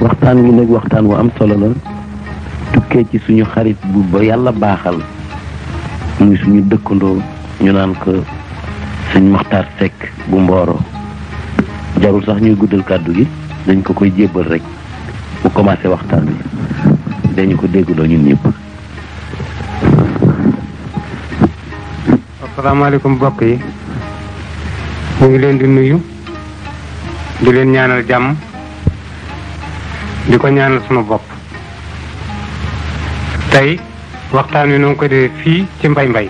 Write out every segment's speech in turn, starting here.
waxtaan wi néeg waxtaan wu am solo la tukkee ci suñu xarit bu ba yàlla baaxal muy suñu dëkkandoo ñu naan ko sëñ Maxtaar Seck bu Mbooro jarul sax ñuy guddal kàddu gi dañ ko koy jébbal rek mu commencé waxtaan wi dañu ko dégguloo ñun ñëpp. asalaamaaleykum mbokk yi ñu ngi leen di nuyu di leen ñaanal jàmm. di ko ñaanal sunu bopp tey waxtaan wi noo ko defee fii ci mbay mbay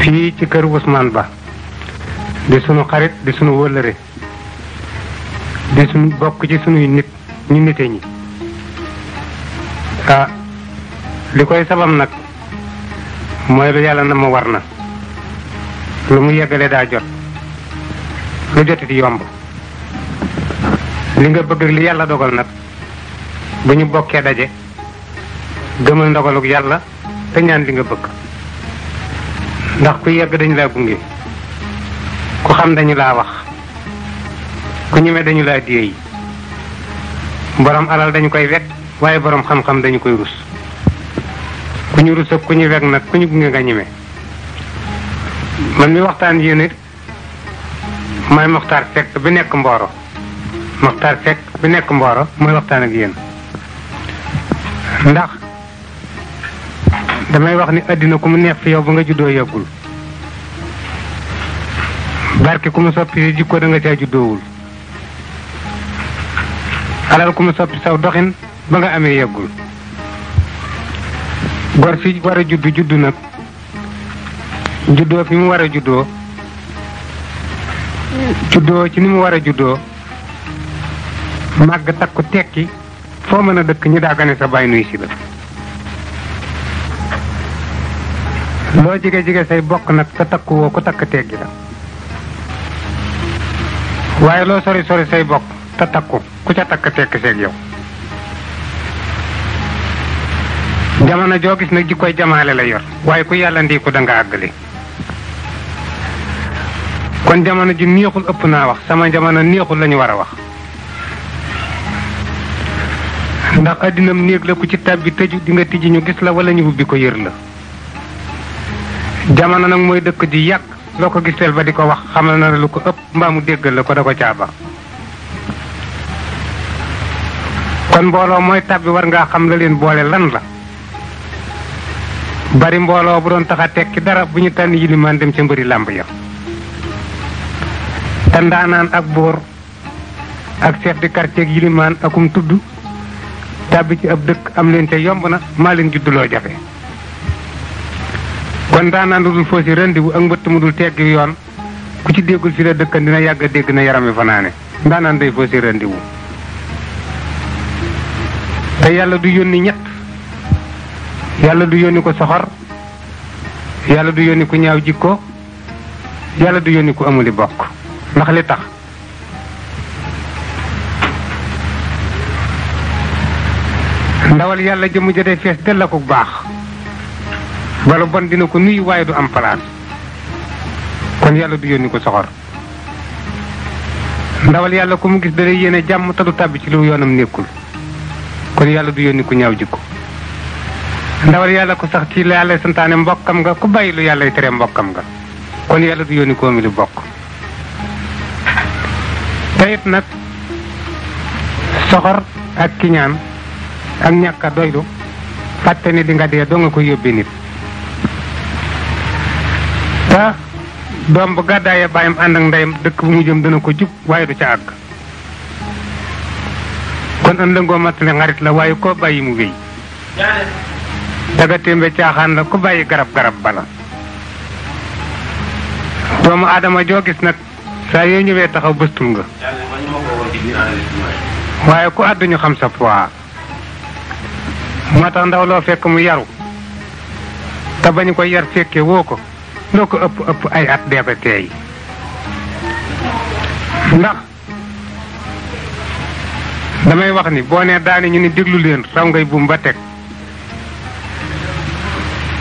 fii ci kër Ousmane Ba di sunu xarit di sunu wëllëre di sunu bokk ci sunuy nit ñu nite ñi ah li koy sabab nag mooy lu yàlla na ma war na lu mu yeggale daa jot lu jotiti yomb li nga bëgg li yàlla dogal nag bu ñu bokkee daje gëmal ndogaluk yàlla te ñaan li nga bëgg ndax ku yegg dañu laa gunge ku xam dañu laa wax ku ñeme dañu laa diyeey boroom alal dañu koy wekk waaye boroom xam-xam dañu koy rus ku ñu rus ak ku ñu wekk nag ku ñu gunge nga ñeme man mi waxtaan yéen it maay Moxtaar Seck bi nekk Mboro Moxtaar Seck bu nekk Mboro mooy waxtaan ak yéen ndax damay wax ni àddina ku mu neex fi yow ba nga juddoo yàggul barke ku mu soppi si jikko danga nga caa juddoowul alal ku mu soppi saw doxin ba nga amee yàggul gor fi war a juddu juddu nag juddoo fi mu war a juddoo juddoo ci ni mu war a juddoo màgg takku tekki foo mën a dëkk ñi daa sa bàyyi nuyu si la loo jige jige say bokk nag sa takku woo ku takk teggi la waaye loo sori sori say bokk te takku ku ca takk tekki seeg yow jamono joo gis nag ji koy jamaale la yor waaye ku yàlla ndiiku da nga àggali kon jamono ji neexul ëpp naa wax sama jamono neexul la ñu war a wax ndax àddinam néeg la ku ci tàbbi tëju di nga tijji ñu gis la wala ñu ubbi ko yër la jamono nag mooy dëkk di yàq loo ko giseel ba di ko wax xamal na lu ko ëpp mbaa mu déggal ko da ko caaba kon mbooloo mooy tàbbi war ngaa xam la leen boole lan la bari mbooloo bu doon taxa a tekki dara bu ñu tànn yilimaan dem ca mbëri làmb ya te ndaanaan ak boor ak chef de quartier ak yilimaan akum tudd tàbbi ci ab dëkk am leen te yomb na maa leen judduloo jafe kon daanaan dul foo si rendi ak mbëtt mu dul tegg yoon ku ci déggul fi la dëkkan dina yàgg dégg na yarami fanaane ndaanaan day foo si rendi wu te yàlla du yónni ñett yàlla du yónni ko soxor yàlla du yónni ku ñaaw jikko yàlla du yónni ku amuli bokk ndax li tax ndawal yàlla jëmu jotee fees dell la ko baax walla bon dina ko nuyu waaye du am place kon yàlla du yónni ko soxor ndawal yàlla ku mu gis da lay jàmm te du tàbbi ci lu yoonam nekkul kon yàlla du yónni ku ñaw jikko ndawal yàlla ko sax ci yàlla santaane mbokkam nga ku bàyyi lu yàlla tere mbokkam nga kon yàlla du yónni koo lu bokk tayit nag soxor ak kiñaan ak ñàkk a doylu fàtte ne di nga dee doo nga ko yóbbi nit te doom bu gàddaayee bàyyam ànd ak ndeyam dëkk bu mu jëm dana ko jub waaye du ca àgg kon a lëngoo mat ne xarit la waaye koo bàyyi mu wéy daga témbe caaxaan la ku bàyyi garab garab bala doomu aadama joo gis nag saa yoo ñëwee taxaw bëstul nga waaye ku àdduñu xam sa poids moo tax ndaw loo fekk mu yaru te bañ ko yar fekke woo ko loo ko ëpp ëpp ay at deeba teey ndax damay wax ni boo nee daani ñu ni déglu leen raw ngay buum ba teg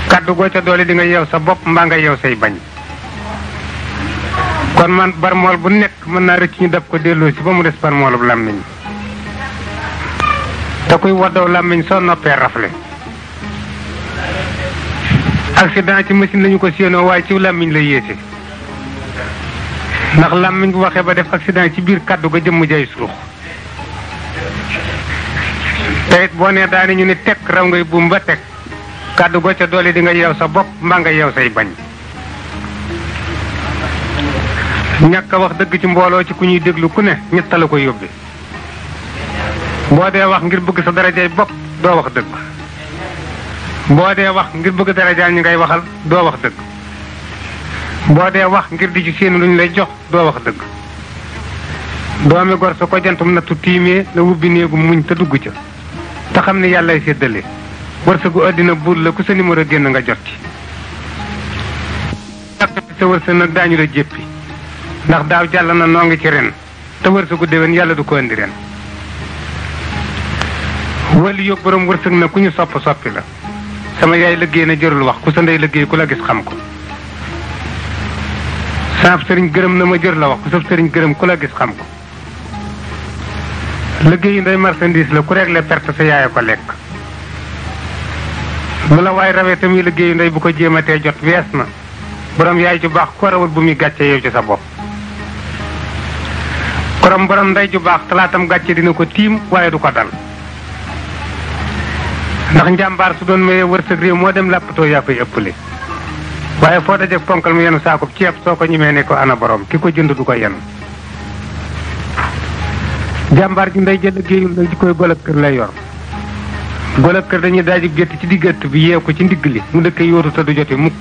kaddu goo ca doole di nga yeew sa bopp mbaa nga yeew say bañ kon man barmool bu nekk mën naa rëcc ñu def ko delloo ci ba mu des barmoolub làmmiñ te koy waddoo làmmiñ soo noppee rafle accident ci machine lañu ko séenoo waaye ci làmmiñ la yéese ndax làmmiñ bu waxee ba def accident ci biir kàddu ga jëmm jay suux te it boo nee daane ñu ne teg raw ngay buum ba teg kàddu go ca doole di nga yeew sa bopp mbaa nga yeew say bañ ñàkk a wax dëgg ci mbooloo ci ku ñuy déglu ku ne ñett la ko yóbbe boo dee wax ngir bëgg sa darajaay bopp doo wax dëgg boo dee wax ngir bëgg darajaay ñi ngay waxal doo wax dëgg boo dee wax ngir di ci seen lu ñu lay jox doo wax dëgg doomi gor su ko jantum nattu tiimee la wubbi néegu muñ te dugg ca te xam ne yàllay séddale wërsëgu àddina buur la ku sa numéro génn nga jot ci sa wërsëg nag daañu la jéppi ndax daaw jàll na noo ngi ci ren te wërsëgu déwén yàlla du ko indi ren wali yób borom wërsëg na ku ñu sopp soppi la sama yaay liggéey na jërul wax ku sa ndey liggéey ku la gis xam ko saaf sëriñ gërëm na ma jër la wax ku saf sëriñ gërëm ku la gis xam ko liggéeyu ndey marchandise la ku réglé perte sa yaay ko lekk lu la waaye rawee tamit liggéeyu ndey bu ko jéematee jot wees na borom yaay ju baax ko rawul bu muy gàcce yow ci sa bopp korom borom ndey ju baax talaatam gàcce dina ko tiim waaye du ko dal ndax njàmbaar su doon mayee wërsëg réew moo dem làppatoo yaa koy ëppale waaye foo dajeg ponkal mu yenu saakub ceeb soo ko ñimee ne ko ana borom ki ko jënd du ko yenu jàmbaar ji ndey jël liggéeyul nag koy gol ak kër lay yor gol ak kër dañuy daji gétt ci diggët bi yeew ko ci ndigg li mu dëkk yóotu te du joti mukk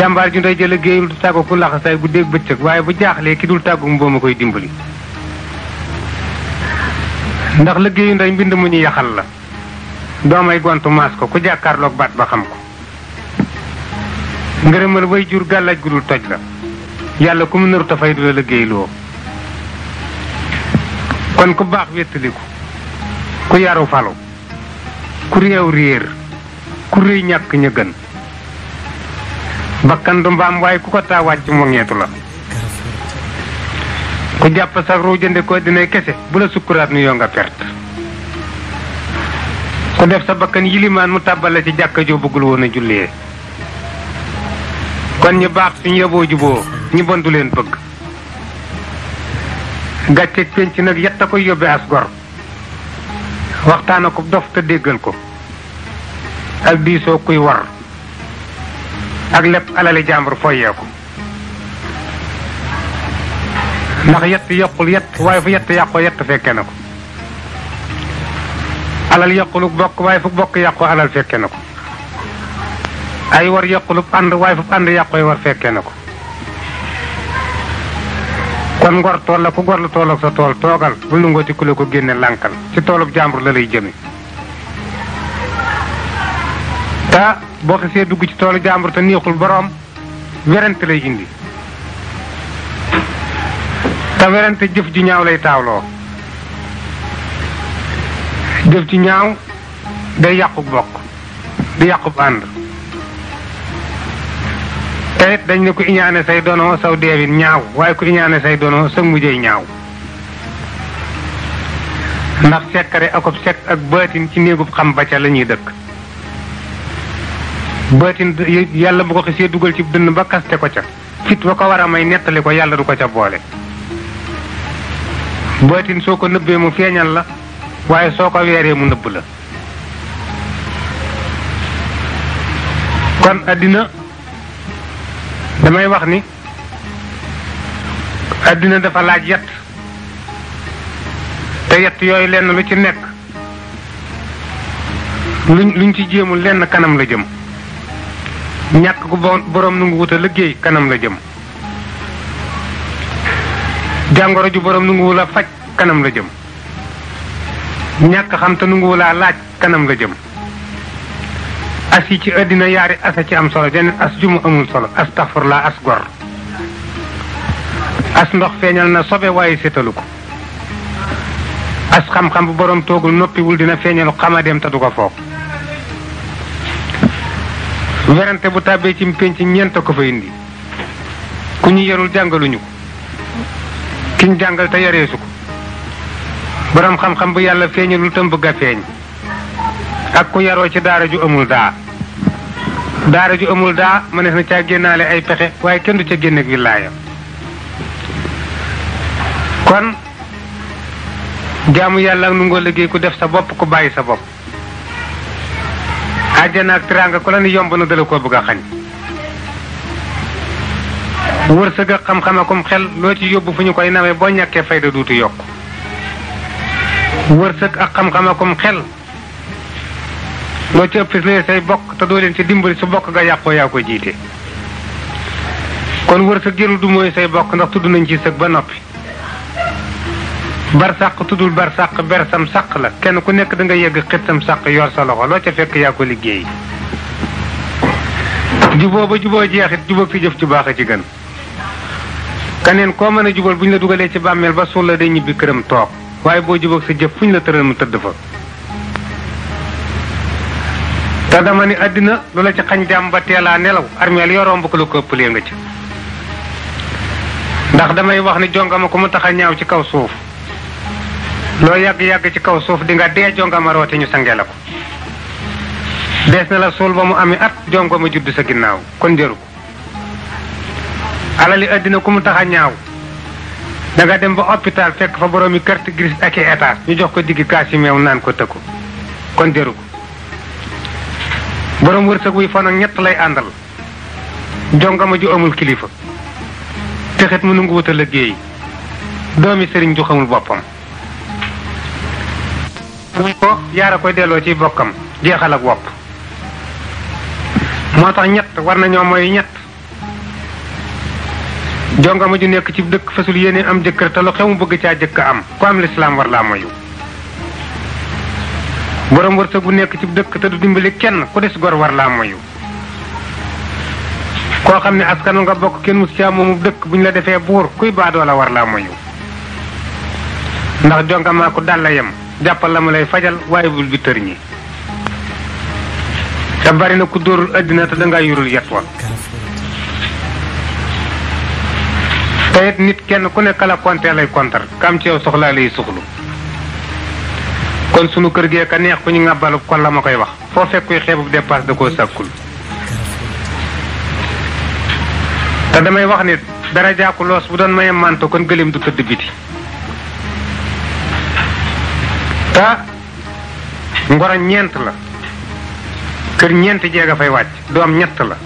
jàmbaar ju nday jël liggéeyul du tàggu ku laxasaay bu dégg bëccëg waaye bu jaaxlee ki dul tàggu mu booma koy dimbali ndax liggéeyu nday mbind mu ñu la doomay gontu maas ko ku jàkkaarloog baat ba xam ko ngërëmal way jur gàllaaj gu dul toj la yàlla ku mu naru tafay du la liggéeyloo kon ku baax wéttaliku ku yaru falu ku réew réer ku réy ñàkk ña gën bakkan mbaam waaye ku ko taa wàcc mu ngeetu la ku jàpp sax ruu jënde dina kese bu la sukkuraat nu yoo nga perte ku def sa bakkan yilimaan mu tàbbal ci jàkka joo bëggul woon a jullee kon ñu baax suñu yeboo juboo ñu bon leen bëgg gàcceeg penc nag yett a koy yóbbee as gor waxtaana ko dof te déggal ko ak diisoo kuy war ak lépp alali jàmbur foyee ko ndax yett yokkul yett waaye fu yett yàqoo yett fekke na ko alal yàqulub bokk waay fu bokk yàqu alal fekke na ko ay war yàqulub ànd waaye fu ànd yàqoy war fekke na ko kon ngor la ku gor la toolak sa tool toogal bu lu ngoo ci ku la ko génne lànkal ci toolub jàmbur la lay jëme te boo dugg ci toolu jàmbur te neexul boroom werante lay indi te werante jëf ju ñaaw lay taawloo jëf ci ñaaw day yàqu bokk di yàqu ànd te it dañ ne ku iñaane say dono saw deewin ñaaw waaye ko iñaane say dono sa mujjee ñaaw ndax sekkare akob sekk ak baatin ci néegub xam ba ca la ñuy dëkk baatin yàlla bu ko xisee dugal ci dënn ba kaste ko ca fit wa ko war a may nettali ko yàlla du ko ca boole baatin soo ko nëbbee mu feeñal la waaye soo ko weeree mu nëbb la kon àddina damay wax ni àddina dafa laaj yett te yett yooyu lenn lu ci nekk luñ luñ ci jéemul lenn kanam la jëm ñàkk gu boroom nu ngi wut liggéey kanam la jëm jàngoro ju boroom nu ngi wut faj kanam la jëm ñàkk xam te nanguwu laa laaj kanam la jëm as yi ci àddina yaari asa ci am solo jeneen as jum amul solo as tafur laa as gor as ndox feeñal na sobe waaye sétalu ko as xam-xam bu borom toogul noppiwul dina feeñalu xamadeem te du ko foog werante bu tàbbee ci pénc ñeent ko fa indi ku ñu yarul jàngaluñu ko kiñ jàngal te yareesu ko boroom xam-xam bu yàlla feeñalul tam bëgg a feeñ ak ku yaroo ci daara ju amul daa daara ju amul daa mënees na ca génnaale ay pexe waaye kenn du ca génne ak wilaaya kon jaamu yàlla ak nu ngoo liggéey ku def sa bopp ku bàyyi sa bopp àjjana ak tiraanga ku la ni yomb na dala koo bëgg a xañ wërsëg ak xam-xam akum xel loo ci yóbbu fu ñu koy nawee boo ñàkkee fayda duuti yokk wërsëg ak xam-xam akum xel loo ci ëpp si say bokk te doo leen ci dimbali su bokk nga yàqoo yaa ko jiite kon wërsëg jërul du mooy say bokk ndax tudd nañ ci sëg ba noppi barsàq sàq tuddul bar sàq ber sam sàq la kenn ku nekk da nga yegg xit sam sàq yor sa loxo loo ca fekk yaa ko liggéey juboo ba juboo jeexit jubóog fi jëf ci baax a ci gën keneen koo mën a jubal bu ñu la dugalee ci bàmmeel ba suul la day ñibbi këram toog waaye boo jubóog sa jëf fu ñu la tëral mu tëdd fa te dama ni àddina lu la ci xañ jàmm ba teelaa nelaw armeel yoo romb ko lu ko ëppalee nga ci ndax damay wax ni jongama ku mu tax a ñaaw ci kaw suuf loo yàgg-yàgg ci kaw suuf di nga dee jongama rooti ñu sange la ko dees na la suul ba mu amee at jongama judd sa ginnaaw kon jëru ko alali àddina ku mu tax a ñaaw da dem ba hôpital fekk fa boroomi carte grise ak i étage ñu jox ko digg kaasi naan ko tëkku kon jëru ko boroom wërsëg wuy fan ak ñett lay àndal jongama ju amul kilifa texet mu nangu wutal liggéey doomi sëriñ ju xamul boppam ko yaara koy delloo ci bokkam jeexal ak wopp moo tax ñett war nañoo mooy ñett jongama ju nekk ci dëkk fasul yéene am jëkkër te lu xew mu bëgg caa jëkk am ku am lislaam war laa moyu borom wërsëg bu nekk cib dëkk te du dimbali kenn ku des gor war laa moyu koo xam ne askan nga bokk kenn mus caa moomu dëkk bu ñu la defee buur kuy baadoo war laa moyu ndax jongamaa ku dal yem jàppal la ma lay fajal waaye bul bi ñi te bari na ku dóorul àddina te danga yurul yet wa te it nit kenn ku nekk la konté lay kontar kam ci yow soxlaa lay suxlu kon sunu kër gee ka neex ku ñu ngàbbalu kon la ma koy wax foo fekkuy xeebub dépasse da koo sàkkul te damay wax nit dara jaaku loos bu doon mayem manto kon gëléem du tëdd biti te ngoro ñeent la kër ñeent jeeg a fay wàcc doom ñett la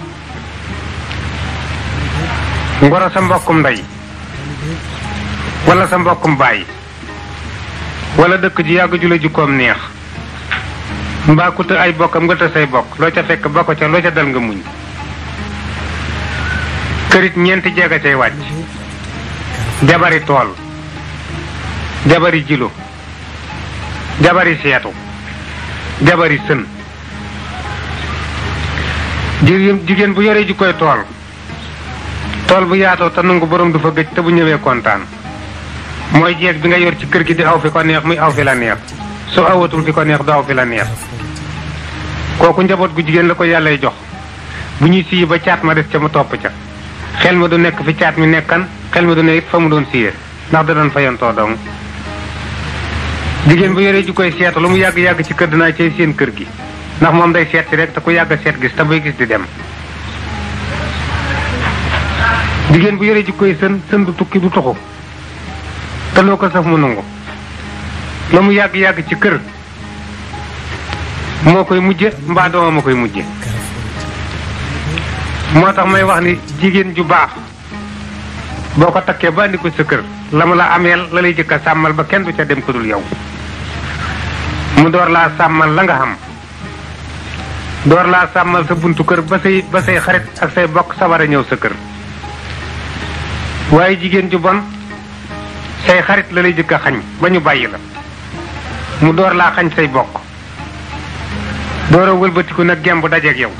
ngoro sa mbokkum ndey wala sa mbokkum bàyyi wala dëkk ji yàgg ju la jukkoom neex mbaa ku ay bokkam nga të say bokk loo ca fekk bokk ca loo ca dal nga muñ kërit ñeenti jeega cay wàcc jabari tool jabari jilo jabari seetu jabari sën jigéen bu yore ji koy tool tool bu yaatoo te nangu boroom du fa gëj te bu ñëwee kontaan mooy jeeg bi nga yor ci kër gi di aw fi ko neex muy aw fi la neex su awatul fi ko neex du aw fi la neex kooku njaboot gu jigéen la ko yàllay jox bu ñuy siyi ba caat ma des ca ma topp ca xel ma du nekk fi caat mi nekkan xel ma du ne it fa mu doon siyee ndax da doon fayantoo dong jigéen bu yoree ji koy seet lu mu yàgg-yàgg ci kër dinaa ci seen kër gi ndax moom day seet si rek te ku yàgg seet gis te gis di dem jigéen bu yore jikkoy sën sën du tukki du toxu te loo ko saf mu nangu la mu yàgg yàgg ci kër moo koy mujje mbaa doomam a koy mujje moo tax may wax ni jigéen ju baax boo ko takkee ba andi ko sa kër la mu la ameel la lay jëkk a sàmmal ba kenn du ca dem ko dul yow mu door laa sàmmal la nga xam door laa sàmmal sa buntu kër ba say ba say xarit ak say bokk sabara ñëw sa kër waaye jigéen ju bon say xarit la lay jëkk a xañ ba ñu bàyyi la mu door laa xañ say bokk door a wëlbatiku nag gemb dajeeg yow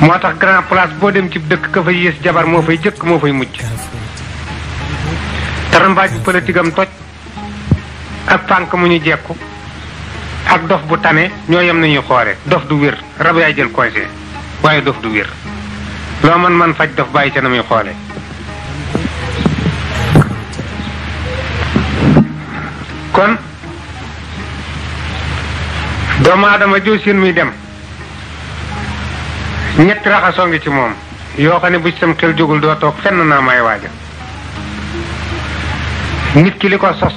moo tax grand place boo dem ci dëkk ka fa yées jabar moo fay jëkk moo fay mujj tarambaaj bu politique am toj ak pànk mu ñu jekku ak dof bu tane ñoo yem nañuy xoole dof du wér rab yaay jël conseil waaye dof du wér loo man man faj dof bàyyi ca na muy xoole kon doomu aadama joosin muy dem ñetti raxasoo ngi ci moom yoo xam ne bu ci sam xel jógul doo toog fenn naa may waaja nit ki li ko sos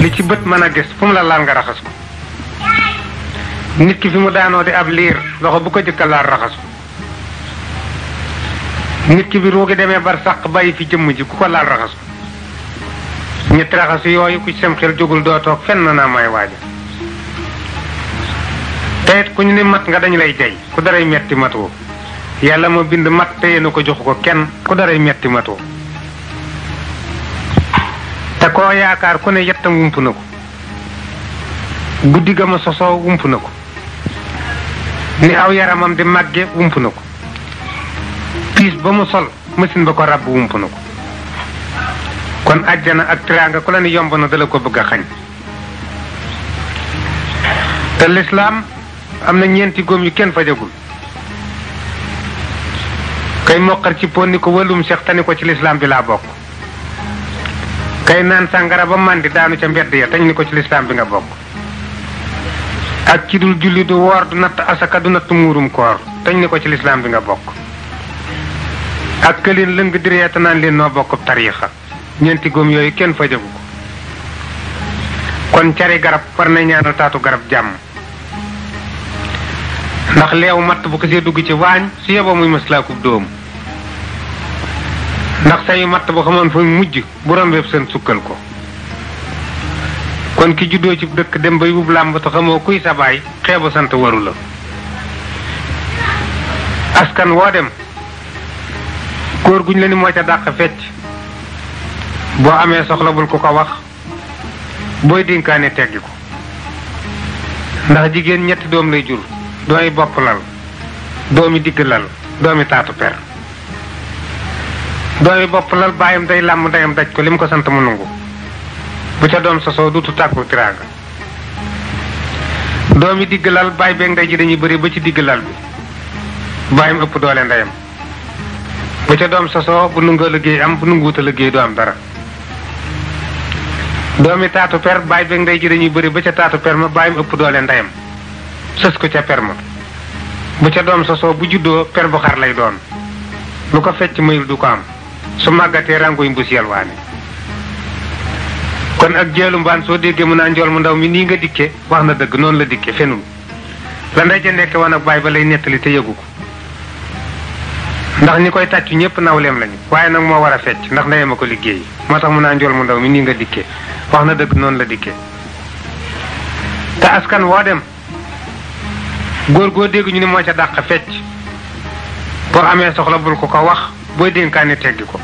li ci bët mën a gis fu mu la laal nga raxas ko nit ki fi mu daanoo di ab liir loxo bu ko jëkka laal raxas ko nit ki bi ruugi demee bar sàq bàyyi fi jëmm ji ku ko laal raxas ko ñu traxasu yooyu ku ci sam xel jógul doo toog fenn naa may waaja teyit ku ñu ne mat nga dañu lay jay ku daray metti matoo yàlla moo bind mat téye na ko joxu ko kenn ku daray metti matoo te koo yaakaar ku ne yettam wump na ko guddi ga ma sosoo wump na ko ni aw yaramam di màgge wump na ko piis ba mu sol machine ba ko ràbb wump na ko kon àjjana ak tiraanga ku la ni yomb na dala ko bëgg a xañ te lislaam am na ñeenti góom yu kenn fajagul kay moqar ci pon ni ko wëllum seex tani ko ci lislaam bi laa bokk kay naan sàngara ba màndi daanu ca mbedd ya tañ ni ko ci lislaam bi nga bokk ak ci dul julli du woor du natt asaka du natt muurum koor tañ ni ko ci lislaam bi nga bokk ak këleen lëng direeta naan leen noo bokk tariixa ñeenti góom yooyu kenn fajagu ko kon cari garab war na ñaanal taatu garab jàmm ndax leew matt bu ko see dugg ci waañ su yeboo muy maslaakub dóom ndax sayu matt bu xamoon fa mujj bu rombeeb seen sukkal ko kon ki juddoo ci dëkk dem bay yub làmb te xamoo kuy sa baay xeebu sant waru la askan woo dem góor guñ la ni moo ca dàq fecc boo amee soxla bul ku ko wax booy dinkaane teggi ko ndax jigéen ñetti doom lay jur doomi bopp lal doomi digg lal doomi taatu per doomi bopp lal baayam day làmm ndeyam daj ko li mu ko sant mu nangu bu ca doom sosoo dutu tàkku tiraanga doomi digg lal baay beeg ndey ji dañuy bëri ba ci digg lal bi baayam ëpp doole ndeyam bu ca doom sosoo bu nungoo liggéey am bu nunguuta liggéey du am dara doomi taatu per baay beeg ndey ji dañuy bari ba ca taatu per ma bàyyim ëpp doole ndeyam sës ko ca per ma bu ca doom sosoo bu juddoo per bu xar lay doon lu ko fecc mayul du ko am su màggatee rangoy mbus yelwaane kon ak jeelu mbaan soo déggee mu naa njool mu ndaw mi nii nga dikke wax na dëgg noonu la dikke fenul la ndey ja nekk woon ak baay ba lay nettali te yëgu ko ndax ñi koy tàccu ñëpp nawleem lañu waaye nag moo war a fecc ndax ndeyam a ko liggéey moo tax mu naa njool mu ndaw mi nii nga dikkee wax na dëgg noonu la dikkee te askan woo dem góor goo dégg ñu ne moo ca dàq fecc boo amee soxla bul ko ko wax booy dénkaane tegg ko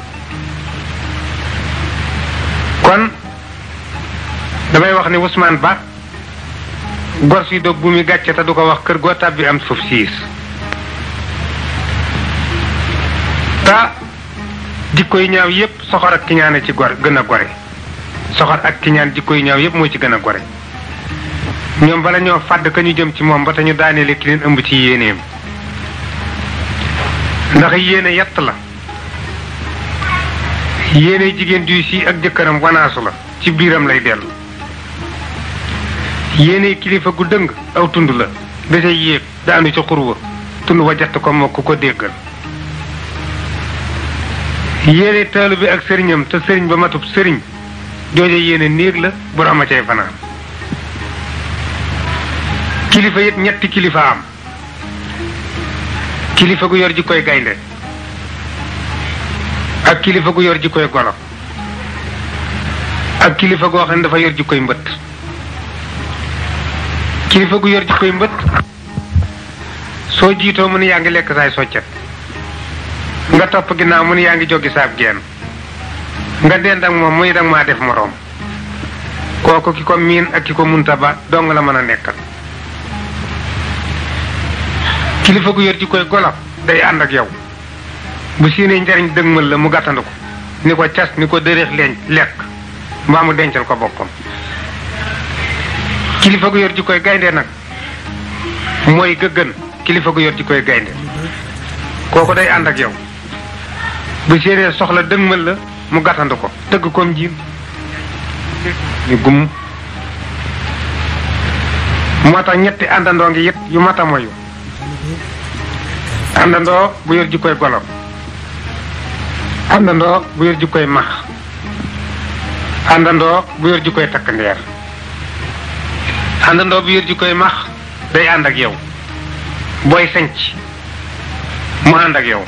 kon damay wax ni wusmaan Ba gor si dog bu muy gàcce te du ko wax kër goo tàbbi am suuf siis ta jikko yu ñaaw yépp soxor ak kiñaane gën a gore ak kiñaan jikko yu ñaaw yépp moo ci gën a gore ñoom bala ñoo fàdd ka jëm ci moom ba te ñu daaneele ki ëmb ci yéeneem ndax yéene yett la yéene jigéen juy si ak jëkkëram wanaasu la ci biiram lay dellu yéene kilifa gu dëng aw tund la dese yéeg daanu ca xurwa tund wa jatt ko mokk ko déggal yéene taalu bi ak sëriñam te sëriñ ba matub sëriñ jooje yéene néeg la borom a cay fanaan kilifa yit ñetti kilifa am kilifa gu yor ji koy gaynde ak kilifa gu yor ji koy golo ak kilifa goo xam ne dafa yor ji koy mbëtt kilifa gu yor ji koy mbëtt soo jiitoo mu yaa ngi lekk saay soccet nga topp ginnaaw mu ni yaa ngi joggi saab geen nga dend ak moom muy dang maa def moroom kooku ki ko miin ak ki ko munta ba dong la mën a nekkal kilifa gu yor ji koy golof day ànd ak yow bu siinee njariñ dëgmal la mu gàttandu ko ni ko cas ni ko dërëx leen lekk mbaa mu dencal ko boppam kilifa gu yor ji koy gaynde nag mooy gëggën kilifa gu yor ji koy gaynde kooku day ànd ak yow bu séenee soxla dëgmal la mu gàttandu ko tëgg kom ji ñu gumm moo tax ñetti àndandoo ngi yit yu mata moyu àndandoo bu yor jikkoy golo àndandoo bu yor jikkoy max àndandoo bu yor koy takk ndeer àndandoo bu yor jikkoy max day ànd ak yow booy senc mu ànd ak yow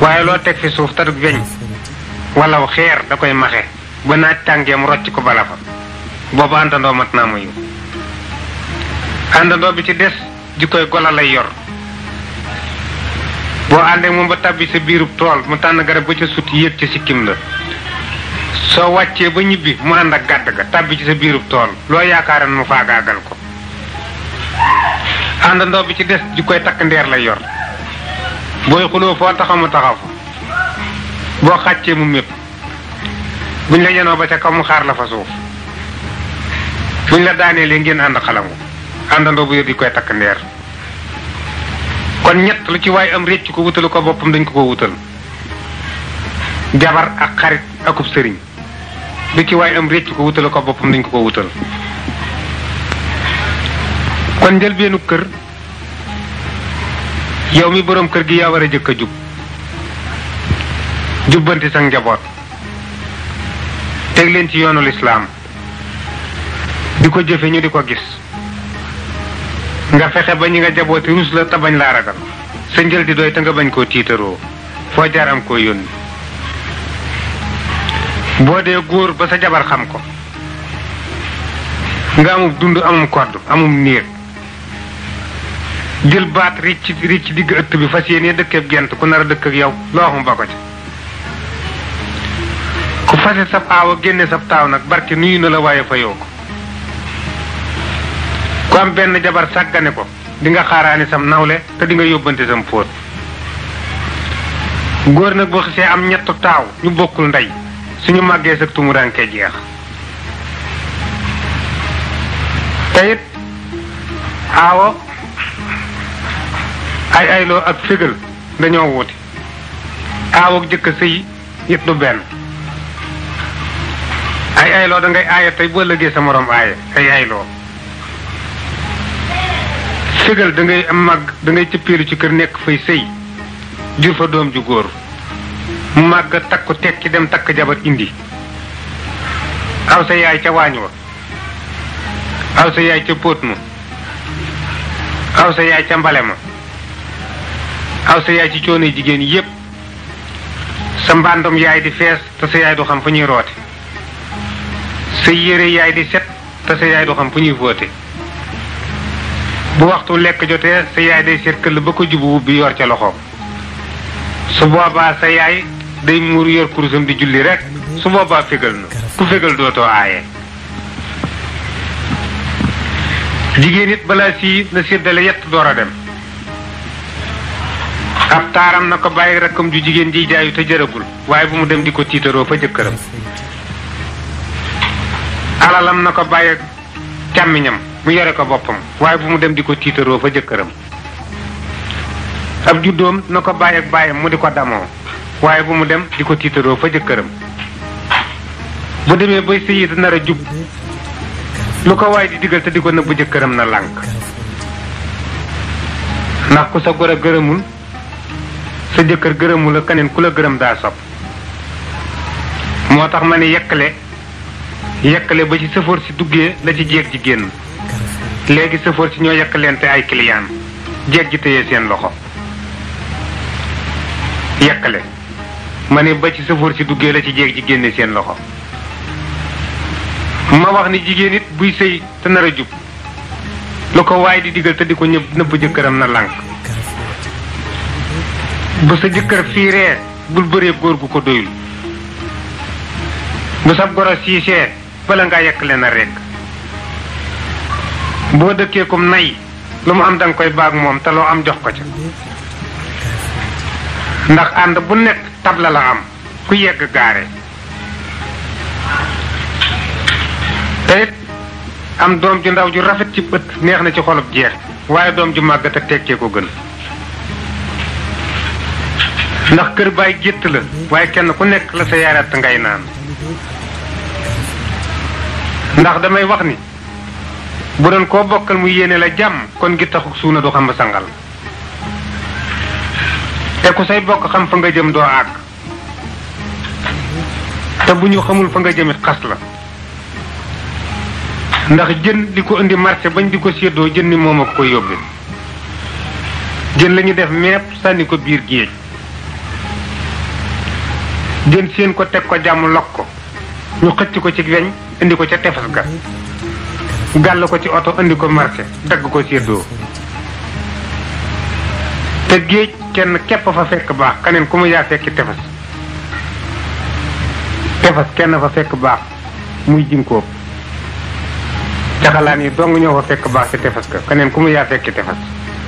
waaye loo teg fi suuf tarug weñ walaw xeer da koy maxe ba naaj tàngee mu rocc ko bala fa boobu àndandoo mat naa muyu àndandoo bi ci des koy gola lay yor boo àndee moom ba tàbbi sa biirub tool mu tànn garab ba ca sut yéeg ca sikkim la soo wàccee ba ñibbi mu ànd ak gàdd ga tàbbi ci sa biirub tool loo yaakaaran mu gàggal ko àndandoo bi ci des jikkoy takk ndeer lay yor booy xuloo foo taxaw mu taxaw boo xàccee mu mépp buñ la yenoo ba ca kaw mu xaar la fa suuf buñ la daanee lee ngeen ànd xalangu àndandoo bu yër koy takk ndeer kon ñett lu ci waay am récc ko wutalu ko boppam dañ ko ko wutal jabar ak xarit akub sëriñ lu ci waay am récc ko wutalu ko boppam dañ ko ko wutal kon njëlbeenu kër yow mi boroom kër gi yaa war a jëkk a jub jubbanti sa njaboot teg leen ci yoonu lislaam di ko jëfe ñu di ko gis nga fexe ba ñi nga jaboot ruus la te bañ laa ragal sa njël di doy te nga bañ koo tiitaroo foo jaram koo yónni boo dee góor ba sa jabar xam ko nga amum dund amum kodd amum niir jël baat ricc ricc digg ëtt bi fas yéenee dëkkeeb gent ku nar a dëkk ak yow loo xam ba ko ci ku fase sab aawa génne sab taaw nag barke nuyu na la waaye fa yow ko ku am benn jabar sàggane ko dinga nga xaaraani sam nawle te di nga yóbbante sam fóot góor nag boo xisee am ñett taaw ñu bokkul ndey suñu màggee sag tumuranke jeex te it ay ayloo ak fégal dañoo wuute aaw ak jëkk sëy yëpp du benn ay ayloo da ngay aaya tey boo lëggee sa moroom aaya ay ayloo fégal da am màgg dangay ngay cëppeelu ci kër nekk fay sëy jur fa doom ju góor mu màgg takku tekki dem takk jabar indi aw sa yaay ca waañ wa aw sa yaay ca póot ma aw sa yaay ca mbale ma xaw sa yaay ci coono jigéen yépp sa mbàndum yaay di fees te sa yaay du xam fu ñuy roote sa yére yaay di set te sa yaay du xam fu ñuy fóote bu waxtu lekk jotee sa yaay day seet këll ba ko jubu wubbi yor ca loxo su boobaa sa yaay day muur yor kurusam di julli rek su boobaa fégal na ku fégal dootoo aaye jigéen it balaa sii na séddale yett door a dem ab taaram na ko bàyyi rakkam ju jigéen ji jaayu te jërëgul waaye bu mu dem di ko tiitaroo fa jëkkëram alalam na ko bàyyi càmmiñam mu yore ko boppam waaye bu mu dem di ko tiitaroo fa jëkkëram ab juddoom na ko bàyyi ak mu di ko damoo waaye bu mu dem di ko tiitaroo fa jëkkëram bu demee bay sëyit nar a jub lu ko waay di digal te di ko nëbb jëkkëram na lànk ndax ku sa gor a gërëmul sa jëkkër gërëmu la keneen ku la gërëm daa sob moo tax ma ne yekkale yekkale ba ci sëfoor si duggee la ci jeeg ji génn léegi sëfoor si ñoo yekkaleente ay kiliyaan jeeg ji téye seen loxo yekkale ma ne ba ci sëfoor si duggee la ci jeeg ji génne seen loxo ma wax ni jigéen it buy sëy te nar a jub lu ko waaye di digal te di ko ñëpp nëbb jëkkëram na lànk bu sa jëkkër fiiree bul bëree góor gu ko doyul bu sab goro siisee bala ngaa yekk leen a rekk boo dëkkee kum nay lu mu am danga koy baag moom te loo am jox ko ca ndax ànd bu nekk tabla la am ku yegg gaare te it am doom ju ndaw ju rafet ci bët neex na ci xolub jeex waaye doom ju màggat te tekkee ko gën ndax kër baay gétt la waaye kenn ku nekk la sa yarat ngay naan ndax damay wax ni bu doon koo bokkal mu yéene la jàmm kon gi taxuk suuna du xam sangal te ku say bokk xam fa nga jëm doo àgg te bu ñu xamul fa nga jëmit xas la ndax jën li ko indi marché bañ di ko séddoo jën ni moom ak ko yóbbe jën lañu def meeb sànni ko biir géej jën séen ko teg ko jàmm lokk ko ñu xëcc ko ci weñ indi ko ca tefes ga gàll ko ci oto indi ko marché dagg ko séddoo te géej kenn képp fa fekk baax keneen ku mu yaa fekki tefes tefes kenn fa fekk baax muy jinkoob caxalaan yi dong ñëw fa fekk baax ci tefes ga keneen ku mu yaa fekki tefes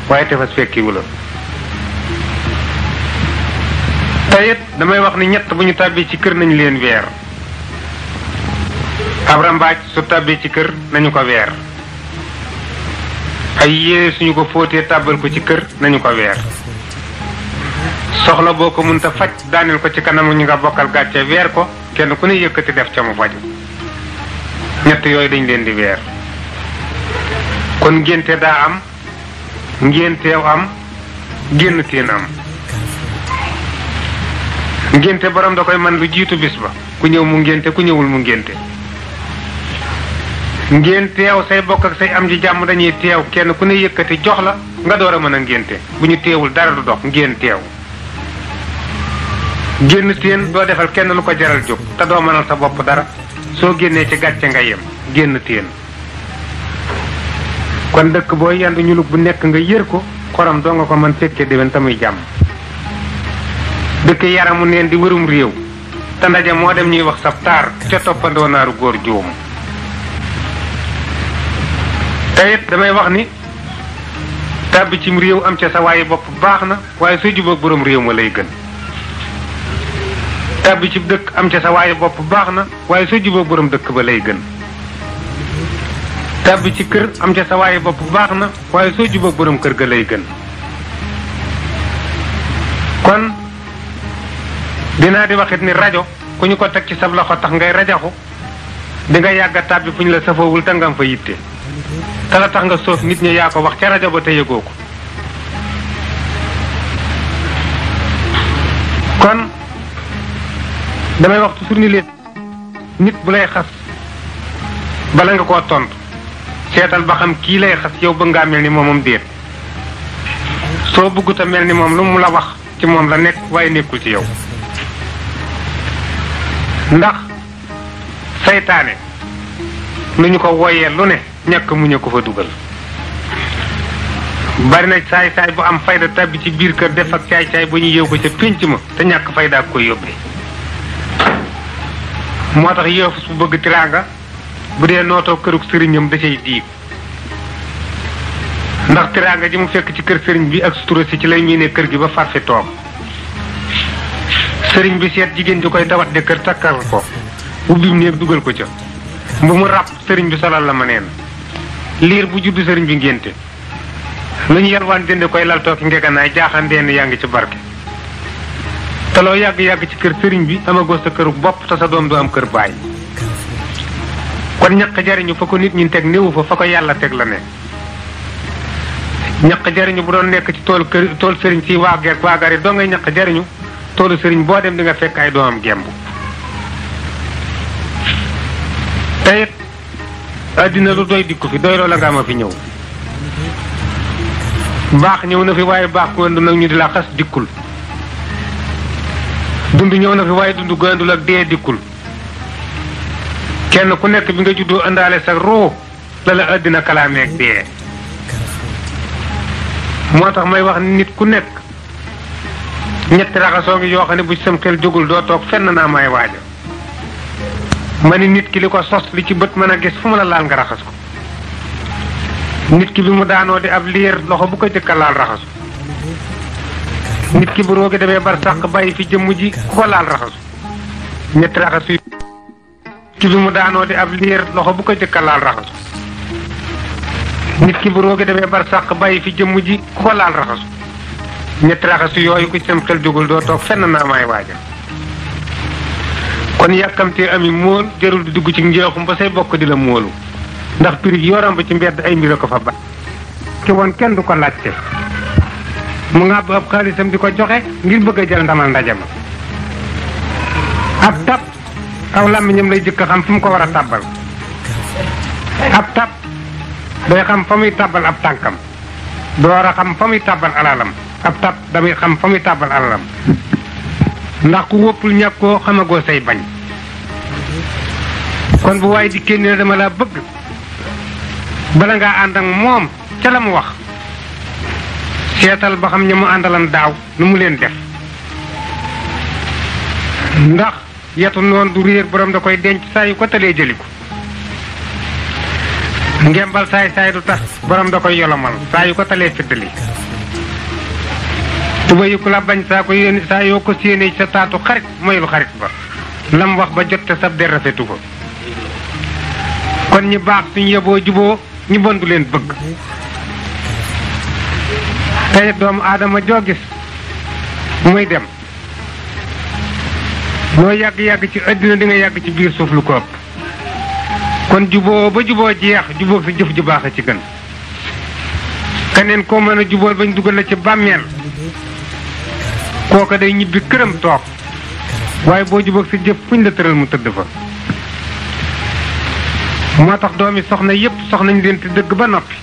waaye tefes fekkiwu la tayit damay wax ni ñett bu ñu tàbbee ci kër nañu leen weer ab rambaaj su tàbbee ci kër nañu ko weer ay suñu ko fóotee tàbbal ko ci kër nañu ko weer soxla boo ko mënta faj daaneel ko ci kanamu ñu nga bokkal gàcce weer ko kenn ku ne yëkkati def ca mu faju ñett yooyu dañ leen di weer kon ngénte daa am ngénteew am génn teen am ngénte borom da koy man lu jiitu bis ba ku ñëw mu ngénte ku ñëwul mu ngénte ngeen teew say bokk ak say am ji jàmm dañuy teew kenn ku ne yëkkati jox la nga door a mën a ngénte bu ñu teewul dara du dox ngeen teew génn téen doo defal kenn lu ko jaral jóg te doo mënal sa bopp dara soo génnee ci gàcce nga yem génn téen kon dëkk boo yendu ñulug bu nekk nga yër ko xorom doo nga ko mën fekkee déwén muy jàmm dëkk yaramu neen di wërum réew te ndaje moo dem ñuy wax sab taar ca toppandoo naaru góor juum te damay wax ni tàbbi cim réew am ca sa waaye bopp baax na waaye soo jubóog boroom réew ma lay gën tàbbi ci dëkk am ca sa waaye bopp baax na waaye soo jubóog boroom dëkk ba lay gën tàbbi ci kër am ca sa waaye bopp baax na waaye soo jubóog boroom kër ga lay gën dinaa di waxit ni rajo ku ñu ko teg ci sab loxo tax ngay rajaxu di nga yàgg a tàbbi fu ñu la safoowul te ngam fa yitte te la tax nga soof nit ñi yaa ko wax ca rajo ba te yëgoo ko kon damay wax toujours ni leen nit bu lay xas bala nga koo tontu seetal ba xam kii lay xas yow bëgg ngaa mel ni moomam déet soo bëggut a mel ni moom lu mu la wax ci moom la nekk waaye nekkul ci yow ndax seytaane lu ñu ko woyee lu ne ñàkk mu ñu ko fa dugal bari na saay saay bu am fayda tàbbi ci biir kër def ak caay caay ba ñu yëw ko ca pénc ma te ñàkk fayda ak koy yóbbee moo tax yëfus bu bëgg tiraanga bu dee nootoo kërug sëriñam da cay diig ndax tiraanga ji mu fekk ci kër sëriñ bi ak sutura si ci lay ñuy ne kër gi ba far fi toog sëriñ bi seet jigéen di koy tawat de kër takkal ko ubbi néeg dugal ko ca bu mu ràpp sëriñ bi solal la ma neen liir bu juddu sëriñ bi ngénte lu ñu yalwaan dënd koy lal tooki ngeganaay jaaxandeen yaa ngi ci barke te loo yàgg-yàgg ci kër sëriñ bi amagoo sa këru bopp te sa doom du am kër baay kon ñaq jariñu fa ko nit ñi teg néewu fa fa ko yàlla teg la ne ñaq jariñu bu doon nekk ci tool kër tool sëriñ si waa ger waa gari doo ngay ñaq jariñu toolu sëriñ boo dem di nga fekk ay doomam gemb teyit àddina lu doy dikku fi doy loo la nga ma fi ñëw baax ñëw na fi waaye baax ku àndu ñu di la xas dikkul dund ñëw na fi waaye dund gu àndul ak dee dikkul kenn ku nekk bi nga juddoo àndaale sa ruu la la àddina kalaameeg dee moo tax may wax nit ku nekk ñetti raxasoo ngi yoo bu ci sam xel jógul doo toog fenn naa may waaja ma ni nit ki li ko sos li ci bët mën a gis fu mu la laal nga ko nit ki bi mu daanoo di ab liir loxo bu ko jëkka laal raxasu nit ki bu roogi demee bar sàq bàyyi fi jëmm ji ku ko laal raxasu ñetti raxasu ki bi mu daanoo di ab liir loxo bu ko jëkka laal raxasu nit ki bu roogi demee bar sàq bàyyi fi jëmm ji ku ko laal raxasu ñetti raxasu yooyu ku ci sam xel dugul doo toog fenn naa maay waaja kon yàkkamtee ami mool jarul di dugg ci njeexum ba say bokk di la moolu ndax pirig yoram ba ci mbedd ay mbir a ko fa ba ki kenn du ko laajte mu ŋàbb ab xaalisam di ko joxe ngir bëgg a jël ndamal ndaje ma ab tab aw làmmiñam lay jëkk a xam fu mu ko war a tàbbal ab tab day xam fa muy tàbbal ab tànkam door a xam fa muy tàbbal alalam ab tab damay xam fa muy tàbbal alalam ndax ku wóppul ñàkkoo xamagoo say bañ kon bu waaye dikkee ni la dama laa bëgg bala ngaa ànd ak moom ca la mu wax seetal ba xam ña mu àndalan daaw nu mu leen def ndax yetu noon du réer borom da koy denc saa yu ko talee jëli ko ngembal saay saay du tax borom da koy yolomal saa yu ko talee fiddali tuba yu ko la bañ saa ko yéen saa yoo ko séenee sa taatu xarit mayul xarit ba lam wax ba jot te sab der rafetu fa kon ñi baax suñ yeboo juboo ñi bon leen bëgg tey doomu aadama joo gis muy dem loo yàgg-yàgg ci àddina di nga yàgg ci biir suuf lu ko ëpp kon juboo ba juboo jeex juboo si jëf ju baax a ci gën keneen koo mën a juboo bañ dugal la ci bàmmeel kooka day ñibbi këram toog waaye boo jubóog sa jëf fuñ la tëral mu tëdd fa moo tax doomi soxna yépp soxnañ leen te dëgg ba noppi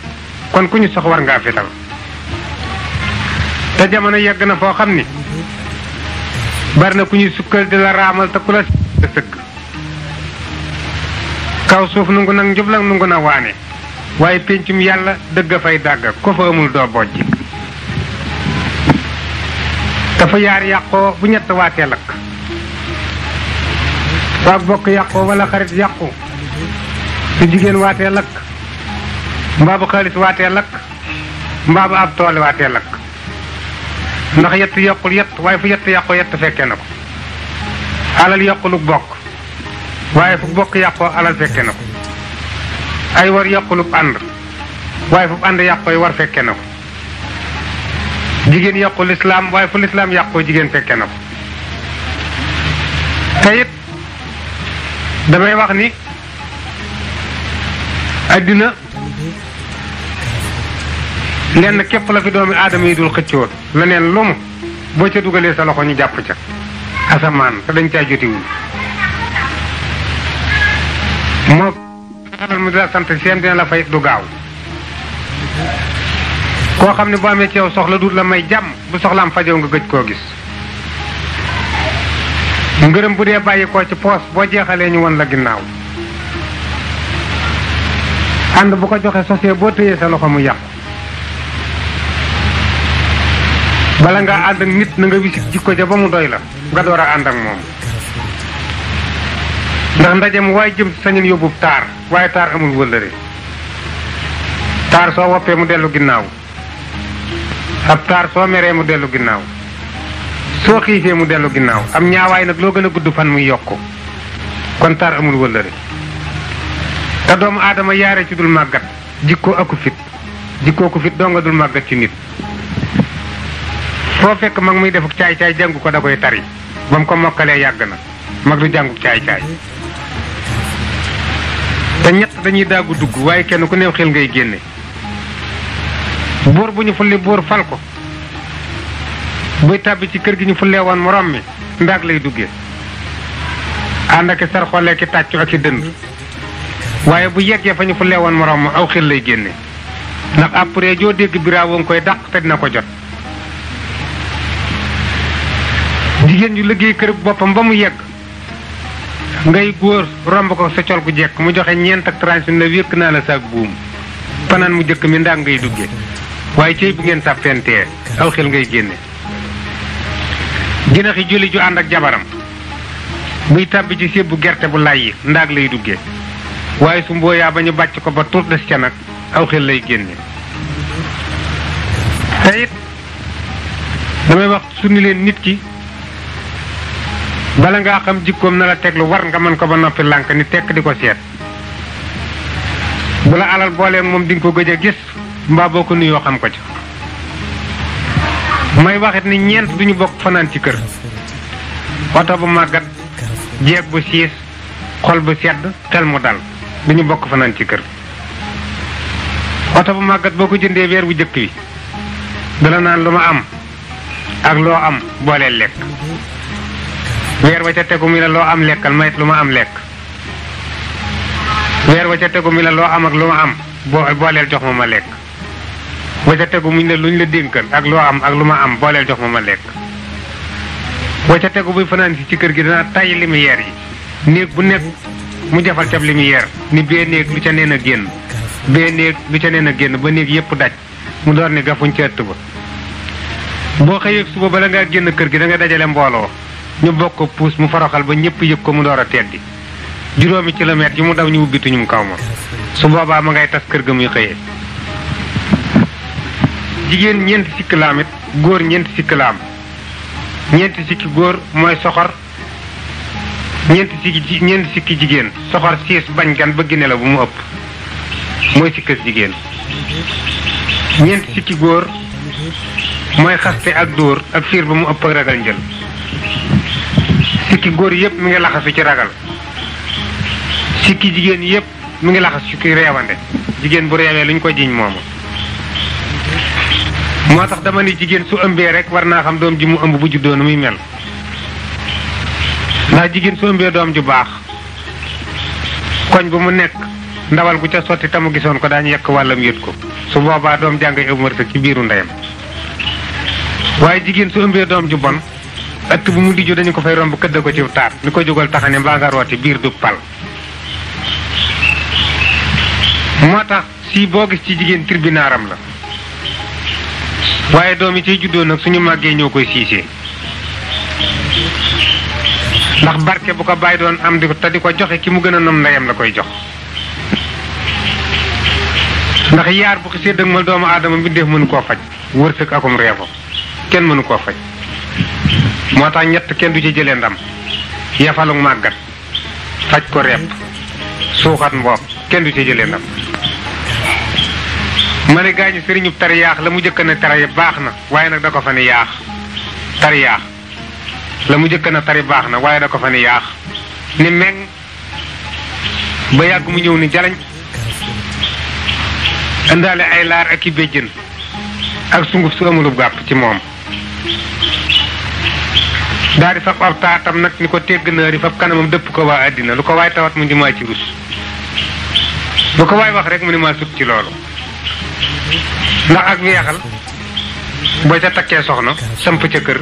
kon ku ñu sox war ngaa fetal te jamono yegg na foo xam ni bari na ku ñuy sukkal di la raamal te ku la sëkk kaw suuf nungu nag njublang nungu na waane waaye péncum yàlla dëgg a fay dàgg ko fa amul doo bojj fa yaar yàqoo bu ñett waatee lakk bu ak bokk yàqoo wala xarit yàqu su jigéen waatee lakk mbaa bu xaalis waatee lakk mbaa bu ab tool waatee lakk ndax yett yokkul yett waaye fu yett yàqoo yett fekkee na ko alal yokkulu bokk waaye fu bokk yàqoo alal fekkee na ko ay war yokkulu ànd waaye fu ànd yàqooy war fekkee na ko jigéen yàqu lislaam waaye fu lislaam yàqoo jigéen fekke na ko te damay wax ni àddina lenn képp la fi doomi aadama yi dul xëccoon leneen lu mu boo ca dugalee sa loxo ñu jàpp ca asamaan te dañ caa jotewul moo mu dina sant seen dina la fay du gaaw koo xam ne boo amee ci soxla duut la may jàmm bu soxlaam fajow nga gëj koo gis ngërëm bu dee bàyyi koo ci poos boo jeexalee ñu won la ginnaaw ànd bu ko joxe sosee boo tëyee sa loxo mu yàqu bala nga ànd ak nit na nga wisit jikko ja ba mu doy la nga door a ànd ak moom ndax ndaje mu waaye jëm sañul yóbbu taar waaye taar amul wëllëre taar soo woppee mu dellu ginnaaw ab taar soo meree mu dellu ginnaaw soo xiifee mu dellu ginnaaw am ñaawaay nag loo gën a gudd fan muy yokku kon taar amul wëllëre te doomu aadama yaare ci dul màggat jikkoo aku fit jikkoo ku fit doo nga dul màggat ci nit foo fekk mag muy defuk caay caay jàngu ko da koy tari ba mu ko mokkalee yàgg na mag du jànguk caay caay te ñett dañuy daggu dugg waaye kenn ku new xel ngay génne buur bu ñu fulli buur fal ko buy tàbbi ci kër gi ñu fullee woon morom mi ndaag lay duggee ànd ak i sarxoolee ki tàccu ak i dënd waaye bu yeggee fa ñu fullee woon morom ma aw xel lay génne ndax après joo dégg biraawo nga koy dàq te dina ko jot jigéen ñu liggéey kër boppam ba mu yegg ngay góor romb ko sa col gu jekk mu joxe ñeent ak transit na wékk naa la saak buum fanaan mu jëkk mi ndaag ngay duggee waaye cëy bu ngeen sàppentee aw xel ngay génne jinaxi julli ju ànd ak jabaram buy tàbbi ci sébbu gerte bu lay yi ndaag lay duggee waaye su mbooyaa ba ñu bàcc ko ba tur des ca nag aw xel lay génne te damay wax su leen nit ki bala ngaa xam jikkoom na la teglu war nga mën ko ba noppi lànk ni tekk di ko seet bu la alal boolee moom dinga ko gëj a gis mbaa boo ko nuyoo xam ko ci may waxit ni ñeent duñu bokk fanaan ci kër oto bu màggat jeeg bu siis xol bu sedd xel mu dal duñu bokk fanaan ci kër oto bu màggat boo ko jëndee weer bu jëkk wi dala naan lu ma am ak loo am booleel lekk weer wa ca tegu mi la loo am lekkal mayit lu ma am lekk weer wa ca tegu mi la loo am ak lu ma am booleel jox ma ma lekk ba ca tegu muñ ne luñ la dénkal ak loo am ak lu ma am booleel jox ma ma lekk ba ca tegu buy fanaan si ci kër gi danaa tàyyi lumière yi néeg bu nekk mu jafal cab lumière ni bee néeg lu ca neen a génn bee néeg lu ca neen a génn ba néeg yépp daj mu door ni gafuñ ca ëtt ba boo xëyee suba la ngaa génn kër gi da nga dajale mbooloo ñu bokk ko puus mu faroxal ba ñëpp yëg ko mu door a teddi juróomi kilomètres yi mu daw ñu wubbituñum kaw ma su boobaa ma ngay tas kër ga muy xëyee jigéen ñeenti sikk góor ñeenti sikk laam ñeenti sikki góor mooy soxor ñeenti sikki sikki jigéen soxor siis bañ gan bëgg ne la bu mu ëpp mooy sikkas jigéen ñeenti sikki góor mooy xaste ak dóor ak fiir ba mu ëpp ak ragal njël sikki góor yépp mu ngi laxasu ci ragal sikki jigéen yépp mu ngi laxas ci ki reewande jigéen bu reewee lu ñu ko jiñ moomu moo tax dama ne jigéen su ëmbee rek war naa xam doom ji mu ëmb bu juddoo nu muy mel ndax jigéen su ëmbee doom ju baax koñ bu mu nekk ndawal gu ca sotti tamu gisoon ko daañu yekk wàllam yët ko su boobaa doom jàngay ëmërta ci biiru ndeyam waaye jigéen su ëmbee doom ju bon ëtt bu mu dijju dañu ko fay romb këdd ko ci taat li ko jógal taxane mbaa nga rooti biir du pal moo tax sii boo gis ci jigéen tirbinaaram la waaye doom yi ciy juddoo nag suñu màggee ñoo koy siisee ndax barke bu ko bàyyi doon am di ko te di ko joxe ki mu gën a nam ndeyam la koy jox ndax yaar bu xisee dëgmal doomu aadama bi def mënu koo faj wërsëg akum reefo kenn mënu koo faj moo tax ñett kenn du ci jëlee ndam yafalu màggat faj ko reep suuxat mboob kenn du ci jëlee ndam ma ne gaañu sëriñub tariyaax la mu jëkk ne tari baax na waaye nag da ko fa ne yaax tariyaax la mu jëkk na tari baax na waaye da ko fa ne yaax ni meng ba yàgg mu ñëw ni jalañ indaale ay laar ak i béjjën ak sunguf su amulub gàpp ci moom daal di fab ab taatam nag ni ko tegg naar yi fab kanamam dëpp ko waa àddina lu ko waay tawat mu ni ci rus lu ko waay wax rek mu ni maa sut ci loolu ndax ak yeexal booy sa takkee soxna samp ca kër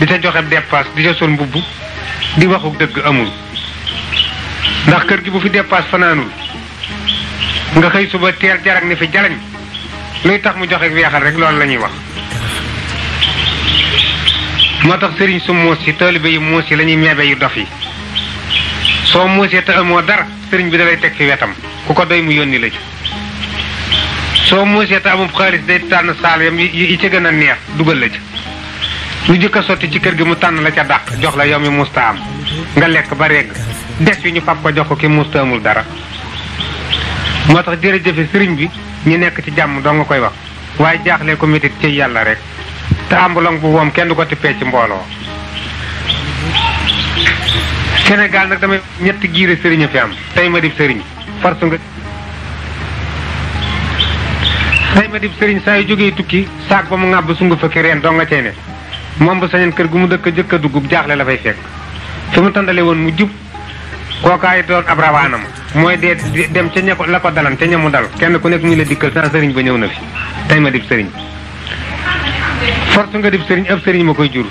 di ca joxe dépasse di ca sol mbubb di waxu dëgg amul ndax kër gi bu fi dépasse fanaanul nga xëy suba teel jarak ni fi jalañ luy tax mu joxe weexal rek loolu la ñuy wax moo tax sëriñ su muus yi taalibe yu muus yi la ñuy meebe yu dof yi soo muusee te amoo dara sëriñ bi dalay teg fi wetam ku ko doy mu yónni la ci soo muusee te amul xaalis day tànn saal yam yi ci gën a neex dugal la ci lu jëkk a sotti ci kër gi mu tànn la ca dàq jox la yow mi muus ta am nga lekk ba regg des wi ñu fab ko jox ko ki muus ta amul dara moo tax jërëjëfe sëriñ bi ñu nekk ci jàmm doo nga koy wax waaye jaaxle ko métit ci yàlla rek te ambulong bu woom kenn du ko tippee ci mbooloo Sénégal nag damay ñetti giir sëriñ fi am tey ma dib sëriñ farsu nga day ma dib sëriñ saa yu jógee tukki saak ba mu ŋàbb sungu fakki reen doo nga cey ne moom bu sañeen kër gu mu dëkk jëkk a dugg jaaxle la fay fekk fi mu tàndale woon mu jub kookaay doon ab ma mooy dee dem ca ña ko la ko dalan ca ña mu dal kenn ku nekk ñu la dikkal saa sëriñ ba ñëw na fi tey ma dib sëriñ force nga dib sëriñ ab sëriñ ma koy jur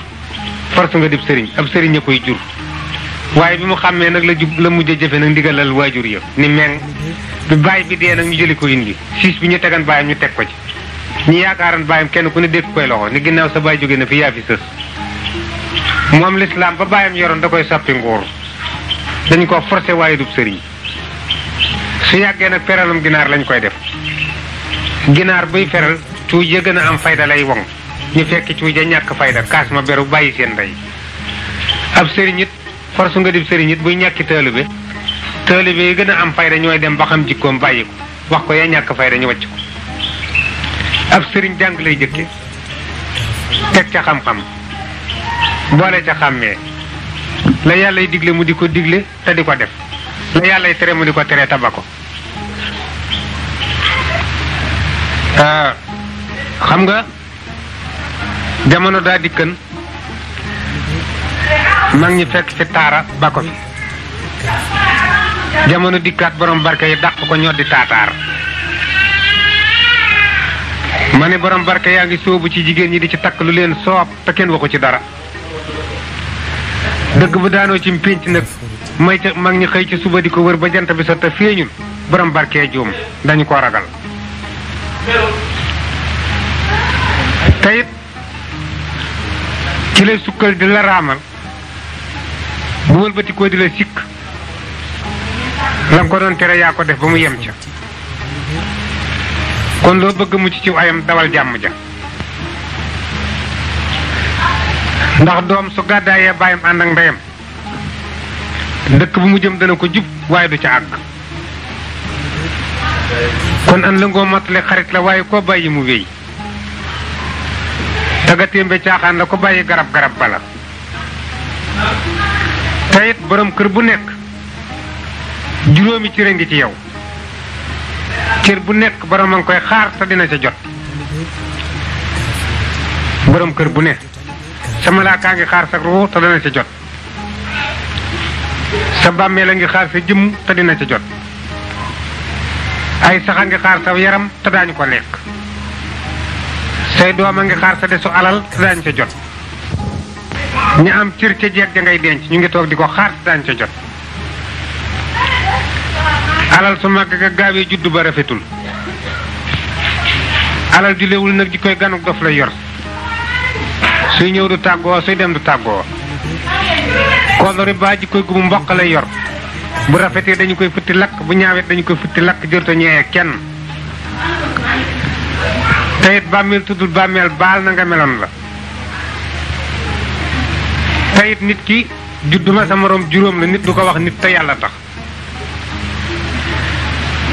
force nga dib sëriñ ab sëriñ ña koy jur waaye bi mu xàmmee nag la jub la mujj a jëfe nag ndigalal waajur ya ni meng bi bàyyi bi dee nag ñu jëli ko indi siis bi ñu tegan baayam ñu teg ko ci ñu yaakaaran baayam kenn ku ne dégg koy loxo ni ginnaaw sa baay jóge na fi yaa fi sës moom lislaam ba baayam yoroon da koy sàppi nguur dañ ko forcé waaye sëriñ su yàggee nag feralum ginaar lañ koy def ginaar buy feral cuuj ya gën a am fayda lay woŋ ñu fekk cuuj ya ñàkk fayda kaas ma beru bàyyi seen ndey ab force nga dib sëriñ it buy ñàkki taalibe taalibe yi gën a am fayda ñooy dem ba xam jikkoom bàyyi ko wax ko yaa ñàkk fayda ñu wàcc ko ab sëriñ jàng lay jëkke teg ca xam-xam boole ca xàmmee la yàlla y digle mu di ko digle te di ko def la yàlla y tere mu di ko tere taba ko ah, xam nga jamono daa dikkan mag ñi fekk fi taara ba ko fi jamono dikkaat borom barke yi dàq ko ñoo di taataar ma ne borom barke yaa ngi sóobu ci jigéen ñi di ci takk lu leen soob te kenn waxu ci dara dëgg bu daanoo ci pénc nag may mag ñi xëy ci suba di ko wër ba jant bi so te feeñul borom barke joom dañu ko ragal teyit ci lay sukkal di la raamal bu wëlbatikoo di la sikk la ko doon tere yaa ko def ba mu yem ca kon loo bëgg mucc ci ayam dawal jàmm ja ndax doom su gàddaayee bàyyam ànd ak ndeyam dëkk bu mu jëm dana ko jub waaye du ca àgg kon an la ngoo matale xarit la waaye koo bàyyi mu wéy taggatémbe caaxaan la ko bàyyi garab garab bala tayit boroom kër bu nekk juróomi cër a ngi ci yow cër bu nekk boroom a ngi koy xaar te dina ca jot boroom kër bu ne sa kaa ngi xaar sa ruux te dina ca jot sa bàmmeel a ngi xaar sa jëmm te dina ca jot ay sax a ngi xaar sa yaram te daañu ko lekk say doom a ngi xaar sa desu alal te daañu ca jot ñi am cër ca jeeg ja ngay denc ñu ngi toog di ko xaar daan ca jot alal su màgg ga gaawee juddu ba rafetul alal ju nag ji koy ganu dof lay yor suy ñëw du tàggoo suy dem du tàggoo kolori baa ji koy gumu mboq lay yor bu rafetee dañu koy futti lakk bu ñaawet dañu koy futti lakk jërto ñeewe kenn teyit bàmmeel tuddul bàmmeel baal na nga meloon la tayit nit ki judduma sa moroom juróom la nit du ko wax nit te yàlla tax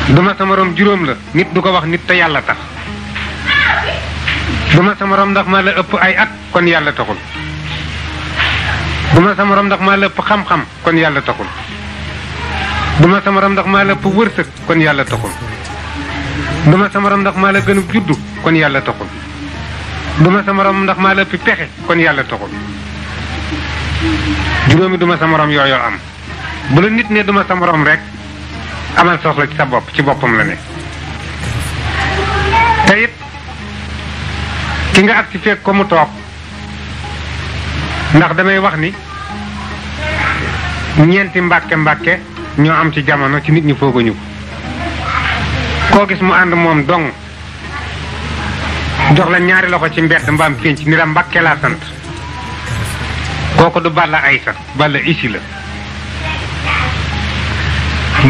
duma sa moroom juróom la nit du ko wax nit te yàlla tax duma sa moroom ndax maa la ëpp ay at kon yàlla taxul duma sa moroom ndax maa la ëpp kon yàlla taxul duma sa moroom ndax maa la ëpp wërsëg kon yàlla taxul duma sa moroom ndax maa la gënub juddu kon yàlla taxul duma sa moroom ndax maa la ëpp pexe kon yàlla taxul juróomi duma sa moroom yooyu am bu la nit ne duma sa morom rek amal soxla ci sa bopp ci boppam la ne te it ki nga ak ci fekk ko mu toog ndax damay wax ni ñeenti mbàkke mbàkke ñoo am ci jamono ci nit ñi foogañu ko koo gis mu ànd moom dong jox la ñaari loxo ci mbedd mbaam ci ni la mbàkke laa sant kooku du Balla Aysa Balla Isi la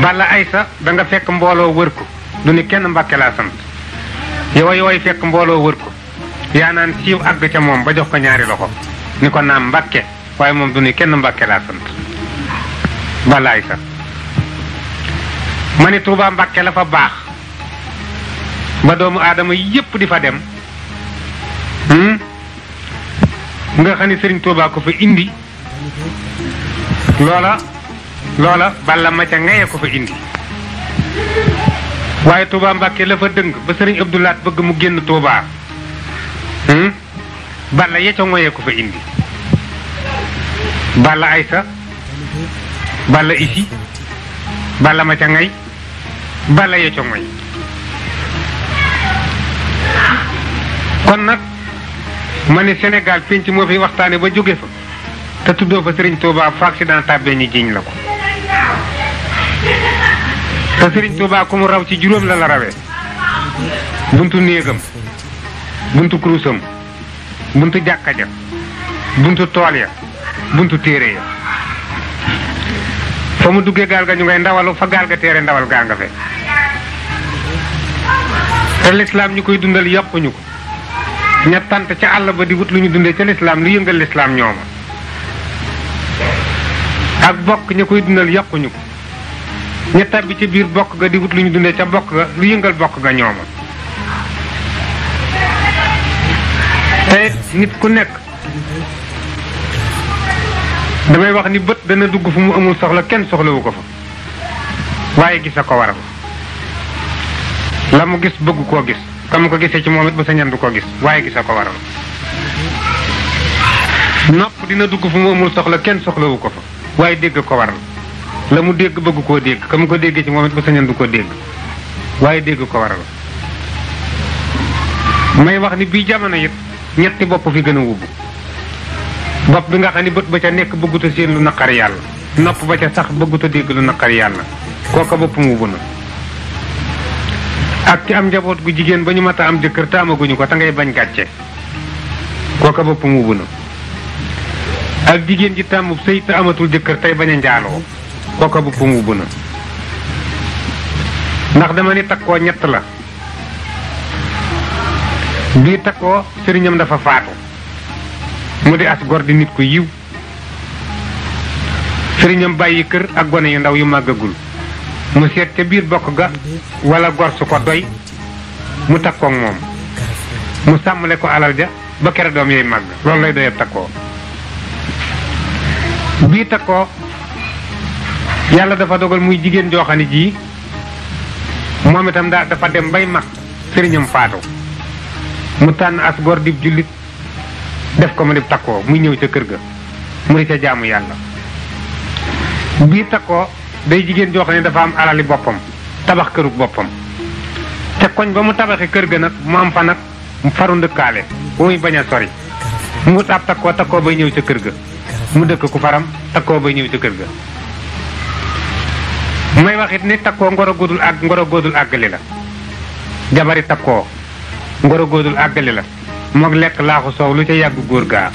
Balla Aysa da nga fekk mbooloo wër ko du ni kenn mbàkke laa sant yow yooyu fekk mbooloo wër ko yaa naan siiw àgg ca moom ba jox ko ñaari loxo ni ko naam mbàkke waaye moom du ni kenn mbàkke laa sant Balla Aysa ma ni Tuubaa mbàkke la fa baax ba doomu aadama yépp di fa dem nga xam ne sëriñ Tuubaa ko fa indi loola loola balla ma ca ngaye ko fa indi waaye Tuubaa Mbàkke la fa dëng ba sëriñ Abdou bëgg mu génn Tuubaa hmm? balla ya ca ngoye ko fa indi balla aysa balla isi balla ma ca ngay balla ya ngoy kon nag ma ne Sénégal pénc moo fi waxtaane ba jóge fa te tuddoo fa Serigne Touba fu accident tàbbee ñi jiñ la ko te Serigne Touba ku mu raw ci juróom la la rawee buntu néegam buntu kurusam buntu jàkka ja buntu tool ya buntu téere ya fa mu duggee gaal ga ñu ngay ndawalu fa gaal ga téere ndawal gaa nga fe te lislaam ñu koy dundal yàquñu ko ña tant ca àll ba di wut lu ñu dundee ca lislaam lu yëngal lislaam ñooma ak bokk ña koy dundal yàquñu ko ña tàbbi ca biir bokk ga di wut lu ñu dundee ca bokk ga lu yëngal bokk ga ñooma tey nit ku nekk damay wax ni bët dana dugg fu mu amul soxla kenn soxlawu ko fa waaye gis a ko waral la mu gis bëgg koo gis kam ko gisee ci moom it ba sa ñan ko gis waaye gisa ko waral nopp dina dugg fu mu amul soxla kenn soxlawu ko fa waaye dégg ko waral la mu dégg bëgg koo dégg kam ko dégg ci moom it ba sa ñan du dégg waaye dégg ko waral may wax ni bii jamono yit ñetti bopp fi gën a wubbu bopp bi nga xam ni bët ba ca nekk bëggut a séen lu naqari yàlla nopp ba ca sax bëggut a dégg lu naqari yàlla kooka bopp wubbu na ak ci am njaboot gu jigéen ba ñu mat a am jëkkër taamaguñu ko te ngay bañ gàcce kooka bopp mu bu ak jigéen ji tàmm sëy te amatul jëkkër tey bañ a njaaloo kooka bopp mu bu ndax dama ni takkoo ñett la bii takkoo sëriñam dafa faatu mu di as gor di nit ku yiw sëriñam bàyyi kër ak gone yu ndaw yu màggagul mu seet ca biir bokk ga wala gor su ko doy mu takkoog moom mu sàmmale ko alal ja ba kere doom yooyu màgg loolu lay doyee takkoo bii takkoo yàlla dafa dogal muy jigéen joo xam ne jii moom itam daa dafa dem bay mag sëriñam faatu mu tànn as gor dib jullit def ko mu dib takkoo muy ñëw ca kër ga mu di ca jaamu yàlla bii takkoo day jigéen joo ni dafa am alali boppam tabax kërug boppam te koñ ba mu tabaxee kër ga nag mu am fa nag mu faru ndëkkaale bu muy bañ a sori mu wut ab takkoo takkoo bay ñëw ca kër ga mu dëkk ku faram takkoo bay ñëw ca kër ga may waxit it ni takkoo ngoro góodul ak ngoro góodul àggali la jabari takkoo ngoro góodul àggali la moog lekk laaxu soow lu ca yàgg góor gaa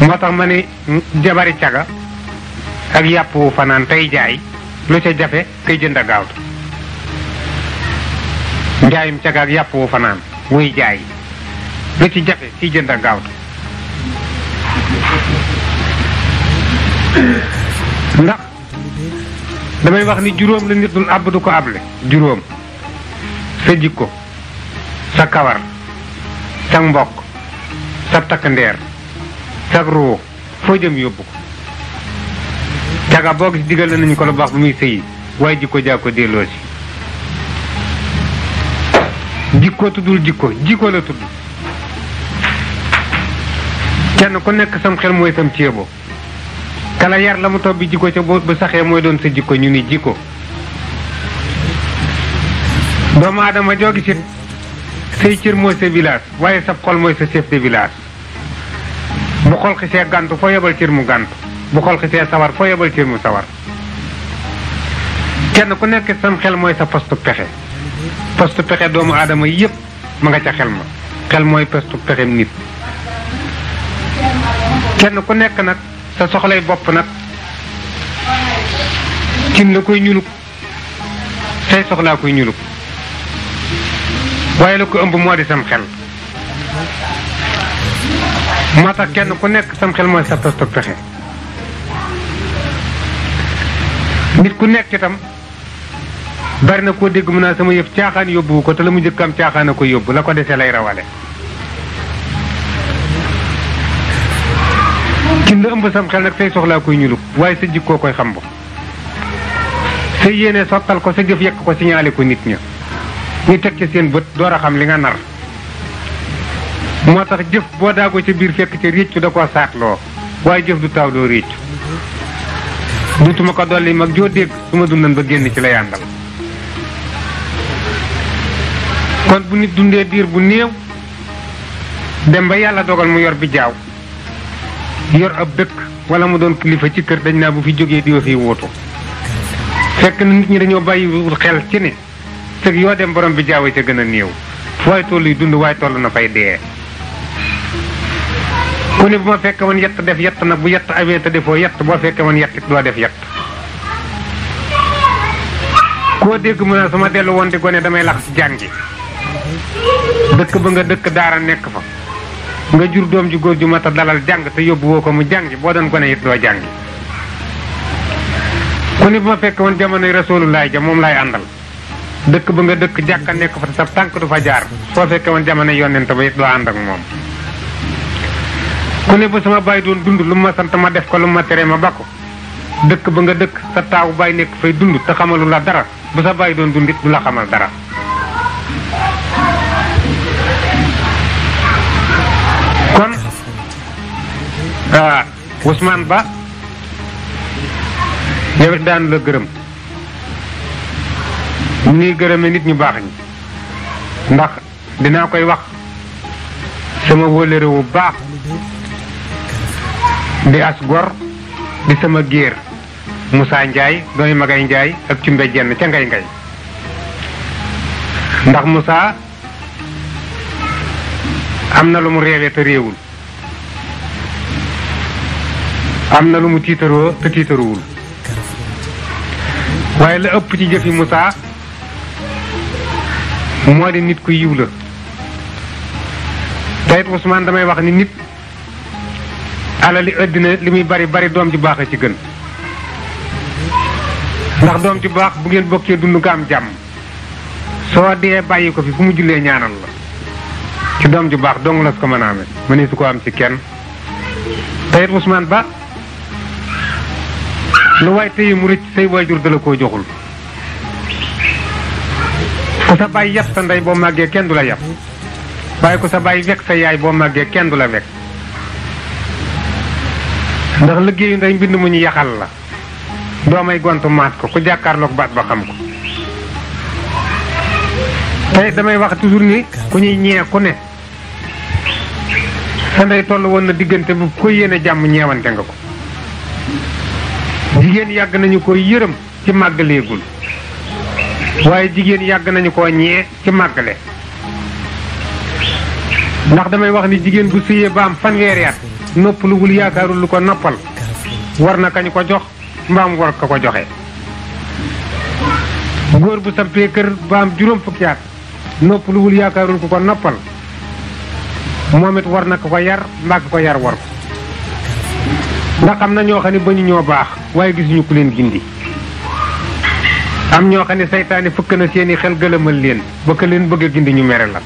moo tax ma ne jabari caga ak yàpp wu fanaan tey jaay lu ca jafe kay jënd a gaawtu njaayum cag ak yàpp wu fanaan muy jaay lu ci jafe kiy jënd a gaawtu ndax damay wax ni juróom la nit àbb du ko able juróom sa jikko sa kawar sa mbokk sa takkandeer sa ruux foo jëm yóbbu ko caga boo gis digal nañu ko la baax bu muy sëyi waaye jikko jaa ko delloo si jikko tuddul jikko jikko la tudd kenn ku nekk sam xel mooy sam ceebo kala yar la mu topp bi jikko ca bu saxee mooy doon sa jikko ñu ni jikko doomu aadama joo gis it say cër mooy sa village waaye sab xol mooy sa chef de village bu xol xisee gàntu foo yebal cër mu gàntu bu xol xisee sawar foo yebal cër mu sawar kenn ku nekk sam xel mooy sa postu pexe postu pexe doomu aadama yépp ma nga ca xel ma xel mooy postu pexe nit kenn ku nekk nag sa soxlay bopp nag cin la koy ñuluk say soxlaa koy ñuluk waaye la ko ëmb moo di sam xel moo tax kenn ku nekk sam xel mooy sa postu pexe nit ku nekk itam bari na koo dégg mu naa sama yëf caaxaan yóbbu ko te la mu njëkkam caaxaan ko yóbbu la ko dese lay rawale kin la ëmb sam xel nag say soxlaa koy ñuluk waaye sa jikkoo koy xam ba sa sottal ko sa jëf yekk ko signalé ko nit ña ñu teg ci seen bët door a xam li nga nar moo tax jëf boo daagoo ca biir fekk ca réccu da koo saatloo waaye jëf du taaw doo réccu ma ko dolli mag joo dégg su ma dundan ba génn ci la yàndal kon bu nit dundee diir bu néew dem ba yàlla dogal mu yor bi jaaw yor ab dëkk wala mu doon kilifa ci kër dañ naa bu fi jógee diwa fi wóotu fekk na nit ñi dañoo bàyyiwul xel ci ne sëg yoo dem borom bi jaaw ca gën a néew fooy toll yi dund waaye toll na fay dee ku ne bu ma fekke woon yett def yett nag bu yett amee te defoo yett boo fekke woon yett doo def yett koo dégg mu ne su ma dellu woon di gone damay lax si jàngi dëkk ba nga dëkk daara nekk fa nga jur doom ju góor ju ma a dalal jàng te yóbbu woo ko mu jàngi boo doon gone it doo jàngi ku ni bu ma fekk woon jamonoy rasulullah ja moom laay àndal dëkk ba nga dëkk jàkka nekk fa te sa tànk du fa jaar soo fekke woon jamono yonent ba it doo ànd ak moom ku ne sama baay doon dund lu ma sant ma def ko lu ma ma bakko dëkk ba nga dëkk sa taawu baay nekk fay dund te xamalu la dara bu sa doon dund it du la xamal kon ah Ba yow it daan la gërëm ñu ngi gërëmee nit ñu baax ñi ndax dinaa koy wax sama wóolere wu baax. di as gor di sama géer Moussa Ndiaye dooy magay njaay ak cumbe jenn ca ngay ngay ndax musaa am na lu mu réewee te réewul am na lu mu tiitaroo te tiitaruwul waaye la ëpp ci jëfi Moussa moo di nit ku yiw la tayit Ousmane damay wax ni nit alali àddina li muy bari bari doom ju baax a ci gën ndax doom ju baax bu ngeen bokkee dund nga am jàmm soo dee bàyyi ko fi fu mu jullee ñaanal la ci doom ju baax dong la su ko mën a amee mënee su ko am ci kenn tey it Ousmane Ba lu waay tey mu rëcc say waajur dala koo joxul ku sa baay yàpp sa ndey boo màggee kenn du la yab waaye ko sa baay wekk sa yaay boo màggee kenn du la wekk ndax liggéeyu ndey mbind mu ñu yaxal la doomay gontu maat ko ku jàkkaarloog baat ba xam ko tey damay wax toujours ni ku ñuy ñee ku ne sa ndey toll woon na diggante bu ko yéene jàmm ñeewante nga ko jigéen yàgg nañu ko yërëm ci màggaleegul waaye jigéen yàgg nañu ko ñee ci màggale ndax damay wax ni jigéen bu sëyee ba am fanweeri noppaluwul yaakaarul lu ko noppal war na kañ ko jox mbaam war ko ko joxe góor bu sampee kër ba am juróom fukki at noppaluwul yaakaarul ku ko noppal moom it war na ko ko yar mbaa ko yar war ko ndax am na ñoo xam ne ba ñu ñoo baax waaye gisuñu ku leen gindi am ñoo xam ne saytaane fukk na seeni xel gëlëmal leen ba ka leen bëgg a gindi ñu mere la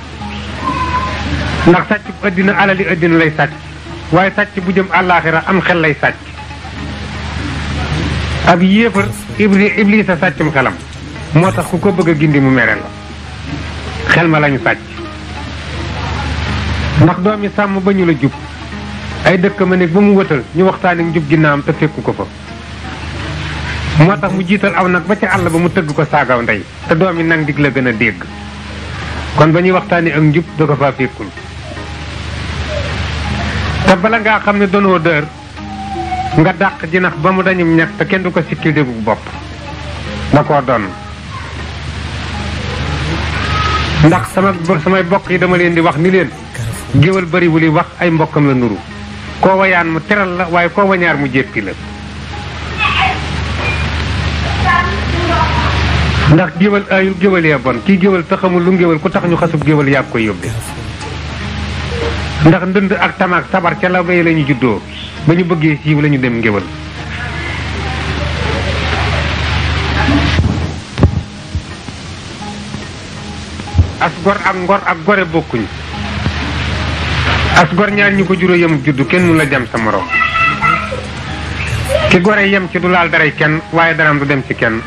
ndax sàcc bu ëddina alali ëddina lay sàcc waaye sàcc bu jëm àllaaxira am xel lay sàcc ab yéefar ibli iblis a sàccum xelam moo tax ku ko bëgg a gindi mu mereel la xel ma lañu sàcc ndax doomi sàmm ba ñu la jub ay dëkk ma ne ba mu wëtal ñu waxtaani jub ginnaam te fekku ko fa moo tax mu jiital aw nag ba ca àll ba mu tëgg ko saagaw ndey te doom yi nag dig la gën a dégg kon ba ñuy waxtaanee ak njub da ko faa fékkuñ te bala ngaa xam ne danoo dër nga dàq jinax ba mu dañum ñax kenn du ko sikki bu bopp da koo doon ndax sama samay bokk yi dama leen di wax ni leen géwal bëriwu yi wax ay mbokkam la nuru koo wayaan mu teral la waaye koo wañaar mu jéppi la ndax géwal ayul géwal yee bon kii géwal te xamul lu ngéwal ku tax ñu xasub géwal yàgg koy yóbbe ndax ndënd ak tamaak sabar ca la bay la juddoo ba ñu bëggee siiw la ñu dem ngéwal as gor ak ngor ak gore bokkuñ as gor ñaar ñu ko juróo yemub juddu kenn mu la jam sa moroom ki gore yem ci du laal daray kenn waaye daraam du dem ci kenn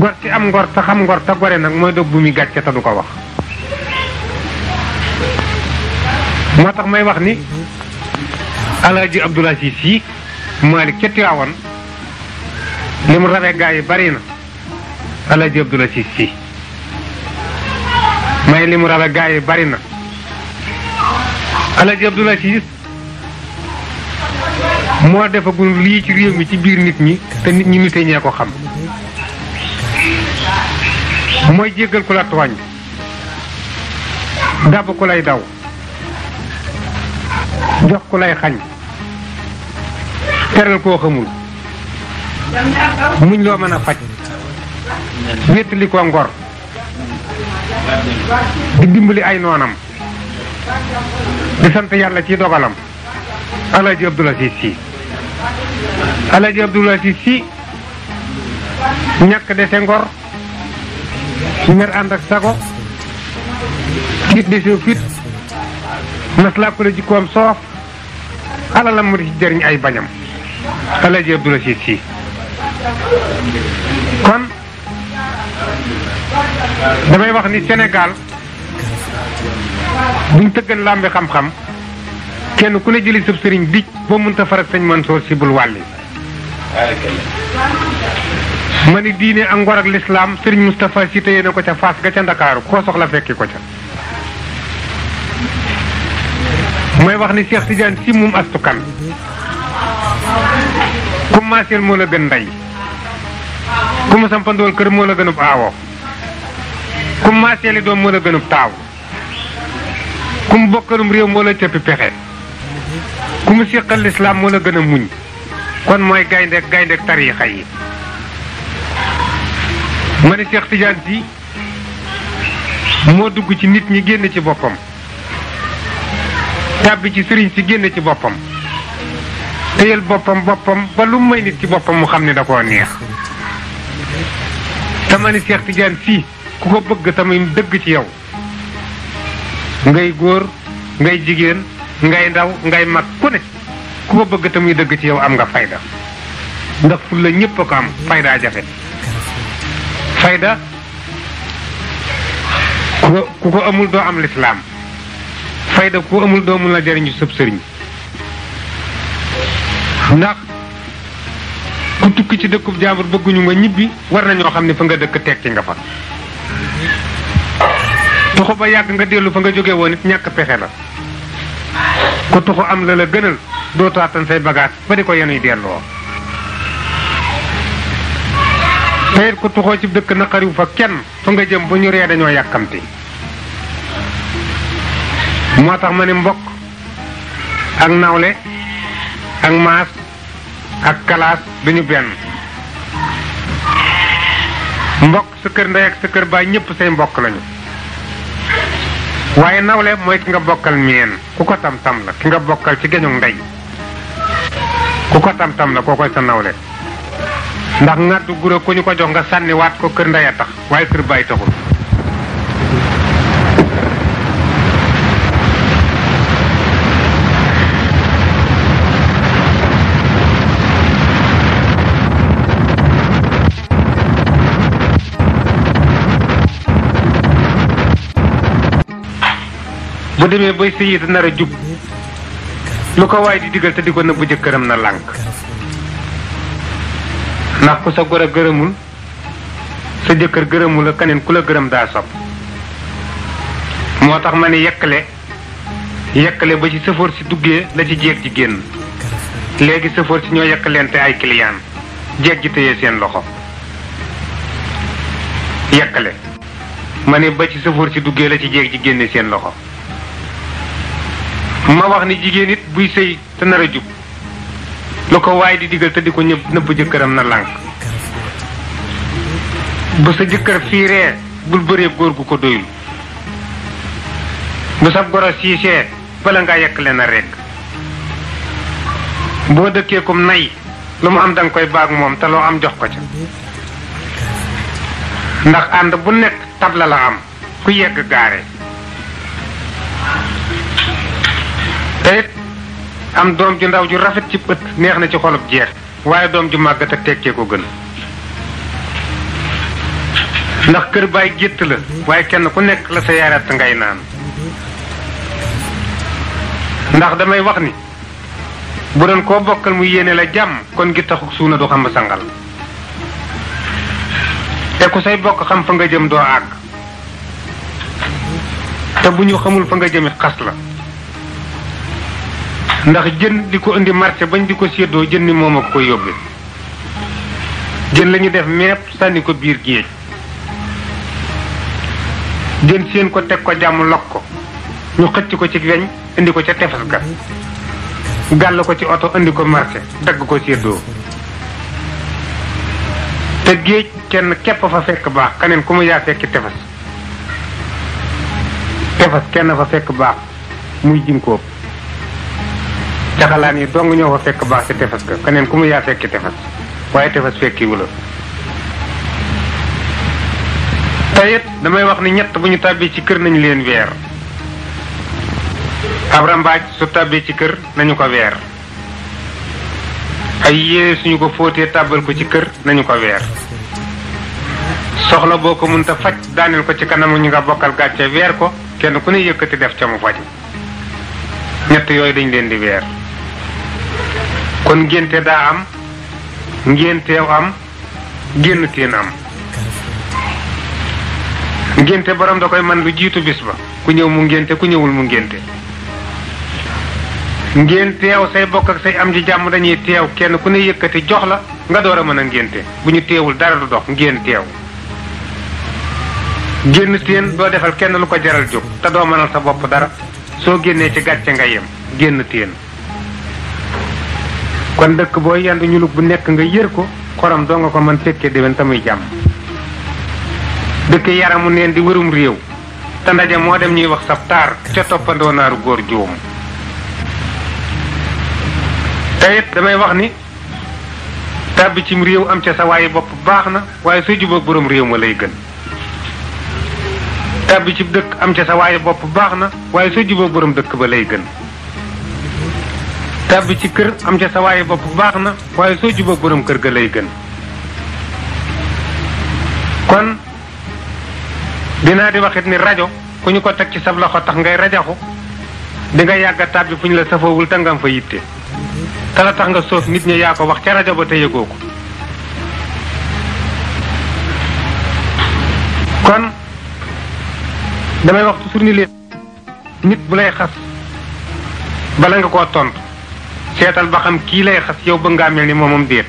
gor ci am ngor te xam ngor te gore nag mooy dog bu muy gàcce te du ko wax moo tax may wax ni alaaji Abdoul Aziz Sy Malick ca Tiwaawan li mu rawee gaa yi bari na alaaji Abdoul Aziz Sy may li mu rawee gaa yi bari na alaaji Abdoul Aziz moo defagul lii ci réew mi ci biir nit ñi te nit ñi nite ñee ko xam mooy jéggal ku la tooñ dàbb ku lay daw jox ku lay xañ teral koo xamul muñ loo mën a faj wéttali ko ngor di dimbali ay noonam di sant yàlla ci dogalam Alaaji Abdul Asiis Si Alaaji Abdul Asiis Si ñàkk dese ngor mer ànd ak sago tiit dese fit mas laa ko la jikkoom soof alalam mu di ci jëriñ ay bañam alaji Abdoul Aziz Sy kon damay wax ni Sénégal buñ tëggan làmbi xam-xam kenn ku ne jëli sëb sëriñ dij boo mënta faral sëñ Mansoor si bul wàlli ma ni diine ak ngor ak lislaam sëriñ Moustapha si téye na ko ca Fass ga ca Ndakaaru koo soxla fekki ko ca mooy wax ni Cheikh Tidiane si moom astukan commencé moo la gën ndey ku mu sampandool kër moo la gënub aawo ku mu maaseeli doom moo la gënub taaw ku mu bokkalum réew moo la cëppi pexe ku mu siqal lislaam moo la gën a muñ kon mooy gaynde gayndeek tariixa yi ma ne Cheikh Tidiane si moo dugg ci nit ñi génn ci boppam tàbbi ci sëriñ si génn ci boppam téyel boppam boppam ba lu may nit ci boppam mu xam ne da koo neex sama ni Seex Tijaan fii ku ko bëgg tamit dëgg ci yaw ngay góor ngay jigéen ngay ndaw ngay mag ku ne ku ko bëgg tamit dëgg ci yow am nga fayda ndax fulla ñépp a ko am fayda jafe fayda ku ko amul doo am lislaam fayda ku amul doomu mun la jariñu sëb sëriñ ndax ku tukki ci dëkkub jàmbur bëgguñu nga ñibbi war nañoo xam ne fa nga dëkk teg ci nga fa tuxu ba yàgg nga dellu fa nga jóge woon it ñàkk pexe la ko tuxu am la la gënal doo say bagaas ba di ko yenuy delloo teyit ko tuxoo ci dëkk naqariw fa kenn fa nga jëm ba ñu ree dañoo yàkkamti moo tax ma ne mbokk ak nawle ak maas ak kalaas duñu benn mbokk sa kër ndey ak sa kër baay ñëpp say mbokk lañu waaye nawle mooy ki nga bokkal meen ku ko tam tam la ki nga bokkal ci geñu ndey ku ko tam tam la koo koy sa nawle ndax ngàddu gura ku ñu ko jox nga sànniwaat ko kër ndey a tax waaye kër baay taxul bu demee bay sëyi te nar a jub lu ko waay di digal te di ko bu jëkkëram na lànk ndax ku sa goro gërëmul sa jëkkër gërëmul ak keneen ku la gërëm daa sopp moo tax ma ne yekkale yekkale ba ci sëfoor si duggee la ci jeeg ji génn léegi sëfoor si ñoo yekkalente ay kiliyaan jeeg ji téye seen loxo yekkale ma ne ba ci sëfoor si duggee la ci jeeg ji génne seen loxo ma wax ni jigéen it buy sëy te nar a jub lu ko waaye di digal te di ko ñëpp nëbb jëkkëram na lànk bu sa jëkkër fiiree bul bëree góor gu ko doyul bu sab goro siisee bala ngaa yekk leen a rekk boo dëkkee kum nay lu mu am danga koy baag moom te loo am jox ko ca ndax ànd bu nekk tabla la am ku yegg gaare te it am doom ju ndaw ju rafet ci bët neex na ci xolub jeer waaye doom ju màggat a tekkee ko gën ndax kër baay gétt la waaye kenn ku nekk la sa yarat ngay naan ndax damay wax ni bu doon koo bokkal mu yéene la jàmm kon gi taxu suuna du xam sangal te ku say bokk xam fa nga jëm doo àgg te bu ñu xamul fa nga jëmit xas la ndax jën di ko indi marché bañ di ko séddoo jën ni moom ak ko yóbbe jën lañu def meep sànni ko biir géej jën seen ko teg ko jàmm lokk ko ñu xëcc ko ci weñ indi ko ca tefes ga gàll ko ci oto indi ko marché dagg ko séedoo te géej kenn képp fa fekk baax keneen ku mu yaa fekki tefes tefes kenn fa fekk baax muy jinkóob caxalaan yi dong ñoo fa fekk baax ci tefes ka keneen ku mu yaa fekki tefes waaye tefes fekki wu la te damay wax ni ñett bu ñu tàbbi ci kër nañu leen weer ab rambaaj su tàbbi ci kër nañu ko weer ay yére suñu ko fóotee tàbbal ko ci kër nañu ko weer soxla boo ko mënta faj daaneel ko ci kanamu ñu nga bokkal gàcce weer ko kenn ku ne yëkkati def ca mu faj ñett yooyu dañ leen di weer kon ngénte daa am ngéntew am génn teen am ngénte borom da koy man lu jiitu bis ba ku ñëw mu ngénte ku ñëwul mu ngénte ngeen teew say bokk ak say am ji jàmm dañuy teew kenn ku ne yëkkati jox la nga door a mën a ngénte bu ñu teewul dara du dox ngeen teew génn teen doo defal kenn lu ko jaral jóg te doo mënal sa bopp dara soo génnee ci gàcce nga yem génn teen kon dëkk boo yendu ñulug bu nekk nga yër ko xorom doo nga ko mën fekkee déwén tamuy jàmm dëkk yaramu neen di wërum réew te ndaje moo dem ñuy wax sa taar ca toppandoo naaru góor juum te it damay wax ni tàbbi cim réew am ca sa waaye bopp baax na waaye soo jubóog boroom réew ma lay gën tàbbi cib dëkk am ca sa waaye bopp baax na waaye soo jubóog boroom dëkk ba lay gën tàbbi ci kër am ca sa waaye bopp baax na waaye soo jubóog borom kër ga lay gën kon dinaa di waxit ni rajo ku ñu ko teg ci sab loxo tax ngay rajaxu di nga yàgg a tàbbi fu ñu la safoowul te nga fa yitte te la tax nga soof nit ñi yaa ko wax ca rajo ba te yëgoo ko kon damay wax toujours ni leen nit bu lay xas bala nga koo tontu seetal ba xam kii lay xas yow ba ngaa mel ni moomam déet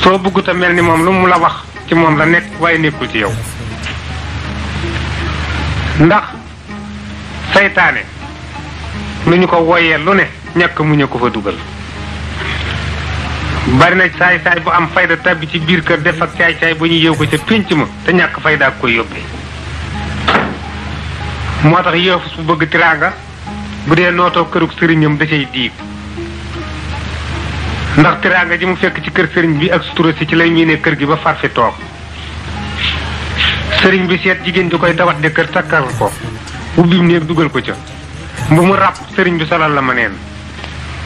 soo bëggut a mel ni moom lu mu la wax ci moom la nekk waaye nekkul ci yow ndax saytaane lu ñu ko wooyee lu ne ñàkk mu ñu ko fa dugal bari na saay saay bu am fayda tàbbi ci biir kër def ak caay caay bu ñu yëw ko ca pénc ma te ñàkk fayda ak koy yóbbee moo tax yëfus bu bëgg tiraanga bu dee nootoo kërug sëriñam da cay diig ndax teraanga ji mu fekk ci kër sëriñ bi ak sutura si ci lay ñuy ne kër gi ba far fi toog sëriñ bi seet jigéen ji koy tawat de kër takkal ko ubbi mu néeg dugal ko ca bu mu ràpp sëriñ bi salal la ma neen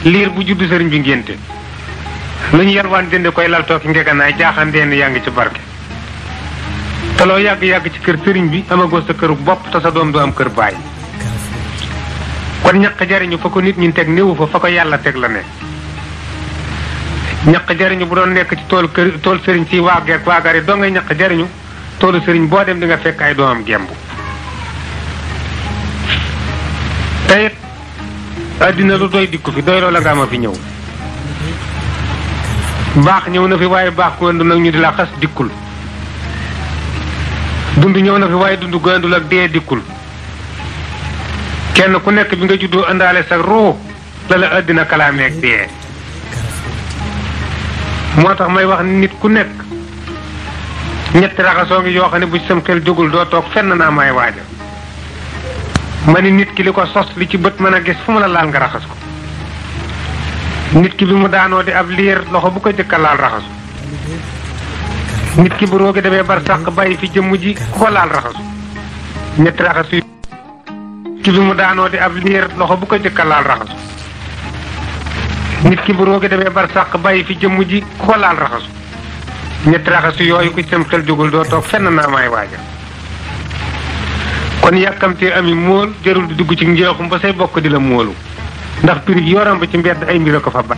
liir bu judd sëriñ bi ngénte lu ñu yalwaan dënd koy lal toog ngeganaay jaaxaan deen yaa ngi ci barke te loo yàgg-yàgg ci kër sëriñ bi amagoo sa këru bopp te sa doom du am kër bàyyi kon ñaq jariñu fa ko nit ñi teg néewu fa fa ko yàlla teg la ne ñaq jariñu bu doon nekk ci tool kër tool sëriñ si waa geer waa gar doo ngay ñaq jariñu toolu sëriñ boo dem di nga fekk ay doomam gemb te it àddina lu doy dikku fi doy la nga ma fi ñëw baax ñëw na fi waaye baax ku ëndu nag ñu di la xas dikkul dund ñëw na fi waaye dund gu la ak dee dikkul kenn ku nekk bi nga juddoo indaale sa ruu la la àddina kalaameeg dee moo tax may wax nit ku nekk ñetti raxasoo ngi yoo xam ne bu ci sam xel jógul doo toog fenn naa may waaja ma nit ki li ko sos li ci bët mën a gis fu mu la laal nga raxas ko nit ki bi mu daanoo di ab liir loxo bu ko jëkka laal raxasu nit ki bu roogi demee bar sàq bàyyi fi jëmm ji ku ko laal raxasu ñetti raxas ki bi mu daanoo di ab liir loxo bu ko jëkka laal raxasu nit ki bu roogi demee bar sàq bàyyi fi jëmm ji ku ko laal raxasu ñetti raxasu yooyu ku sam xel jógul doo toog fenn naa maay waaja kon yàkkamtee ami mool jarul di dugg ci njeexum ba say bokk di la moolu ndax pirig yoram ba ci mbedd ay mbir ko fa ba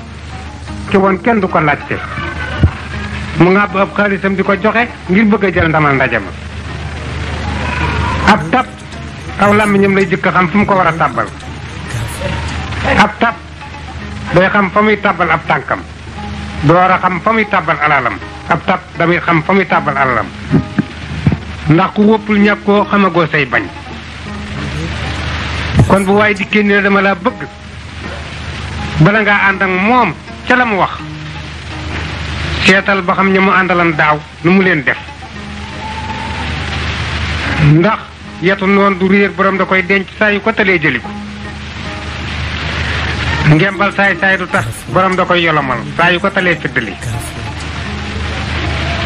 ki kenn du ko laajte mu ŋàbb ab xaalisam di ko joxe ngir bëgg a jël ndamal ndaje ma ab tab aw làmmiñam lay jëkk a xam fu mu ko war a tàbbal ab tab day xam fa muy tàbbal ab tànkam door a xam fa muy tàbbal alalam ab tab damay xam fa muy tàbbal alalam ndax ku wóppul ñàkkoo xamagoo say bañ kon bu waaye dikkee ni dama laa bëgg bala ngaa ànd ak moom ca la mu wax seetal ba xam ña mu àndalan daaw nu mu leen def ndax yetu noon du réer borom da koy denc saa yu ko tëlee jëli ko ngembal saay saay du tax borom da koy yolomal saa yu ko talee fiddali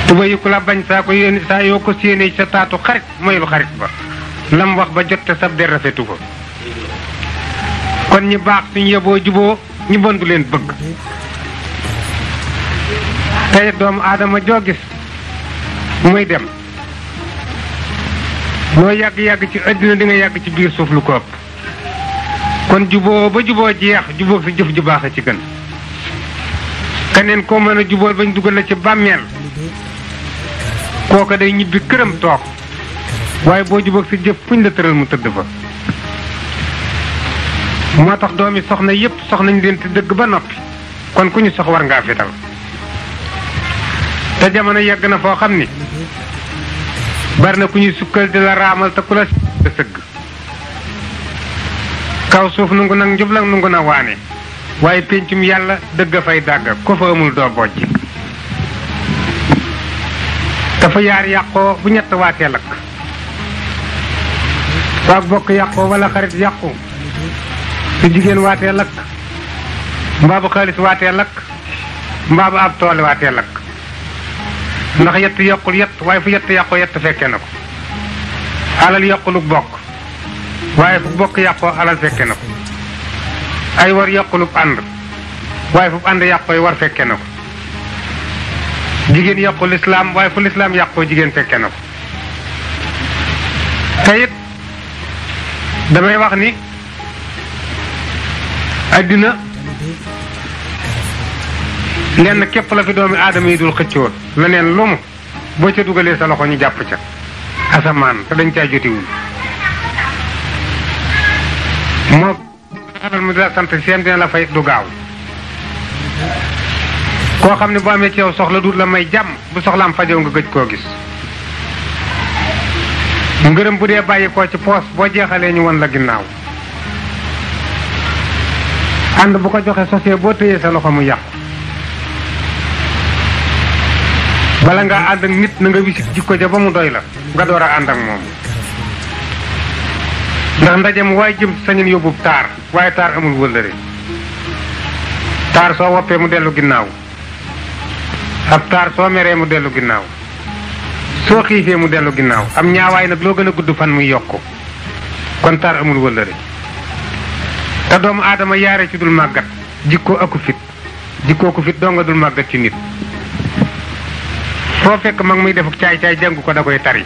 tuba yu ku la bañ saa ko yéen saa yoo ko séenee sa taatu xarit moyul xarit ba lam wax ba jot te sab der rafetu ko kon ñi baax suñu yeboo juboo ñu bon leen bëgg tey doomu aadama joo gis muy dem loo yàgg-yàgg ci àddina di nga yàgg ci biir suuf lu ko ëpp kon juboo ba juboo jeex jubóog sa jëf ju baax a ci gën keneen koo mën a jubool bañ dugal la ci bàmmeel kooka day ñibbi këram toog waaye boo jubóog sa jëf fuñ la tëral mu tëdd fa moo tax doomi soxna yépp soxnañ leen te dëgg ba noppi kon ku ñu sox war ngaa fital te jamono yàgg na foo xam ni bari na ku ñuy sukkal di la raamal te ku la sëgg kaw suuf nungu nag njublang nungu na waane waaye péncum yàlla dëgg a fay dàgg ko fa amul doo bojj dafa yaar yàqoo bu ñett waatee lakk faak bokk yàqoo wala xarit yàqu su jigéen waatee lakk mbaa bu xaalis waatee lakk mbaa bu ab tool waatee lakk ndax yett yokkul yett waaye fu yett yàqoo yett fekke na ko alal yokkuluk bokk waaye fu bokk yàqoo alal fekke na ko ay war yokkuluk ànd waaye fu ànd yàqooy war fekke na ko jigéen yàqu lislaam waaye fu lislaam yàqoo jigéen fekke na ko te damay wax ni dina lenn képp la fi doomi aadama yi dul xëccoo leneen lu mu boo ca dugalee sa loxo ñu jàpp ca asamaan te dañ caa jotiwul moo xaral mu sant seen la fay du gaaw koo xam ne bu amee ci soxla duut la may jàmm bu soxlaam fajow nga gëj koo gis ngërëm bu dee bàyyi koo ci poos boo jeexalee ñu won la ginnaaw ànd bu ko joxe sosee boo téyee sa loxo mu yàqu bala ngaa ànd ak nit na nga wisit jikko ja ba mu doy la nga door a ànd ak moom ndax ndaje mu waaye jëm sañin yóbbu taar waaye taar amul wëllëre taar soo woppee mu dellu ginnaaw ab taar soo meree mu dellu ginnaaw soo xiifee mu dellu ginnaaw am ñaawaay nag loo gën a gudd fan muy yokk kon taar amul wëllëre te doomu aadama yaare ci dul màggat jikkoo aku fit jikkoo ku fit doo nga dul màggat ci nit foo fekk mag muy defuk caay-caay jàngu ko da koy tari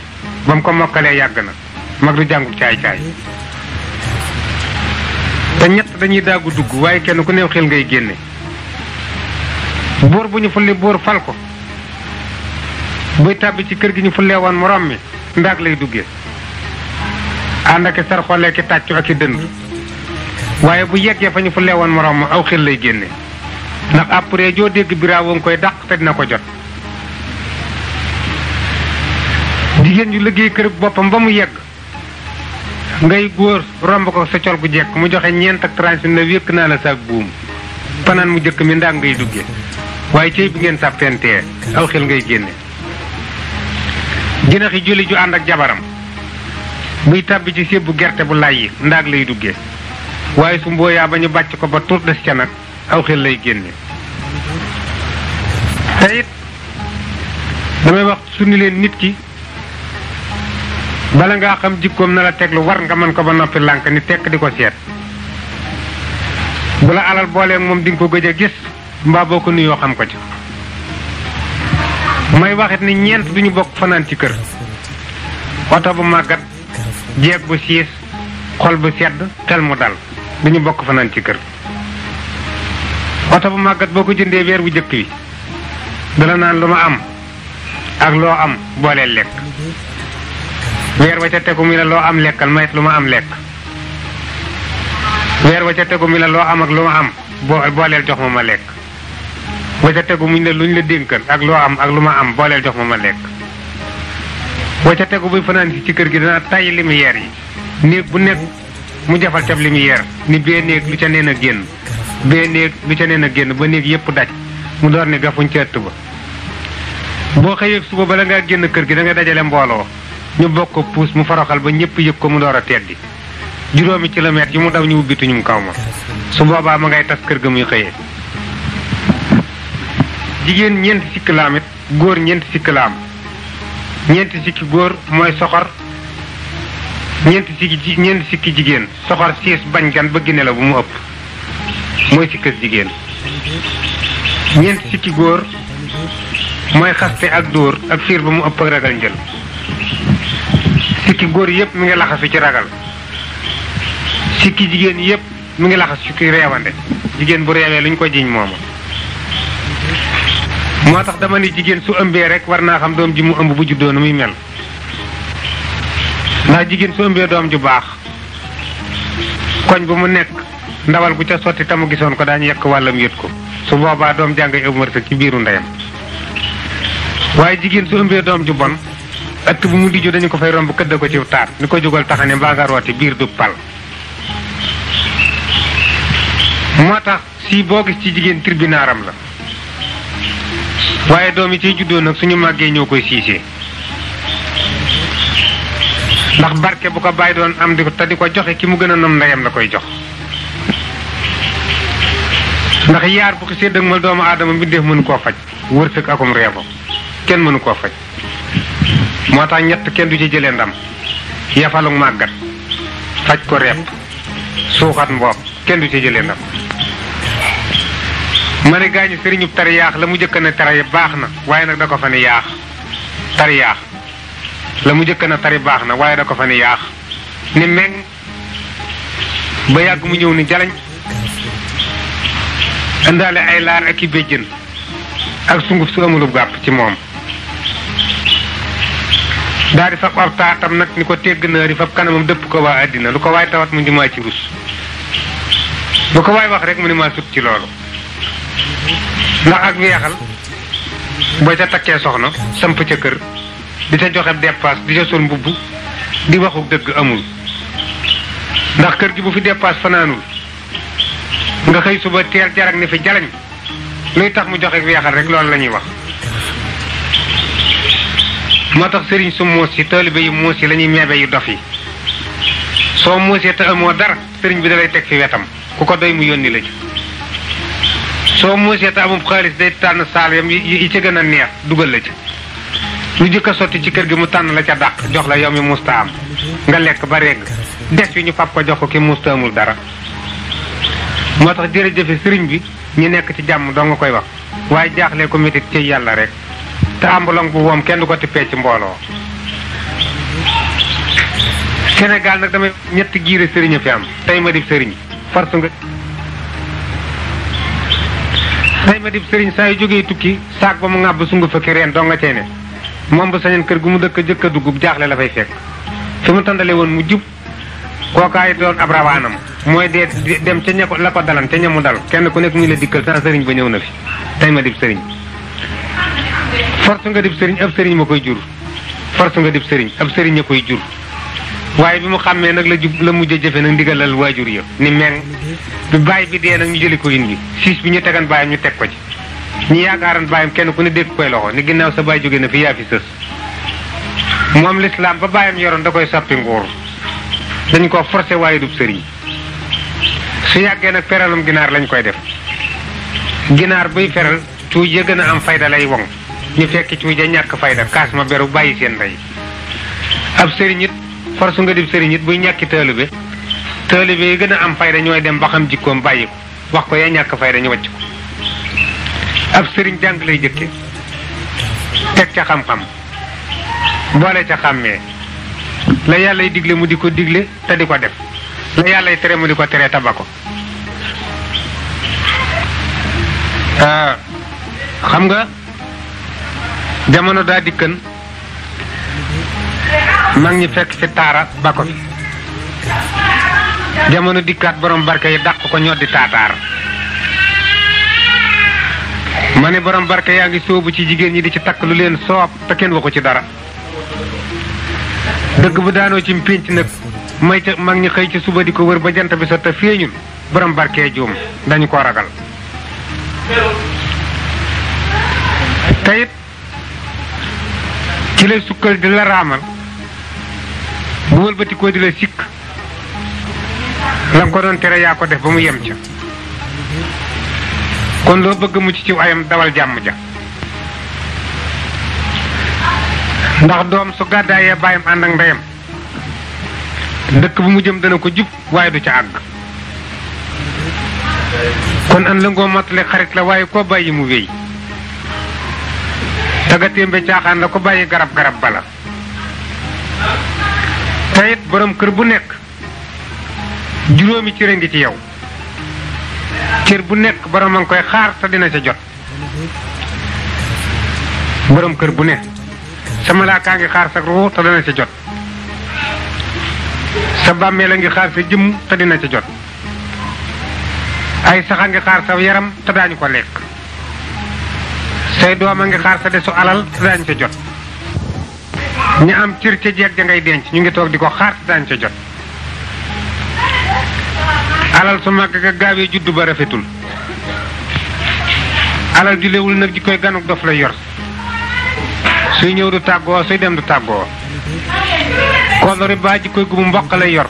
ba mu ko mokkalee yàgg na mag du jànguk caay-caay te ñett dañuy daagu dugg waaye kenn ku neew xel ngay génne buur bu ñu fulli buur fal ko buy tàbbi ci kër gi ñu fullee woon morom mi ndag lay duggee ànd ak i sar xoolee ki tàccu ak i dënd waaye bu yeggee fa ñu fullee woon morom ma aw xel lay génne ndax après joo dégg biraa woo ngi koy dàq te dina ko jot jigéen ju liggéey kër boppam ba mu yegg ngay góor romb ko sa col gu jekk mu joxe ñeent ak transit na wékk naa la saak buum fanaan mu jëkk mi ndax ngay dugge waaye cey bi ngeen sàppentee aw xel ngay génne jinaxi julli ju ànd ak jabaram buy tàbbi ci sébbu gerte bu lay yi ndaag lay dugge waaye su mbooyaa ba ñu bàcc ko ba tur des ca nag aw xel lay génne te damay wax su leen nit ki bala ngaa xam jikkoom na la teglu war nga mën ko ba noppi lànk ni tekk di ko seet bu la alal booleeg moom di ko gëj a gis mbaa boo ko nuyoo xam ko ci may waxit ni ñeent duñu bokk fanaan ci kër oto bu màggat jeeg bu siis xol bu sedd xel mu dal duñu bokk fanaan ci kër oto bu màggat boo ko jëndee weer bu jëkk wi dala naan lu ma am ak loo am booleel lekk weer wa ca tegu mi la loo am lekkal ma lu ma am lekk weer wa ca tegu mi la loo am ak lu ma am boo booleel jox ma ma lekk wa ca mu muñ la luñ la dénkan ak loo am ak lu ma am booleel jox ma ma lekk wa ca tegu buy fanaan si ci kër gi dana tay limiyeer yi néeg bu nekk mu jafal cab limiyeer ni bee néeg lu ca neen a génn bee néeg lu ca neen génn ba néeg yépp daj mu door ne gafuñ ca ëtt ba boo xëyee suba bala ngaa génn kër gi dangay nga dajale mbooloo ñu bokk ko puus mu faraxal ba ñëpp yëg ko mu door a teddi juróomi kilomètres yi mu daw ñu ubbitu ñu kaw su boobaa ma ngay tas kër ga muy xëyee jigéen ñeenti sikki laam it góor ñeenti sikki laam ñeenti góor mooy soxor ñeenti sikki ñeenti sikki jigéen soxor siis bañ gan bëgg gine la bu mu ëpp mooy sikkas jigéen ñeenti sikki góor mooy xaste ak dóor ak fiir ba mu ëpp ak njël sikki góor yëpp mu ngi laxasu ci ragal sikki jigéen yépp mu ngi laxasu ci reewande jigéen bu reewee lu ñu ko jiñ moomu moo tax dama ne jigéen su ëmbee rek war naa xam doom ji mu ëmb bu juddoo muy mel naa jigéen su ëmbee doom ju baax koñ bu mu nekk ndawal gu ca sotti tamu gisoon ko daañu yekk wàllam yët ko su boobaa doom jàng ëmb wërsëg ci biiru ndeyam waaye jigéen su ëmbee doom ju bon ëtt bu mu dijju dañu ko fay romb këdd ko ci taat ni ko jógal taxane mbaa nga rooti biir du pal moo tax si boo gis ci jigéen tirbinaaram la waaye doom yi ciy juddoo nag suñu màggee ñoo koy siisee ndax barke bu ko bàyyi doon am di ko te di ko joxe ki mu gën a nom ndeyam la koy jox ndax yaar bu xisee dëgg mal doomu aadama bi def mënu koo faj wërsëg akum reebo kenn mënu koo faj moo tax ñett kenn du ci jëlee ndam yafalu màggat faj ko repp suuxat mboop kenn du ci jëlee ndam ma ne gaañu sëriñub tar la mu jëkk ne tari baax na waaye nag da ko fa ne yaax la mu jëkk ne tari baax na waaye da ko fa ne yaax ba yàgg mu ñëw ni jalañ indaale ay laar ak i béjjën ak sunguf su amulub gàpp ci moom daal di fab ab taatam nag ni ko tegg naar yi fab kanamam dëpp ko waa àddina lu ko waay tawat mu ndimaa ci rus lu ko waay wax rek mu ni maa sut ci loolu ndax ak weexal boo ca takkee soxna samp ca kër di ca joxe dépasse di ca sol mbubb di waxu dëgg amul ndax kër gi bu fi dépasse fanaanul nga xëy suba teel jarak ne fi jalañ luy tax mu joxe weexal rek loolu la ñuy wax moo tax sëriñ su muus yi taalibe yu muus yi lañuy ñuy ñebe yu dof yi soo muusee te amoo dara sëriñ bi da lay teg fi wetam ku ko doy mu yónni la ci soo muusee te amul xaalis day tànn saal yam yi ci gën a neex dugal la lu jëkk a sotti ci kër gi mu tànn la ca dàq jox la yow mi musta am nga lekk ba rekk des wi ñu fab ko jox ko ki musta amul dara moo tax jërëjëfe sëriñ bi ñu nekk ci jàmm doo nga koy wax waaye jaaxle ko métit ci yàlla rek te ambulance bu woom kenn du ko tippee ci mbooloo Sénégal nag damay ñetti giire sëriñ fi am tey ma sëriñ farsu nga tey ma dib sëriñ saa yu jógee tukki saak ba mu nàbb sungu fakki reen doo nga cey ne moom bu sañeen kër gu mu dëkk jëkk dugub jaaxle la fay fekk fi mu tàndale woon mu jub kookaay doon ab rawaanam mooy dee dem ca ña ko la ko dalan ca ña mu dal kenn ku nekk mu la dikkal saa sëriñ ba ñëw na fi tey ma sëriñ force nga dib sëriñ ab sëriñ ma koy jur force nga dib sëriñ ab sëriñ a koy jur waaye bi mu xàmmee nag la jub la mujj a jëfe nag ndigalal waajur ya ni meng bi bàyyi bi dee nag ñu jëli ko indi siis bi ñu tegan bàyyam ñu teg ko ci ñi yaakaaran bàyyam kenn ku ne dégg koy loxo ni ginnaaw sa bàyyi jóge na fi yaa fi sës moom lislaam ba bàyyi yoroon da koy soppi nguur dañ ko forcé waaye dub sëriñ su yàggee nag feralum ginaar lañ koy def ginaar buy feral tuuj ya a am fayda lay woŋ ñu fekk ci ja ñàkk fayda kaas ma beru bàyyi seen ndey ab sëriñ it force nga dib sëriñ it buy ñàkki taalibe taalibe yi gën a am fayda ñooy dem ba xam jikkoom bàyyi ko wax ko yaa ñàkk fayda ñu wàcc ko ab sëriñ jàng lay jëkke teg ca xam-xam boole ca xàmmee la yàllay digle mu di ko digle te di ko def la yàllay tere mu di ko tere taba ko ah, xam nga jamono daa dikkan mag ñi fekk fi taara ba ko fi jamono dikkaat borom barke yi dàq ko ñoo di taataar ma ne borom barke yaa ngi sóobu ci jigéen ñi di ci takk lu leen soob te kenn waxu ci dara dëgg bu daanoo ci mpénc nag may mag ñi xëy ci suba di ko wër ba jant bi sa te feeñul borom barke juum dañu ko ragal di lay sukkal di la raamal bu wëlbatikoo di la sikk la ko doon tere yaa ko def ba mu yem ca kon loo bëgg mucc ci ayam dawal jàmm ja ndax doom su gàddaayee bàyyam ànd ak ndeyam dëkk bu mu jëm dana ko jub waaye du ca àgg kon an la ngoo matale xarit la waaye koo bàyyi mu wéy taga témbe caaxaan la ko bàyyi garab garab bala tayit boroom kër bu nekk juróomi cër a ngi ci yow cër bu nekk borom a ngi koy xaar te dina ca jot borom kër bu ne sama kaa ngi xaar sa ruux te dina jot sa bàmmeel a ngi xaar sa jëmm te dina ca jot ay sax a ngi xaar sa yaram te daañu ko lekk say doom a ngi xaar sa desu alal te daañu ca jot ñu am cër ca jeeg ja ngay denc ñu ngi toog di ko xaar te daañu ca jot alal su màgg ga gaawee juddu ba rafetul alal ju nag ji koy ganu dof la yor suy ñëw du tàggoo suy dem du tàggoo kolori baa ji koy gumu mboq lay yor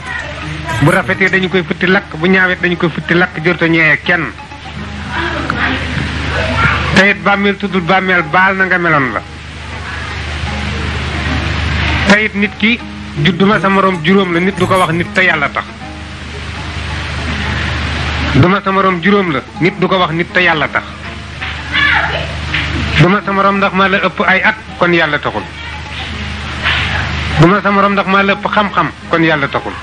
bu rafetee dañu koy futti lakk bu ñaawet dañu koy futti lakk jër ta ñeewee kenn te it bàmmeel tuddul bàmmeel baal na meloon la te nit ki judduma sa juróom la nit du ko wax nit te yàlla tax duma sa moroom juróom la nit du ko wax nit te yàlla tax duma sa moroom ndax maa la ëpp ay at kon yàlla taxul duma sa moroom ndax maa la ëpp xam-xam kon yàlla taxul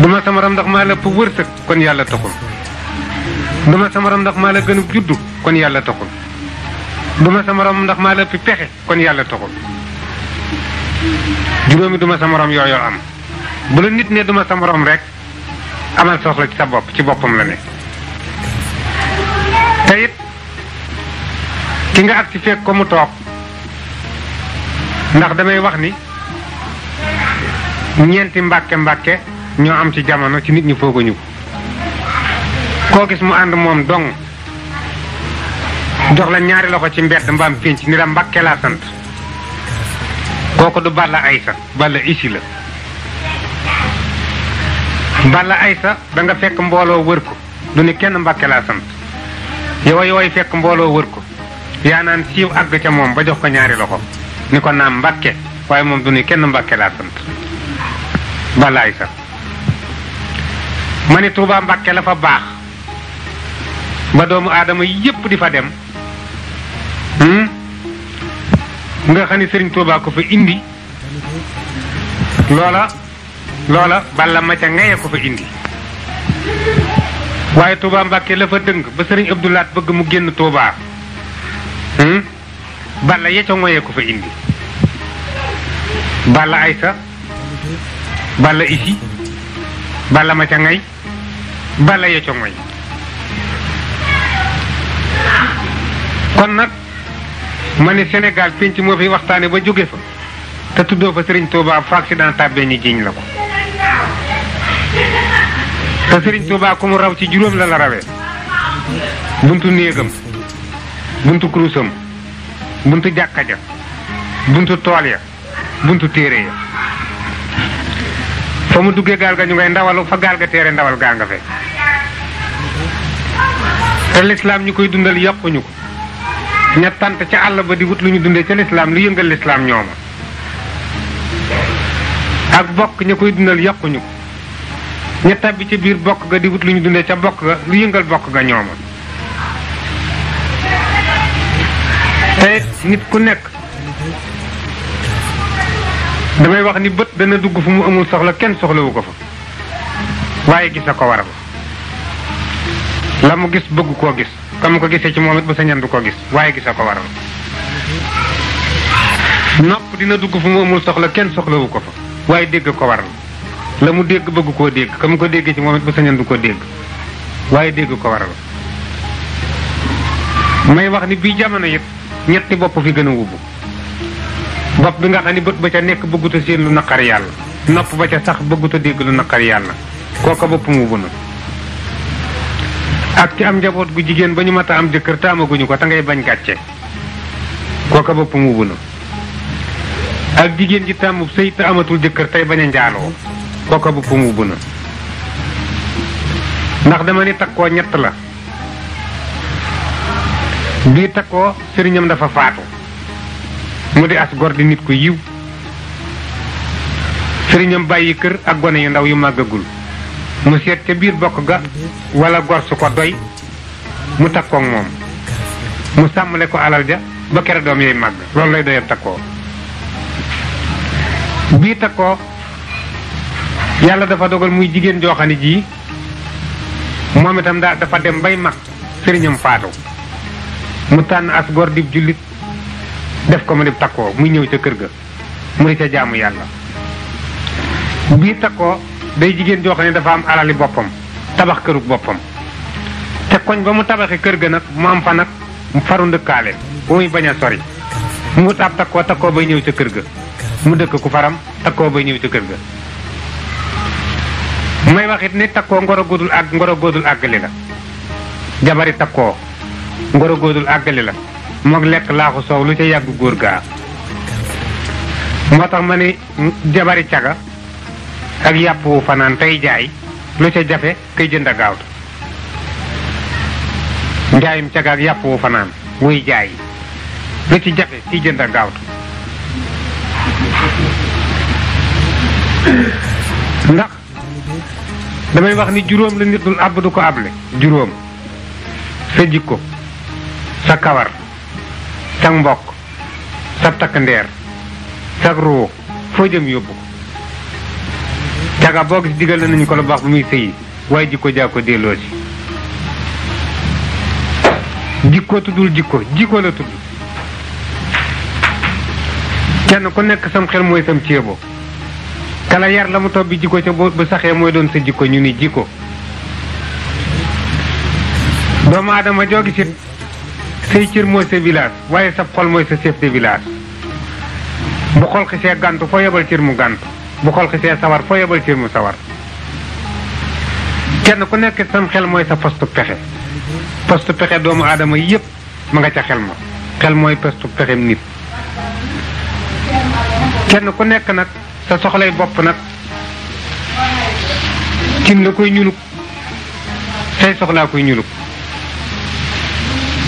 duma sa moroom ndax maa la ëpp wërsëg kon yàlla taxul du sa morom ndax maa la gënub juddu kon yàlla taxul du sa morom ndax maa la ëpp pexe kon yàlla taxul juróomi du sa morom yooyu am bu la nit ne du ma sa morom rek amal soxla ci sa bopp ci boppam la ne te it ki nga ak ci fekk ko mu toog ndax damay wax ni ñeenti mbàkke mbàkke ñoo am ci jamono ci nit ñi foogañu ñëw koo gis mu ànd moom dong jox la ñaari loxo ci mbedd mbaam ci ni la mbàkke laa sant kooku du Balla Aysa Balla Isi la Balla ay sa danga fekk mbooloo wër ko du ni kenn mbàkke laa sant yow yooyu fekk mbooloo wër ko yaa naan siiw àgg ca moom ba jox ko ñaari loxo ni ko naam mbàkke waaye moom du ni kenn mbàkke laa sant ay Aysa ma ni Tuubaa mbàkke la fa baax ba doomu aadama yépp di fa dem hmm? nga xam ni sëriñ Tuubaa ko fa indi loola loola balla ma ca ngaye ko fa indi waaye Tuubaa Mbàkke la fa dëng ba sëriñ Abdou laat bëgg mu génn Tuubaa hmm? balla ya ca ko fa indi balla aysa balla isi balla ma ca ngay balla ya kon nag ma ne Sénégal pénc moo fi waxtaane ba jóge fa te tuddoo fa Serigne Touba fa accident tàbbee ñu jiñ la ko te sëriñ Touba ku mu raw ci juróom la la rawee buntu néegam buntu kurusam buntu jàkka ja buntu tool ya buntu téere ya fa mu duggee gaal ga ñu ngay ndawalu fa gaal ga téere ndawal gaa nga fe te lislaam ñu koy dundal yàquñu ko ña tant ca àll ba di wut lu ñu dundee ca lislaam lu yëngal lislaam ñooma ak bokk ña koy dundal yàquñu ko ña tabbi ca biir bokk ga di wut lu ñu dundee ca bokk ga lu yëngal bokk ga ñooma te nit ku nekk damay wax ni bët dana dugg fu mu amul soxla kenn soxlawu ko fa waaye gis a ko war a la mu gis bëgg koo gis kam ko gisee ci moom it bu sa ñan ko gis waaye gisa ko waral nopp dina dugg fu mu amul soxla kenn soxlawu ko fa waaye dégg ko waral la mu dégg bëgg koo dégg kam ko déggee ci moom it bu sa ñan ko dégg waaye dégg ko waral may wax ni bii jamono it ñetti bopp fi gën a wubbu bopp bi nga xam ni bët ba ca nekk bëggut a séen lu naqar yàlla nopp ba ca sax bëggut a dégg lu naqar yàlla kooka bopp wubbu na ak ki am njaboot gu jigéen ba ñu mat a am jëkkër taamaguñu ko te ngay bañ gàcce kooka bopp mu bu ak jigéen ji tàmmub sëy te amatul jëkkër tey bañ a njaaloo kooka bopp mu bu ndax dama ni takkoo ñett la bii takkoo sëriñam dafa faatu mu di as gor di nit ku yiw sëriñam bàyyi kër ak gone yu ndaw yu màggagul mu seet ca biir bokk ga wala gor ko doy mu takkoog moom mu sàmmale ko alal ja ba kere doom yooyu màgg loolu lay doyal takkoo bii takkoo yàlla dafa dogal muy jigéen joo xam ne ji moom itam daa dafa dem bay mag sëriñam faatu mu tànn as gor dib jullit def ko mu dib takkoo muy ñëw ca kër ga mu di ca jaamu yàlla bii takkoo day jigéen joo xam ne dafa am alali boppam tabax kërug boppam te koñ ba mu tabaxee kër ga nag mu am fa nag mu faru ndëkkaale bu muy bañ a sori mu taab takkoo takkoo bay ñëw ca kër ga mu dëkk ku faram takkoo bay ñëw ca kër ga may waxit it ni takkoo ngoro góodul àgg ngoro góorul àggali la jabari takkoo ngoro góodul àggali la moog lekk laaxu soow lu ca yàgg góor gaa moo tax ma ne jabari caga ak yàpp wu fanaan tey jaay lu ca jafe kay jënd a gaawtu njaayum cag ak yàpp wu fanaan wuy jaay lu ci jafe kiy jënd a gaawtu ndax damay wax ni juróom la nit dul àbb du ko àble juróom sa jikko sa kawar sa mbokk sa takk ndeer ruux foo yóbbu saga boo gis digal nañu ko lu baax bu muy sëyi waaye jikko jaa ko delloo si jikko tuddul jikko jikko la tudd kenn ku nekk sam xel mooy sam ceebo kala yar la mu topp bi jikko ca bu saxee mooy doon sa jikko ñu ni jikko doomu aadama joogi ci say cër mooy sa village waaye sab xol mooy sa chef de village bu xol xisee gàntu foo yebal cër mu gànt bu xol xisee sawar foo yebal ci mu sawar kenn ku nekk sam xel mooy sa postu pexe postu pexe doomu aadama yépp mu nga ca xel ma xel mooy postu pexem nit kenn ku nekk nag sa soxlay bopp nag cin la koy ñuluk say soxlaa koy ñuluk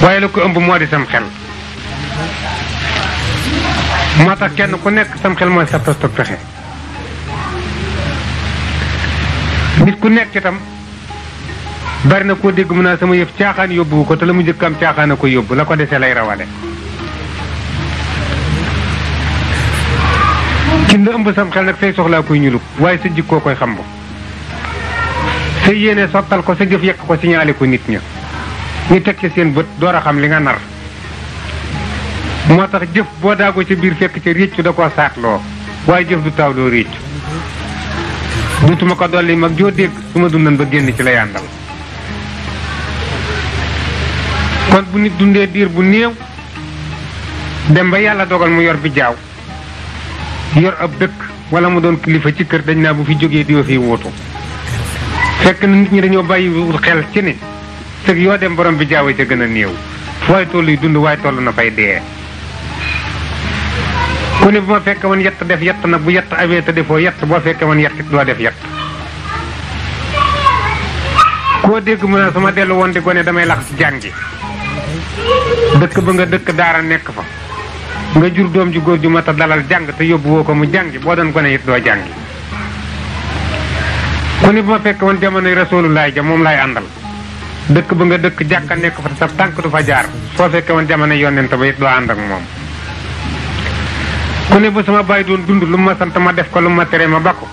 waaye la ko ëmb moo di sam xel moo tax kenn ku nekk sam xel mooy sa postu pexe nit ku nekk itam bari na koo dégg mun naa sama yëf caaxaan yóbbu ko te la mu jëkkam caaxaan a ko yóbbu la ko dese lay rawale ci ëmb sam xel nag say soxlaa koy ñulub waaye sa jikkoo koy xam ba sa yéene sottal ko sa jëf yekk ko signalé ko nit ña ñu teg ci seen bët doo a xam li nga nar moo tax jëf boo daagoo ca biir fekk ca réccu da koo saatloo waaye jëf du taaw loo duutuma ko dolli mag joo dégg su ma dundan ba génn ci la yàndal kon bu nit dundee diir bu néew dem ba yàlla dogal mu yor bi jaaw yor ab dëkk wala mu doon kilifa ci kër dañ naa bu fi jógee diwa fiy wóotu fekk na nit ñi dañoo bàyyiwul xel ci ne sëg yoo dem borom bi jaaw ca gën a néew waaye toll yi dund waaye toll na fay dee ku ne bu ma fekkee woon yett def yett nag bu yett amee te defoo yett boo fekkee woon yett doo def yett koo dégg ma ne su ma dellu woon di gone damay lax si jàngi dëkk ba nga dëkk daara nekk fa nga jur doom ju góor ju ma a dalal jàng te yóbbu woo ko mu jàngi boo doon gone it doo jàngi ku ne bu ma fekk woon jamonoy laay ja moom laay àndal dëkk ba nga dëkk jàkka nekk fa te sa tànk du fa jaar soo fekkee woon jamonoy yonent ba it doo ànd ak moom kone ne bu sama bàyyi doon dund lu ma sant ma def ko lu ma tere ma bakko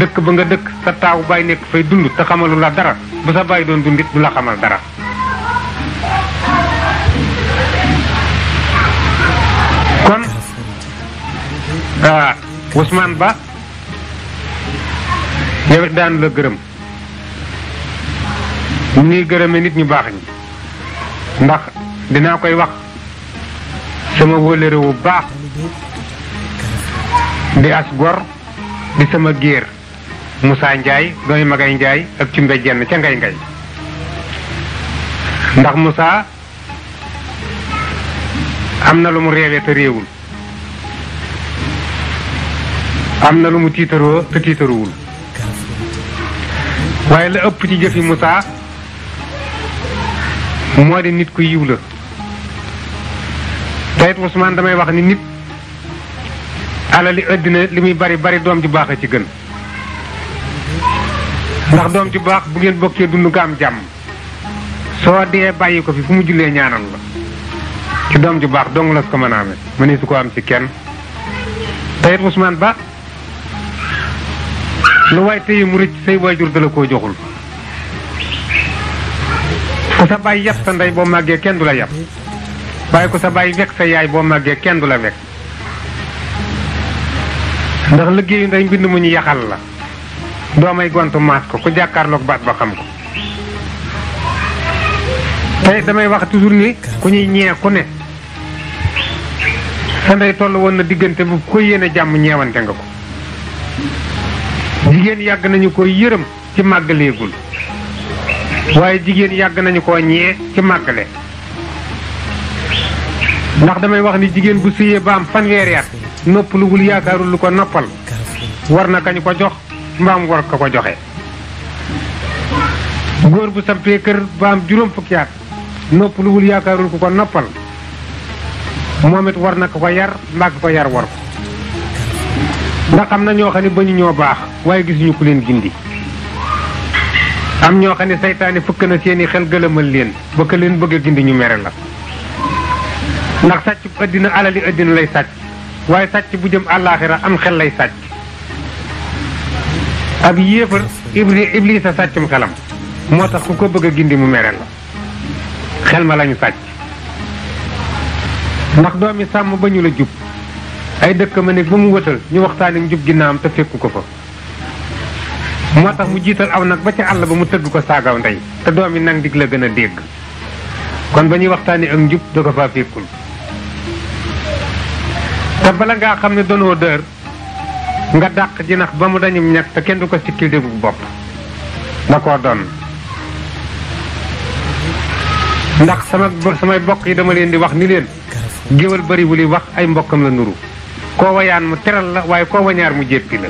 dëkk ba nga dëkk sa taawu bàyyi nekk fay dund te xamalu la dara bu sa bàyyi doon dund it du la xamal dara kon ah Ousmane Ba yow it daan la gërëm ñu ñuy gërëmee nit ñu baax ñi ndax dinaa koy wax sama wóolere wu baax di as gor di sama géer Moussa njaay dooy magay njaay ak cumbe jenn ca ngay ngay ndax musaa am na lu mu réewee te réewul am na lu mu tiitaroo te tiitaruwul waaye la ëpp ci jëfi Moussa moo di nit ku yiw la tayit Ousmane damay wax ni nit alali àddina li muy bari bari doom ju baax a ci gën ndax doom ju baax bu ngeen bokkee dund nga am jàmm soo dee bàyyi ko fi fu mu jullee ñaanal la ci doom ju baax dong la su ko mën a amee mën ne su ko am ci kenn te it Ousmane Ba lu waay tey mu say waajur dala koo joxul ku sa baay yàpp sa ndey boo màggee kenn du la yàpp waaye ko sa baay wekk sa yaay boo màggee kenn du la wekk ndax liggéeyu nday mbind mu ñu yaxal la doomay gont maas ko ku jàkkaarloog baat ba xam ko tey damay wax toujours ni ku ñuy ñee ku ne sa ndey toll woon na diggante bu ko yéene jàmm ñeewante nga ko jigéen yàgg nañu ko yërëm ci màggaleegul waaye jigéen yàgg nañu ko ñee ci màggale ndax damay wax ni jigéen bu sëyee ba am fanweeri noppaluwul yaakaarul lu ko noppal war na kañu ko jox mbaam war ko ko joxe góor bu sampee kër ba am juróom fukki at noppaluwul yaakaarul ku ko noppal moom it war na ko ko yar mbaa ko yar war ko ndax am na ñoo xam ne ba ñu ñoo baax waaye gisuñu ku leen gindi am ñoo xam ne saytaane fëkk na seeni xel gëlëmal leen ba ka leen bëgg a gindi ñu mere la ndax sàcc àddina alali àddina lay sàcc waaye sàcc bu jëm àllaaxira am xel lay sàcc ab yéefar iblis a sàccum xelam moo tax ku ko bëgg a gindi mu mereel la xel ma lañu sàcc ndax doomi sàmm ba ñu la jub ay dëkk ma ne ba mu wëtal ñu waxtaanim jub ginnaam te fekku ko fa moo tax mu jiital aw nag ba ca àll ba mu tëgg ko saagaw ndey te doomi nag dig la gën a dégg kon ba ñuy waxtaani ak njub da ko faa fekkul da bala ngaa xam ne danoo dër nga dàq jinax ba mu dañum ñàkk kenn du ko sikkil bu bopp da koo ndax sama samay bokk yi dama leen di wax ni leen géwal bariwul yi wax ay mbokkam la nuru koo wayaan mu teral la waaye koo wañaar mu jéppi la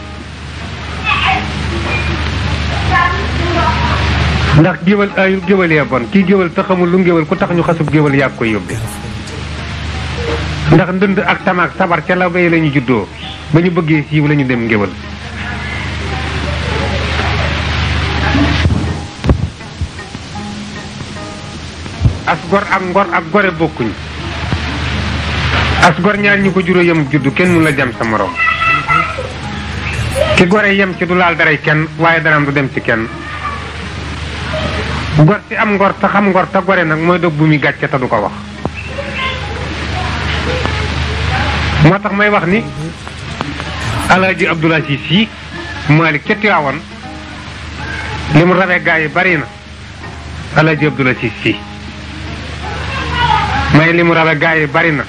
ndax géwal ay géwal yee bon kii géwal te xamul lu ngéwal ku tax ñu xasub géwal yàgg koy yóbbe ndax ndënd ak tamaak sabar ca la bay la ñu juddoo ba ñu bëggee siiw lañu dem ngéwal as ak ngor ak gore bokkuñ as gor ñaar ñu ko juróo yem juddu kenn mun la jam sa moroom ki gore yem ci du laal daray kenn waaye daraam du dem ci kenn gor ci am ngor te xam ngor te gore nag mooy dog bu muy gàcce te du ko wax moo tax may wax ni alaaji Abdoul Aziz yi Malick ca li mu rawee gaa yi bari na alaaji Abdoul Aziz yi may li mu rawee gaa yi bari na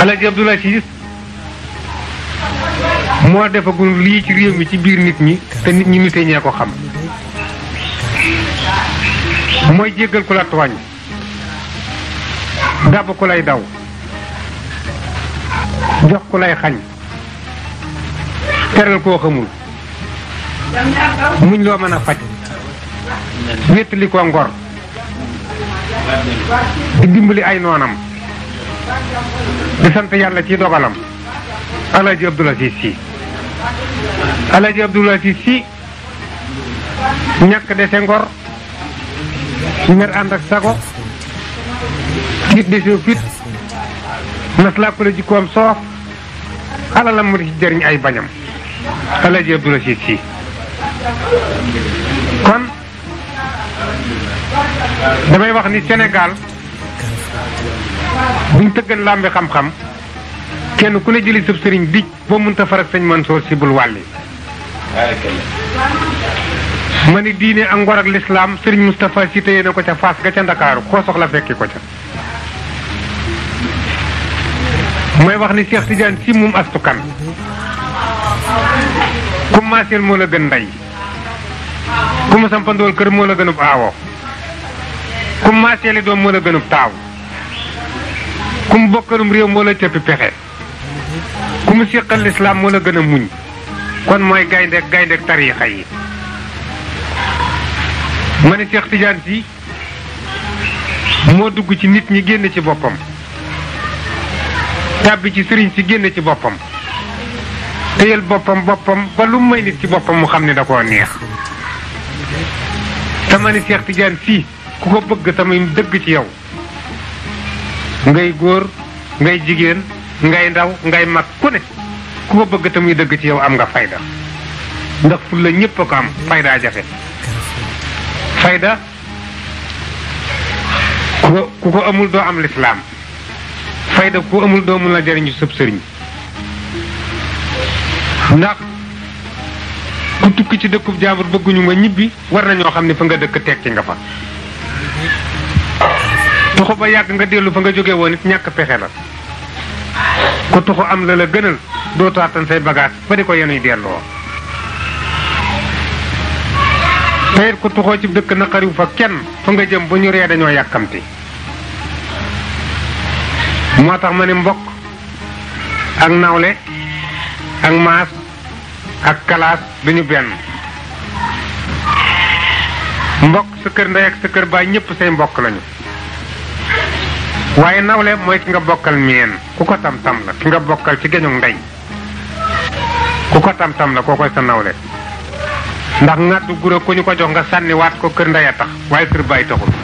alaaji Abdoul Aziz moo defagul lii ci réew mi ci biir nit ñi te nit ñi nite ñee ko xam mooy jéggal ku la tooñ dàbb ku lay daw jox ku lay xañ teral koo xamul muñ loo mën a faj wéttali ko ngor di dimbali ay noonam di sant yàlla ci dogalam alaaji Abdou Aziz Sy alaaji Abdou Aziz Sy ñàkk dese ngor mer ànd ak sago tiit dese fit nas laa ko la jikkoom soof alalam mu di ci ay bañam alaji abdula ci si kon damay wax ni bu buñ tëggan làmbi xam-xam kenn ku ne jëli sëb sëriñ dij boo mënta farak sëñ Mansoor si bul wàlli ma ni diine ak ngor ak lislaam sëriñ Moustapha si téye na ko ca Fass ga ca Ndakaaru koo soxla fekki ko ca mooy wax ni Cheikh Tidiane si moom astukan commencé moo la gën ndey ku mu kër moo la gënub aawo ku mu maaseeli doom moo la gënub taaw ku mu bokkalum réew moo la cëppi pexe ku mu siqal lislaam moo la gën a muñ kon mooy gaynde gayndeek tariixa yi ma ne Cheikh Tidiane si moo dugg ci nit ñi génn ci boppam tàbbi ci sëriñ si génne ci boppam téyel boppam boppam ba lu may nit ci boppam mu xam ne da koo neex tama ni Seex Tijaan fii ku ko bëgg tamay dëgg ci yow ngay góor ngay jigéen ngay ndaw ngay mag ku ne ku ko bëgg tamuy dëgg ci yow am nga fayda ndax ful la ñépp a ko am fayda jafe fayda ko ku ko amul doo am lislaam fayda ku amul doomu mun la jariñu sëb sëriñ ndax ku tukki ci dëkkub jaambur bëgguñu nga ñibbi war na ñoo xam ne fa nga dëkk tekki nga fa tuxu ba yàgg nga dellu fa nga jóge woon it ñàkk pexe la ku tuxu am la la gënal doo taatan say bagage ba di ko yenuy delloo teyit ku tuxoo ci dëkk naqariw fa kenn fa nga jëm ba ñu ree dañoo yàkkamti moo tax ma ne mbokk ak nawle ak maas ak kalaas duñu benn mbokk sa kër ndey ak sa kër baay ñëpp say mbokk lañu waaye nawle mooy ki nga bokkal meen ku ko tam tam la ki nga bokkal ci geñug ndey ku ko tam tam la koo koy sa nawle ndax ŋàddu gura ku ñu ko jox nga sànniwaat ko kër ndey a tax waaye kër baay taxul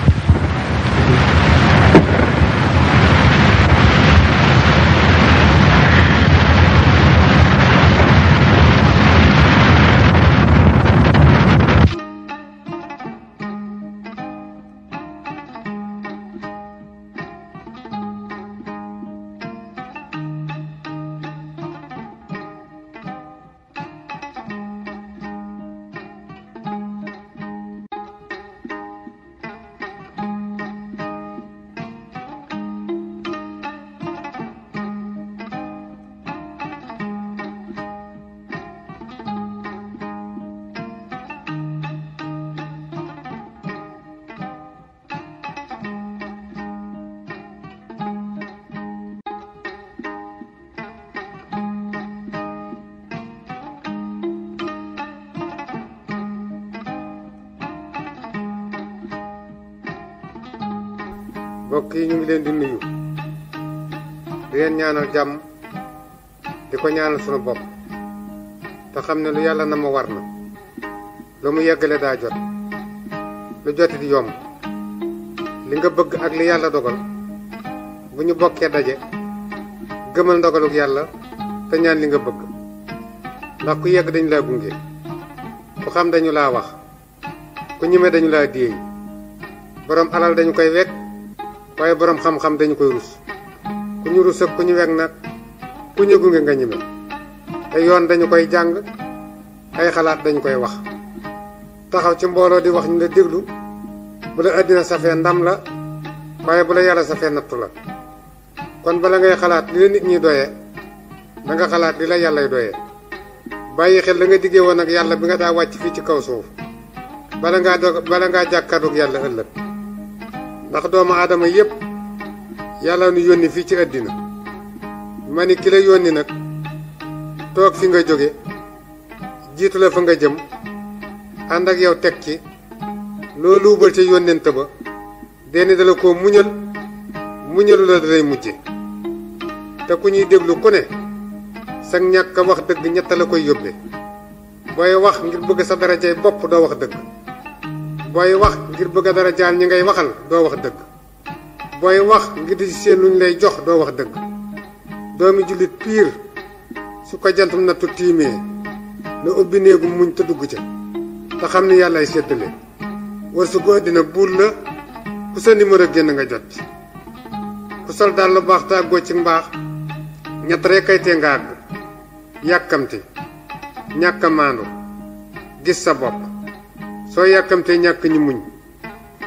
ñaanal jàmm ko ñaanal sunu bopp te xam ne lu yàlla na ma war na lu mu yeggale daa jot lu joti yomb li nga bëgg ak li yàlla dogal bu ñu bokkee daje gëmal ndogaluk yàlla te ñaan li nga bëgg ndax ku yegg dañu laa gunge ku xam dañu laa wax ku ñime dañu laa déey boroom alal dañu koy wekk waaye boroom xam-xam dañu koy rus ku ñu rusëg ñu weg nag ku ñu gunge nga ñime te yoon dañu koy jàng ay xalaat dañu koy wax taxaw ci mbooloo di wax ñu la déglu bu la ndam la waaye bu la yàlla safee nattu kon bala ngay xalaat li la nit ñi doye da nga xalaat li la yàllay doyee bàyyi xel la nga diggee woon ak yàlla bi nga daa wàcc fii ci kaw suuf bala ngaa bala ngaa jàkkaarloog yàlla ëllëg ndax doomu aadama yépp yàlla nu yónni fii ci àddina ma ni ki la yónni nag toog fi nga jóge jiitu la fa nga jëm ànd ak yow teg ci loo luubal ca yónnent ba denn dala ko muñal muñalu la dalay mujje te ku ñuy déglu ku ne sag ñàkk a wax dëgg ñett la koy yóbbe booy wax ngir bëgg sa darajay bopp doo wax dëgg booy wax ngir bëgg a darajaal ñi ngay waxal doo wax dëgg booy wax ngir di seen luñ lay jox doo wax dëgg doomi jullit piir su ko jantum nattu tiimee na ubbi néegu muñ te dugg ca te xam ni yàllaay séddale wërsëgu àddina buur la ku sa numéro génn nga jot ci ku sol lu baax tàggoo ci mbaax ñett rekk ay nga àgg yàkkamti ñàkk maandu gis sa bopp soo yàkkamtee ñàkk ñi muñ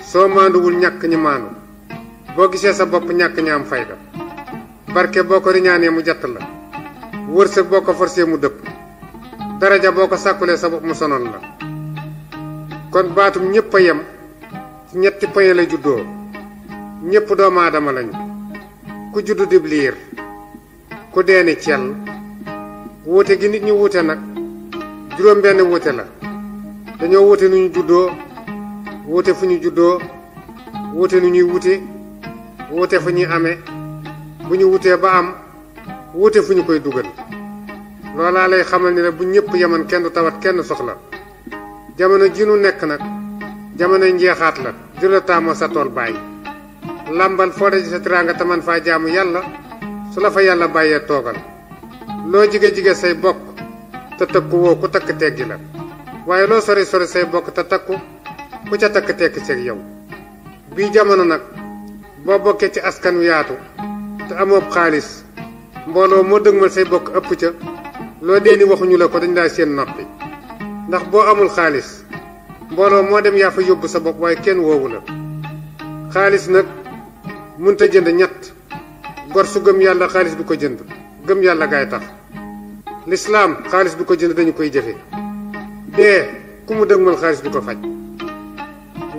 soo maanduwul ñàkk ñi maandu boo gisee sa bopp ñàkk ñaam fayda barke boo ko riñaanee mu jatt la wërsëg boo ko forcé mu dëpp daraja boo ko sàkkulee sa bopp mu sonoon la kon baatum ñépp a yem ci ñetti paye la juddoo ñépp doomu aadama lañu ku juddu dib liir ku gi nit ñi wuute nag juróom benn wuute la dañoo wuute nu ñu juddoo wuute fu ñu juddoo wuute nu ñuy wuute wuute fu ñuy amee bu ñu wutee ba am wuute fu ñu koy dugal loolaa lay xamal ni la bu ñëpp yeman kenn tawat kenn soxla jamono ji nu nekk nag jamono njeexaat la jula taamoo sa tool bàyyi làmbal foo daje sa tiraanga taman faa jaamu yàlla su la fa yàlla bàyyee toogal loo jige-jige say bokk te tëkku woo ku waaye loo sori sori say bokk te takku ku ca takk tekki seeg yow bii jamono nag boo bokkee ci askan wi yaatu te amoo xaalis mbooloo moo dëgmal say bokk ëpp ca loo dee ni waxuñu la ko dañ laa seen noppi ndax boo amul xaalis mbooloo moo dem yaa fa yóbbu sa bopp waaye kenn woowu la xaalis nag mënta jënd ñett gor su gëm yàlla xaalis du ko jënd gëm yàlla gaay tax lislaam xaalis du ko jënd dañu koy jëfe dee ku mu dëgmal xaalis bi ko faj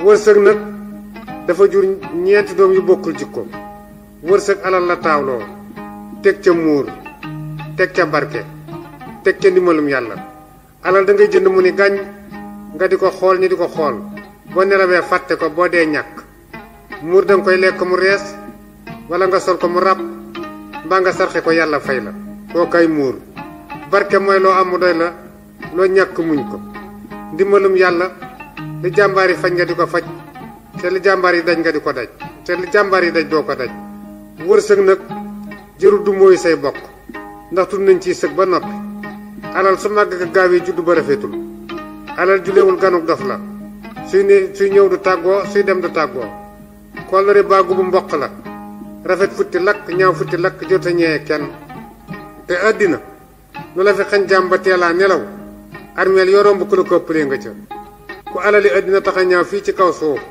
wërsëg nag dafa jur ñeenti doom yu bokkul jikko wërsëg alal la taawloo teg ca muur teg ca barke teg ca ndimbalum yàlla alal da jënd mu ni gàññ nga di ko xool ni di ko xool boo nelawee fàtte ko boo dee ñàkk muur danga koy lekk mu rees wala nga sol ko mu ràpp mbaa nga sarxe ko yàlla fay la koo kay muur barke mooy loo am mu doy la loo ñàkk muñ ko ndimbalum yàlla li jàmbaari faj nga di ko faj te li jàmbaar yi daj nga di ko daj te li jàmbaar yi daj doo ko daj wërsëg nag jërul du mooy say bokk ndax tudd nañ ciy sëg ba noppi alal su màgg ka gaawee juddu ba rafetul alal julewul ganuk dof la suy ne suy ñëw du tàggoo suy dem du tàggoo kóllëre baagu bu mboq la rafet futti lakk ñaaw futti lakk jot a ñëwee kenn te àddina lu la fi xañ jàmm ba teelaa nelaw armeel yoromb ku la ko ëppalee nga ca ku alali àddina tax a ñaaw fii ci kaw suuf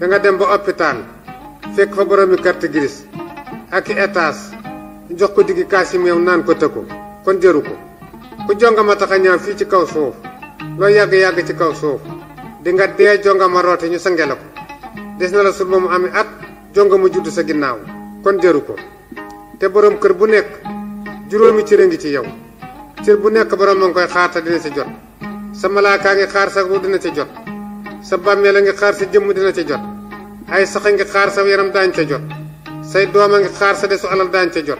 da nga dem ba hôpital fekk fa boromi carte grise ak i étage jox ko diggi kaasi meew naan ko tëkku kon jëru ko ku jongama tax a ñaaw fii ci kaw suuf loo yàgg-yàgg ci kaw suuf di nga dee jongama roote ñu sange ko des na la sul ba mu amee at jongama juddu sa ginnaaw kon jëru ko te borom kër bu nekk juróomi cër a ngi ci yow cër bu nekk borom ma ngi koy xaar te dina ci jot sa malaakaa ngi xaar sa ru dina ci jot sa bàmmeel a ngi xaar si jëmm dina ca jot ay sax a ngi xaar sa yaram daañ ca jot say doom a ngi xaar sa desu alal daañ ca jot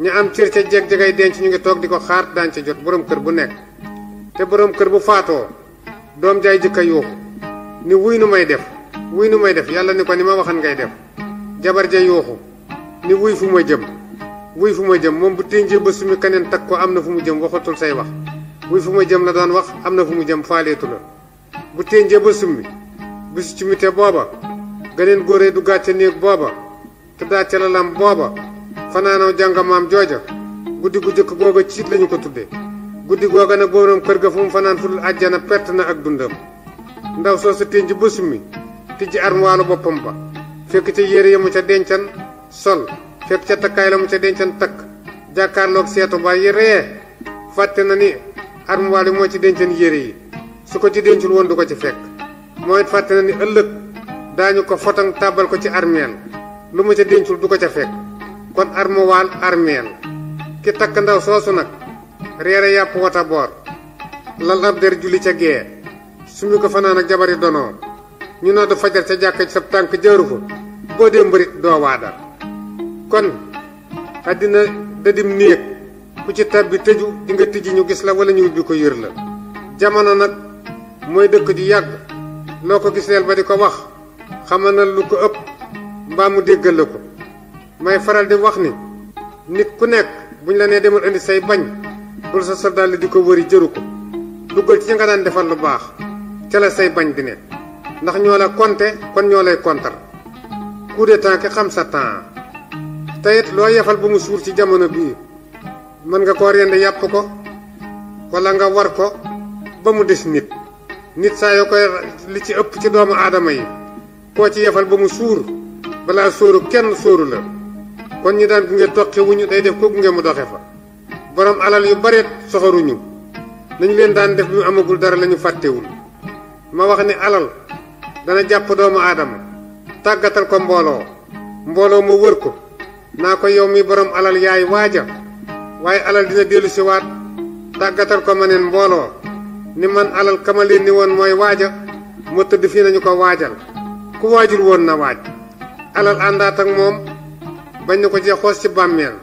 ñu am cër ca jeeg jegay denc ñu ngi toog di ko xaar daañ ca jot borom kër bu nekk te borom kër bu faatoo doom jaay jëkka yuuxu ni wuy nu may def wuy nu may def yàlla ni ko ni ma waxan ngay def jabar ja yuuxu ni wuy fu ma jëm wuy fu ma jëm moom bu ténjee ba sumi kaneen tag ko am na fu mu jëm waxatul say wax wuy fu ma jëm la doon wax am na fu mu jëm faaleetu la bu tenjee ba summi bisu ci mite booba ganeen góoree du gàcce néeg booba te daa calalam booba fanaanaw jàngamaam jooja guddi gu jëkk googa ciit lañu ko tuddee guddi googa nag boroom kër ga fu mu fanaan fudul àjjana perte na ak dundam ndaw soo sa tenj ba summi tijji armuwaalu boppam ba fekk ca yére ya mu ca dencan sol fekk ca takkaay mu ca dencan takk jàkkaarloog seetu ba yére ree fàtte na ni armuwaal moo ci dencan yére yi su ko ci dencul woon du ko ci fekk moo it fàtte na ni ëllëg daañu ko fotan tàbbal ko ci armeel lu ma ci dencul du ko ca fekk kon armuwaal armeel ki takk ndaw soosu nag reere yàpp wata boor lal ab der julli ca gee suñu ko fanaan ak jabari donoor ñu noo du fajar ca jàkk sab tànk jaaru ko boo dee mbërit doo waadal kon àddina dadim néeg ku ci tab bi tëju di tijji ñu gis la wala ñu ubbi ko yër la jamono nag mooy dëkk di yàgg loo ko giseel ba di ko wax xamal na lu ko ëpp mbaa mu déggal la ko may faral di wax ni nit ku nekk buñ la nee demal indi say bañ bul sa soldat li di ko wëri jëru ko duggal ci nga daan defal lu baax ca la say bañ bi ne ndax ñoo la konte kon ñoo lay kontar coup de temps xam sa temps te loo yefal ba mu suur ci jamono bii mën nga koo rend yàpp ko wala nga war ko ba mu des nit nit saa yoo koy li ci ëpp ci doomu aadama yi koo ci yefal ba mu suur balaa sóoru kenn sóoru la kon ñi daan gunge toqi ñu day def ko gunge mu doxe fa borom alal yu bareet soxoruñu nañu leen daan def bi mu amagul dara lañu ñu fàttewul ma wax ne alal dana jàpp doomu aadama tàggatal ko mbooloo mbooloo mu wër ko naa ko yow mi borom alal yaay waaja waaye alal dina dellu siwaat tàggatal ko ma neen mbooloo ni man alal kamali ni woon mooy waaja moo tëdd fii nañu ko waajal ku waajul woon na waaj alal àndaat moom bañ na ko cee xoos ci bàmmeel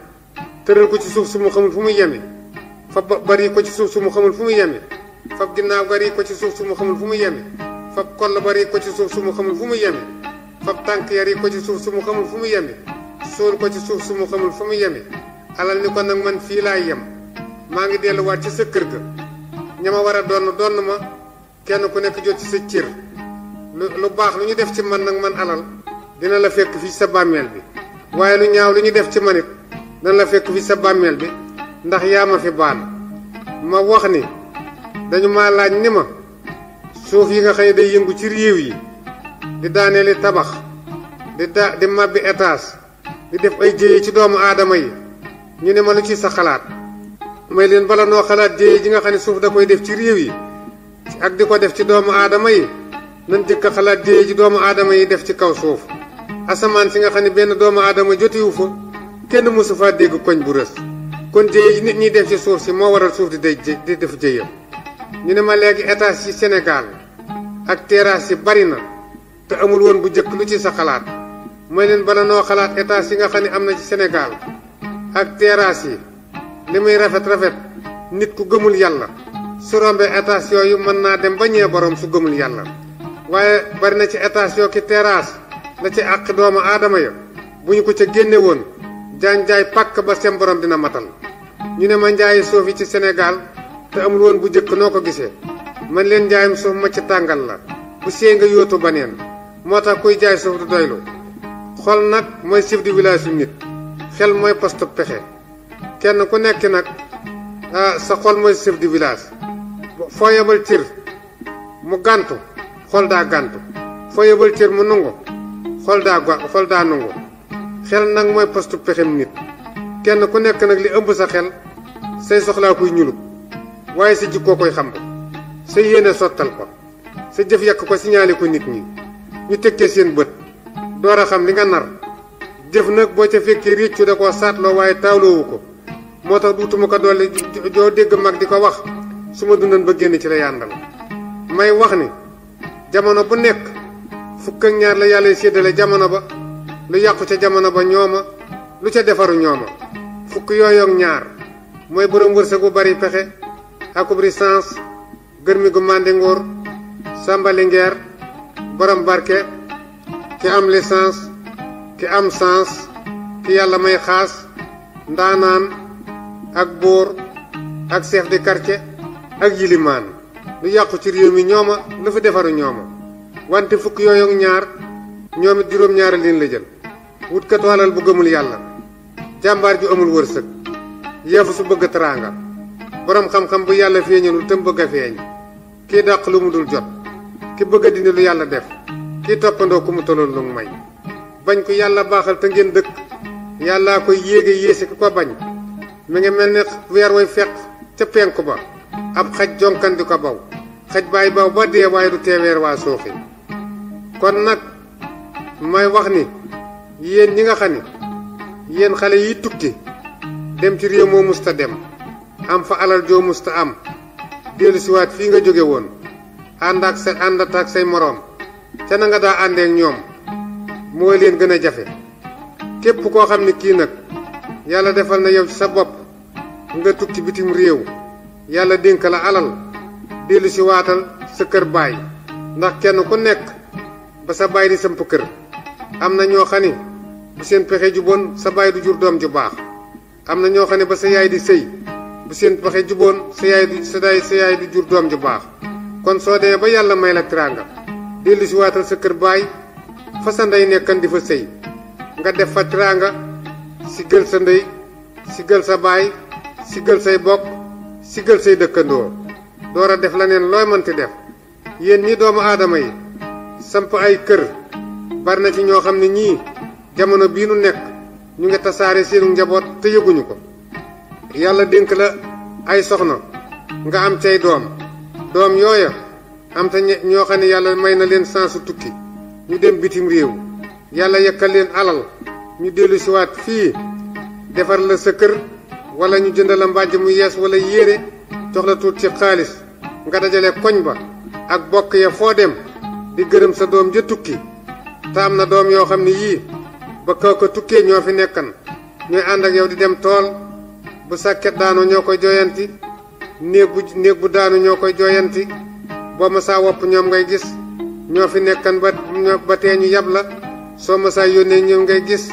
tëral ko ci suuf su mu xamul fu muy yeme fab bari ko ci suuf su mu xamul fu muy yeme fab ginnaaw gari ko suuf su mu xamul fu muy yeme fab koll bari ko ci suuf su mu xamul fu muy yeme fab tànk yari ko ci suuf su mu xamul fu muy yeme suul ko ci suuf su mu xamul fu mu yeme alal ni ko nag man fii laay yem maa ngi delluwaat ci sa kër ga ñama ma war a donn donn ma kenn ku nekk jot ci sa cër lu lu baax lu ñu def ci man nag man alal dina la fekk fii sa bàmmeel bi waaye lu ñaaw lu ñu def ci manit dina la fekk fii sa bàmmeel bi ndax yaa ma fi baal ma wax ni dañu ma laaj ni ma suuf yi nga xam ne day yëngu ci riiw yi di daaneeli tabax di da di màbbi étage di def ay jéye ci doomu aadama yi ñu ne ma lu ci sa xalaat may leen bala noo xalaat jéey ji nga xam ne suuf da koy def ci réew yi ak di ko def ci doomu aadama yi nan jëkk a xalaat jéey ji doomu aadama yi def ci kaw suuf asamaan si nga xam ne benn doomu aadama jotiwu fa kenn mosu faa dégg koñ bu rës kon jéey nit ñi def ci suuf si moo waral suuf di day di def jéeyam ñu ne ma léegi étage ci Sénégal ak teraas yi bari na te amul woon bu njëkk lu ci sa xalaat mooy leen bala noo xalaat étage yi nga xam ne am na ci Sénégal ak terrasse yi li muy rafet rafet nit ku gëmul yàlla su rombe étage yooyu mën naa dem ba ñee borom su gëmul yàlla waaye bari na ci étage yoo ki terrasse la ci àq doomu aadama ya bu ñu ko ca génne woon jaanjaay pàkk ba semborom dina matal ñu ne ma njaayi suuf yi ci Sénégal te amul woon bu jëkk noo ko gisee man leen njaayum suuf ma ci tàngal la bu see nga yóotu baneen moo tax kuy jaay suuf du doylu xol nag mooy chef du village yu nit xel mooy poste pexe kenn ku nekk nag ah, sa xol mooy chef du village foo yebal cër mu gàntu xol daa gàntu foo yebal cër mu nungu xol daa go xol daa nungu xel nag mooy postu pexem nit kenn ku nekk nag li ëmb sa xel say soxlaa kuy ñulu waaye sa jikkoo koy xam ko sa sottal ko sa jëf yàq ko siñaale ko nit ñi ñu tekkee seen bët door a xam li nga nar jëf nag boo ca fekkee réccu da koo saatloo waaye taawloowu ko moo tax duutuma ko dolli doo dégg mag di ko wax suma ma ba génn ci la yàndal may wax ni jamono bu nekk fukk ñaar la yàlla séddale jamono ba lu yàqu ca jamono ba ñooma lu ca defaru ñooma fukk yooyu ak ñaar mooy borom wërsëg bu bari pexe akubri sens gërmi gu màndi nguur sàmbali ngeer borom barke ki am licence ki am sens ki yàlla may xaas ndaanaan ak bóor ak chef de quartier ak yilimaan lu yàqu ci réew mi ñooma lu fi defaru ñooma wante fukk yooyu ak ñaar ñoom it juróom-ñaari liin la jël wutkatu alal yàlla jàmbaar ju amul wërsëg yeefu su bëgg teraanga borom xam-xam bu yàlla feeñalul te mu bëgg a feeñ kii dàq lu mu dul jot ki bëgg a dindi lu yàlla def kii toppandoo ku mu toloon lu mu may bañ ko yàlla baaxal te ngeen dëkk yàllaa koy yéege yéesi ku ko bañ mi ngi mel ni weer way feq ca penk ba ab xaj jonkan ko baw xaj baay baw ba dee waaye du teeweer waa suuxi kon nag may wax ni yéen ñi nga xam ni yéen xale yi tukki dem ci réew moo musta dem am fa alal joo am dellu siwaat fii nga jóge woon àndak ak sa ànd say moroom ca na nga daa àndeek ñoom moo leen gën a jafe képp koo xam ni kii nag yàlla defal na yow ci sa bopp nga tukki bitim réew yàlla dénk la alal dellu si waatal sa kër baay ndax kenn ku nekk ba sa baay di kër am na ñoo xam ne bu seen pexe ju boon sa baay du jur doom ju baax am na ñoo xam ne ba sa yaay di sëy bu seen pexe ju boon sa yaay du sa day sa yaay du jur doom ju baax kon soo demee ba yàlla may la teraanga dellu si waatal sa kër baay fa sa ndey nekkan di fa sëy nga def fa teraanga siggal sa ndey siggal sa baay siggal say bokk siggal say dëkkandoo door a def la neen looy mënti def yéen ñi doomu aadama yi samp ay kër bari na ci ñoo xam ne ñii jamono bii nu nekk ñu ngi tasaare seenu njaboot te yëguñu ko yàlla dénk la ay soxna nga am cay doom doom yooya am te ñoo xam ne yàlla may na leen sansu tukki ñu dem bitim réew yàlla yekkal leen alal ñu dellusiwaat fii defar la sa kër wala ñu jënd la mbàjj mu yees wala yére jox la tuut ci xaalis nga dajale koñ ba ak bokk ya foo dem di gërëm sa doom ja tukki taam na doom yoo xam ne yii ba kaw ko tukkee ñoo fi nekkan ñooy ànd ak yow di dem tool bu sàkket daanu ñoo koy jooyanti néeg bu néeg bu daanu ñoo koy jooyanti boo masaa wopp ñoom ngay gis ñoo fi nekkan ba ba tee ñu yab la soo masaa yónnee ñoom ngay gis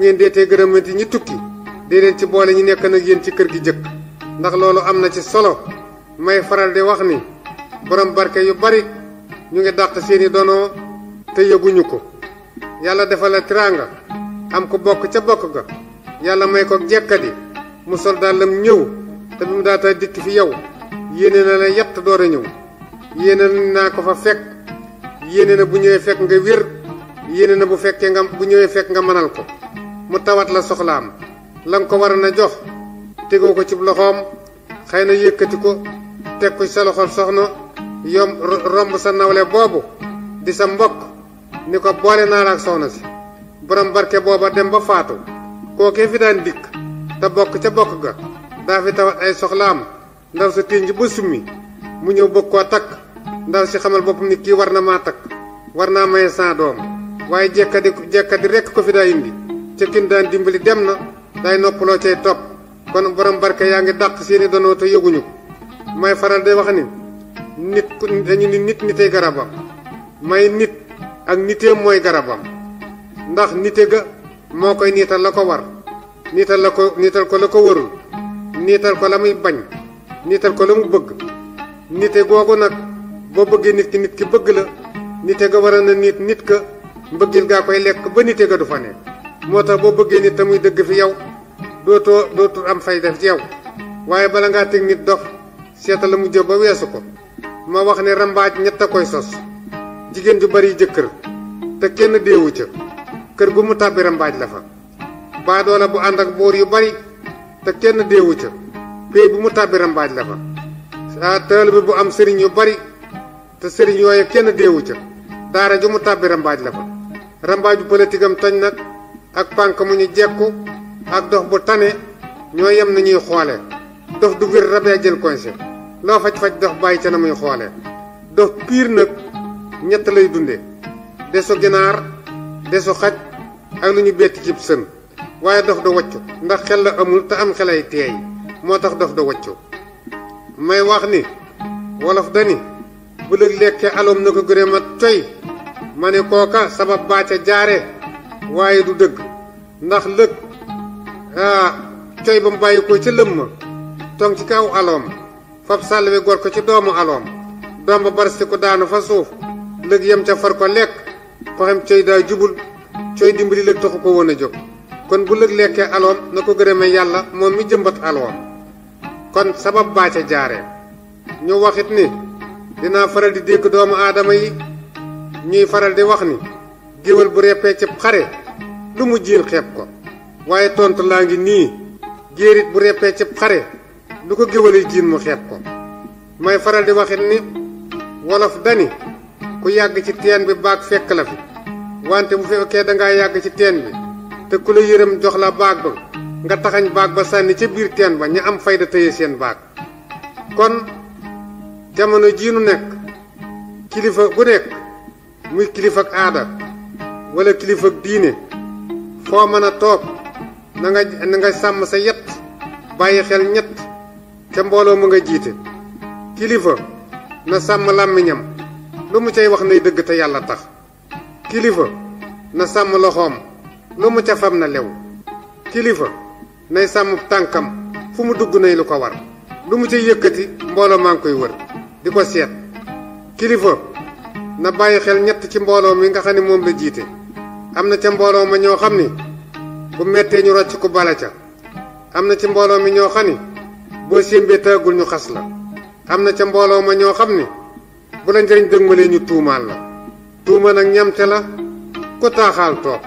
ngeen deetee gërëmanti ñi tukki dee leen ci boole ñi nekk nag yéen ci kër gi jëkk ndax loolu am na ci solo may faral di wax ni borom barke yu bari ñu ngi dàq seeni donoo te yëguñu ko yàlla defal la tiraanga am ko bokk ca bokk ga yàlla may ko jekkadi mu sol lam ñëw te bi mu daata dikk fi yow yéene na la yett door ñëw yéene naa ko fa fekk yéene na bu ñëwee fekk nga wér yéene na bu fekkee nga bu ñëwee fekk nga mënal ko mu tawat la soxlaam la nga ko waroon na jox tegoo ko ci loxoom xëy na yëkkati ko teg ko ci sa loxol soxna yom romb sa nawle boobu di sa mbokk ni ko boole naa la ak soxna si borom barke booba dem ba faatu kookee fi daan dikk te bokk ca bokk ga daa fi tawat ay soxlaam ndaw sa tiiñ ba summi mu ñëw bëgg koo takk ndaw si xamal boppam ni kii war na maa takk war naa maye saa waaye jekkadi jekkadi rekk ko fi daa indi ca kin daan dimbali dem na day noppaloo cay topp kon borom barke yaa ngi dàq seeni danoo te yëguñu may faral day wax ni nit ku dañu ni nit nitey garabam may nit ak nitee mooy garabam ndax nite ga moo koy niital la ko war niital la ko niital ko la ko warul niital ko la muy bañ niital ko la mu bëgg nite googu nag boo bëggee nit ki nit ki bëgg la nite ga war na nit nit ka mbëggil gaa koy lekk ba nite ga du fa nekk moo tax boo bëggee nit te muy dëgg fi yow dootoo dootul am fay def ci waaye bala ngaa teg nit dof seeta la mu jëf ba weesu ko ma wax ne rambaaj ñett a koy sos jigéen ju bari jëkkër te kenn deewu ca kër gu mu tàbbi rambaaj la fa baadoola bu ànd ak boor yu bari te kenn deewu ca pay bu mu tàbbi rambaaj la fa ah bi bu am sëriñ yu bari te sëriñ yooye kenn deewu ca daara ju mu tàbbi rambaaj la fa rambaaju politique am toñ nag ak pànk mu ñu jekku ak dox bu tane ñoo yem na ñuy xoole dof du bir rabee jël conseil loo faj-faj dox bàyyi ca na muy xoole dof piir nag ñett lay dunde desu ginaar desu xaj ak lu ñu betti cib sën waaye dof da waccu ndax xel la amul te am xelay teey moo tax dof da waccu may wax ni wolof dani bu lëg lekkee aloom na ko gëré ma coy ma ne kooka sabab baa ca jaare waaye du dëgg ndax lëg ah tey ba mu bàyyi ko ca lëmm tong ci kaw aloom fab sàll wi gor ko ci doomu aloom doom ba barasti ko daanu fa suuf lëg yem ca far ko lekk paxam cey daa jubul cey dimbali lëg taxu ko woon a jóg kon bu lëg lekkee aloom na ko gërëmee yàlla moom mi jëmbat aloom kon sabab baa ca jaaree ñu waxit ni dinaa faral di dégg doomu aadama yi ñuy faral di wax ni géwél bu reppee ci xare lu mu jiin xeeb ko waaye tontu laa ngi nii géerit bu reppee ci xare lu ko géwale jiin mu xeeb ko may faral di waxit ni wolof dani ku yàgg ci teen bi baag fekk la fi wante bu fekkee dangaa yàgg ci teen bi te ku la yërëm jox la baag ba nga taxañ baag ba sànni ca biir teen ba ña am fayda tëye seen baag kon jamono jii nekk kilifa bu nekk muy kilifa ak aada wala kilifa diine foo mën a toog na nga sàmm sa yett bàyyi xel ñett te mbooloo mu nga jiite kilifa na sàmm làmmiñam lu mu cay wax nay dëgg te yàlla tax kilifa na sàmm loxoom lu mu ca fam na lew kilifa nay sàmm tànkam fu mu dugg nay lu ko war lu mu ca yëkkati mbooloo maa ngi koy wër di ko seet kilifa na bàyyi xel ñett ci mbooloo mi nga xam ne moom la jiite am na ca mbooloo ma ñoo xam ni bu mettee ñu rocc ku bala ca am na ci mbooloo mi ñoo xam ni boo sémbee taagul ñu xas la am na ca mbooloo ma ñoo xam ni bu la njëriñ dëgmalee ñu tuumaal la tuuma nag ñamte la ku taaxaal toog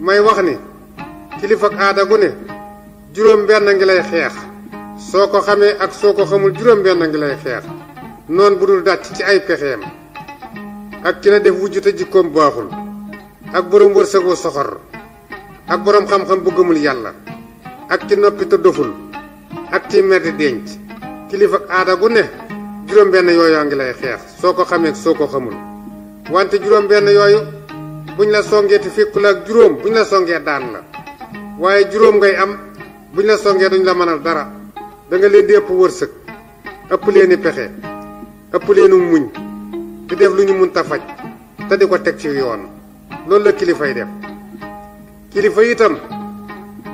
may wax ni kilifa ak aada ne juróom benn ngi lay xeex soo ko xamee ak soo ko xamul juróom benn ngi lay xeex noon bu dul dàcc ci ay pexeem ak ki la def wujj te jikkoom baaxul ak borom wërsëgu soxor ak boroom xam-xam bu gëmul yàlla ak ci noppi te ak ci mer denc kilifa ak aada gu ne juróom-benn yooyu a ngi lay xeex soo ko xamee soo ko xamul wante juróom-benn yooyu buñ la songee te fekku la ak juróom buñ la songee daan la waaye juróom ngay am buñ la songee duñ la mënal dara danga nga leen di ëpp wërsëg ëpp leen i pexe ëpp leenu muñ di def lu ñu mun faj te di ko teg ci yoon. loolu la kilifa yi def kilifa yi itam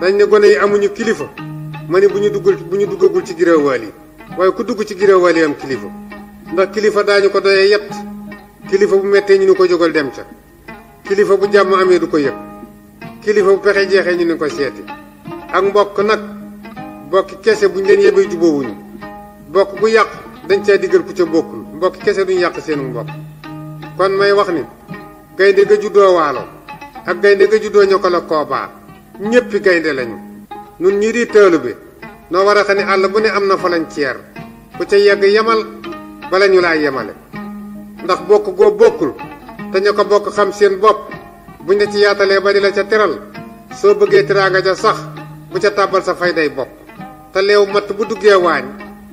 dañ ne gone yi amuñu kilifa ma ne bu ñu duggul bu ñu duggagul ci giréewaal yi waaye ku dugg ci giréewaal yi am kilifa ndax kilifa daañu ko doyee yett kilifa bu mettee ñu ni ko jógal dem ca kilifa bu jàmm amee du ko yëg kilifa bu pexe jeexee ñu ni ko seeti ak mbokk nag mbokk kese buñ leen yebee jubóowuñu mbokk bu yàq dañ caa diggal ku ca bokkul mbokk kese duñ yàq seenu mbokk kon may wax ni gaynde ga juddoo waalo ak gaynde ga juddoo ko la koobaa ñéppi gaynde lañu nun ñi di tëelu bi noo war a xam ne àll bu ne am na falañceer ku ca yegg yemal bala ñu laa yemale ndax bokk goo bokkul te ñu ko bokk xam seen bopp bu la ci yaatalee ba di la ca teral soo bëggee teraanga ja sax bu ca tàbbal sa fayday bopp te leew matt bu duggee waañ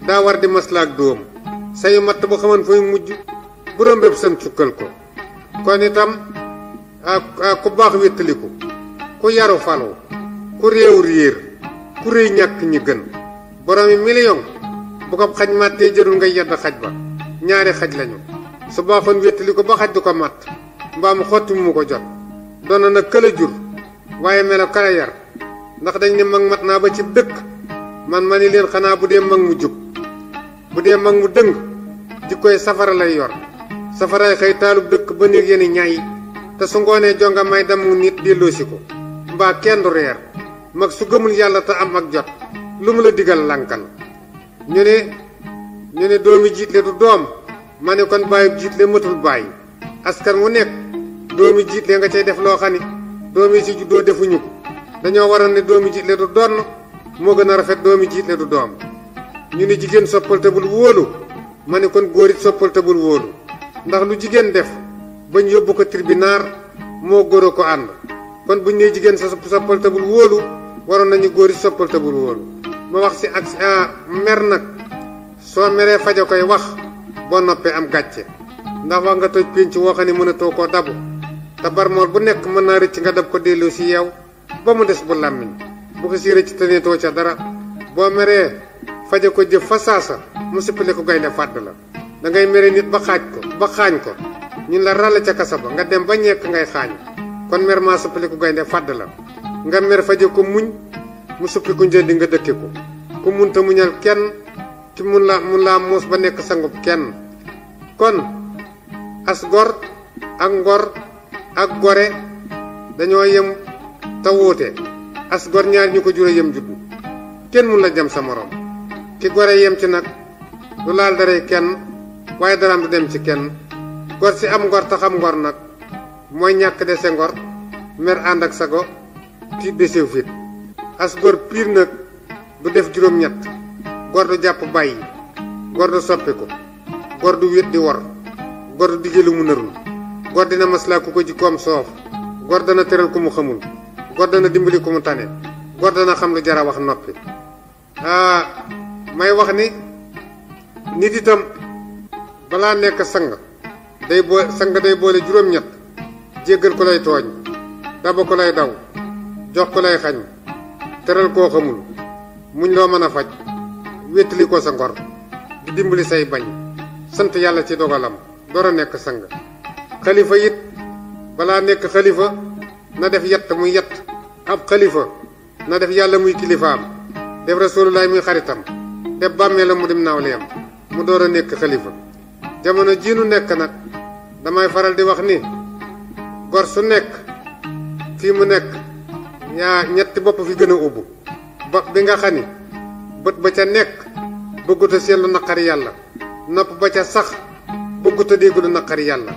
daa war di maslaak dóom sayu matt bu xaman fay mujj bu rombéb san cukkal ko kon itam ah, ah, ku baax wéttaliku ku yaru falu ku réew réer ku réy ñàkk ñi gën boroomi million bu ko xaj màttee jërul ngay yedd xaj ba ñaari xaj lañu su baaxoon wéttaliku ba xaj du ko màtt mbaam xotti mu ko jot doon na këla jur waaye melo kala yar ndax dañ ne mag mat naa ba ci dëkk man ma ni leen xanaa bu dee mag mu jub bu dee mag mu dëng jikkooy safara lay yor safaraay xëy taalub dëkk ba néeg yéen ñaay te su ngoonee jonga may damu nit delloosi ko mbaa kenn du reer mag su gëmul yàlla te am ak jot lu mu la digal lankal ñu ne ñu ne doomi jiitle du doom ma ne kon bàyyub jiitle matul bàyyi askan wu nekk doomi jiitle nga cee def loo xam ne doomi si juddoo defuñu ko dañoo waral ne doomi jiitle du donn moo gën a rafet doomi jiitle du doom ñu ne jigéen soppal te bul wóolu ma ne kon góor it soppal te bul wóolu ndax lu jigéen def bañ yóbbu ko tribunal moo góor ko ànd kon buñ nee jigéen sa soppal tabul wóolu waroon nañu góor yi soppal tabul wóolu ma wax si ak ah, mer nag soo meree fajo koy wax boo noppee am gàcce ndax wax nga toj ci woo xam ne mënatoo koo dabu te barmool bu nekk mën naa rëcc nga dab ko delloo si yeew ba mu des bu làmmiñ bu ko si rëcc tëneetoo ca dara boo meree fajo ko jëf fa saasa mu sippale ko gaynde fàdd la da ngay mere nit ba xaaj ko ba xaañ ko ñun la ràll ca kasa ba nga dem ba ñekk ngay xaañ kon mer maa suppaliku gaynde fàdd la nga mer faje ko muñ mu suppiku njëndi nga dëkke ko ku munta muñal kenn ci mu la mu laa muus ba nekk sangub kenn kon asgor ak ngor ak gore dañoo yem te wuute as gor ñaar ñu ko jure yem juddu kenn mun la jam sa morom ki gore yem ci nag lu laal daray kenn waaye daraam du dem ci kenn gor si am ngor te xam ngor nag mooy ñàkk dese ngor mer ànd ak sago tiit desew fit as gor piir nag du def juróom-ñett gor du jàpp bàyyi gor du soppiku gor du wét di wor gor du dige lu mu narul gor dina maslaa ku ko jikkoom soof gor dana tëral ku mu xamul gor dana dimbali ku mu tane gor dana xam lu jara wax noppi aa ah, may wax ni nit itam balaa nekk sang day boo sang day boole juróom-ñett jéggal ko lay tooñ daba ko lay daw jox ko lay xañ teral koo xamul muñ loo mën a faj wéttali ko sa ngor di dimbali say bañ sant yàlla ci dogalam door a nekk sang xalifa it balaa nekk xalifa na def yett muy yett ab xalifa na def yàlla muy kilifaam def rasuululaay muy xaritam def bàmmeelam mu dem naawleyam mu door a nekk xalifa jamono jii nu nekk nag damay faral di wax ni gor su nekk fii mu nekk ñaa ñetti bopp fi gën a ubbu bopp bi nga xam ni bët ba ca nekk bëgguta seetlu naqari yàlla nopp ba ca sax bëgguta dégg lu naqari yàlla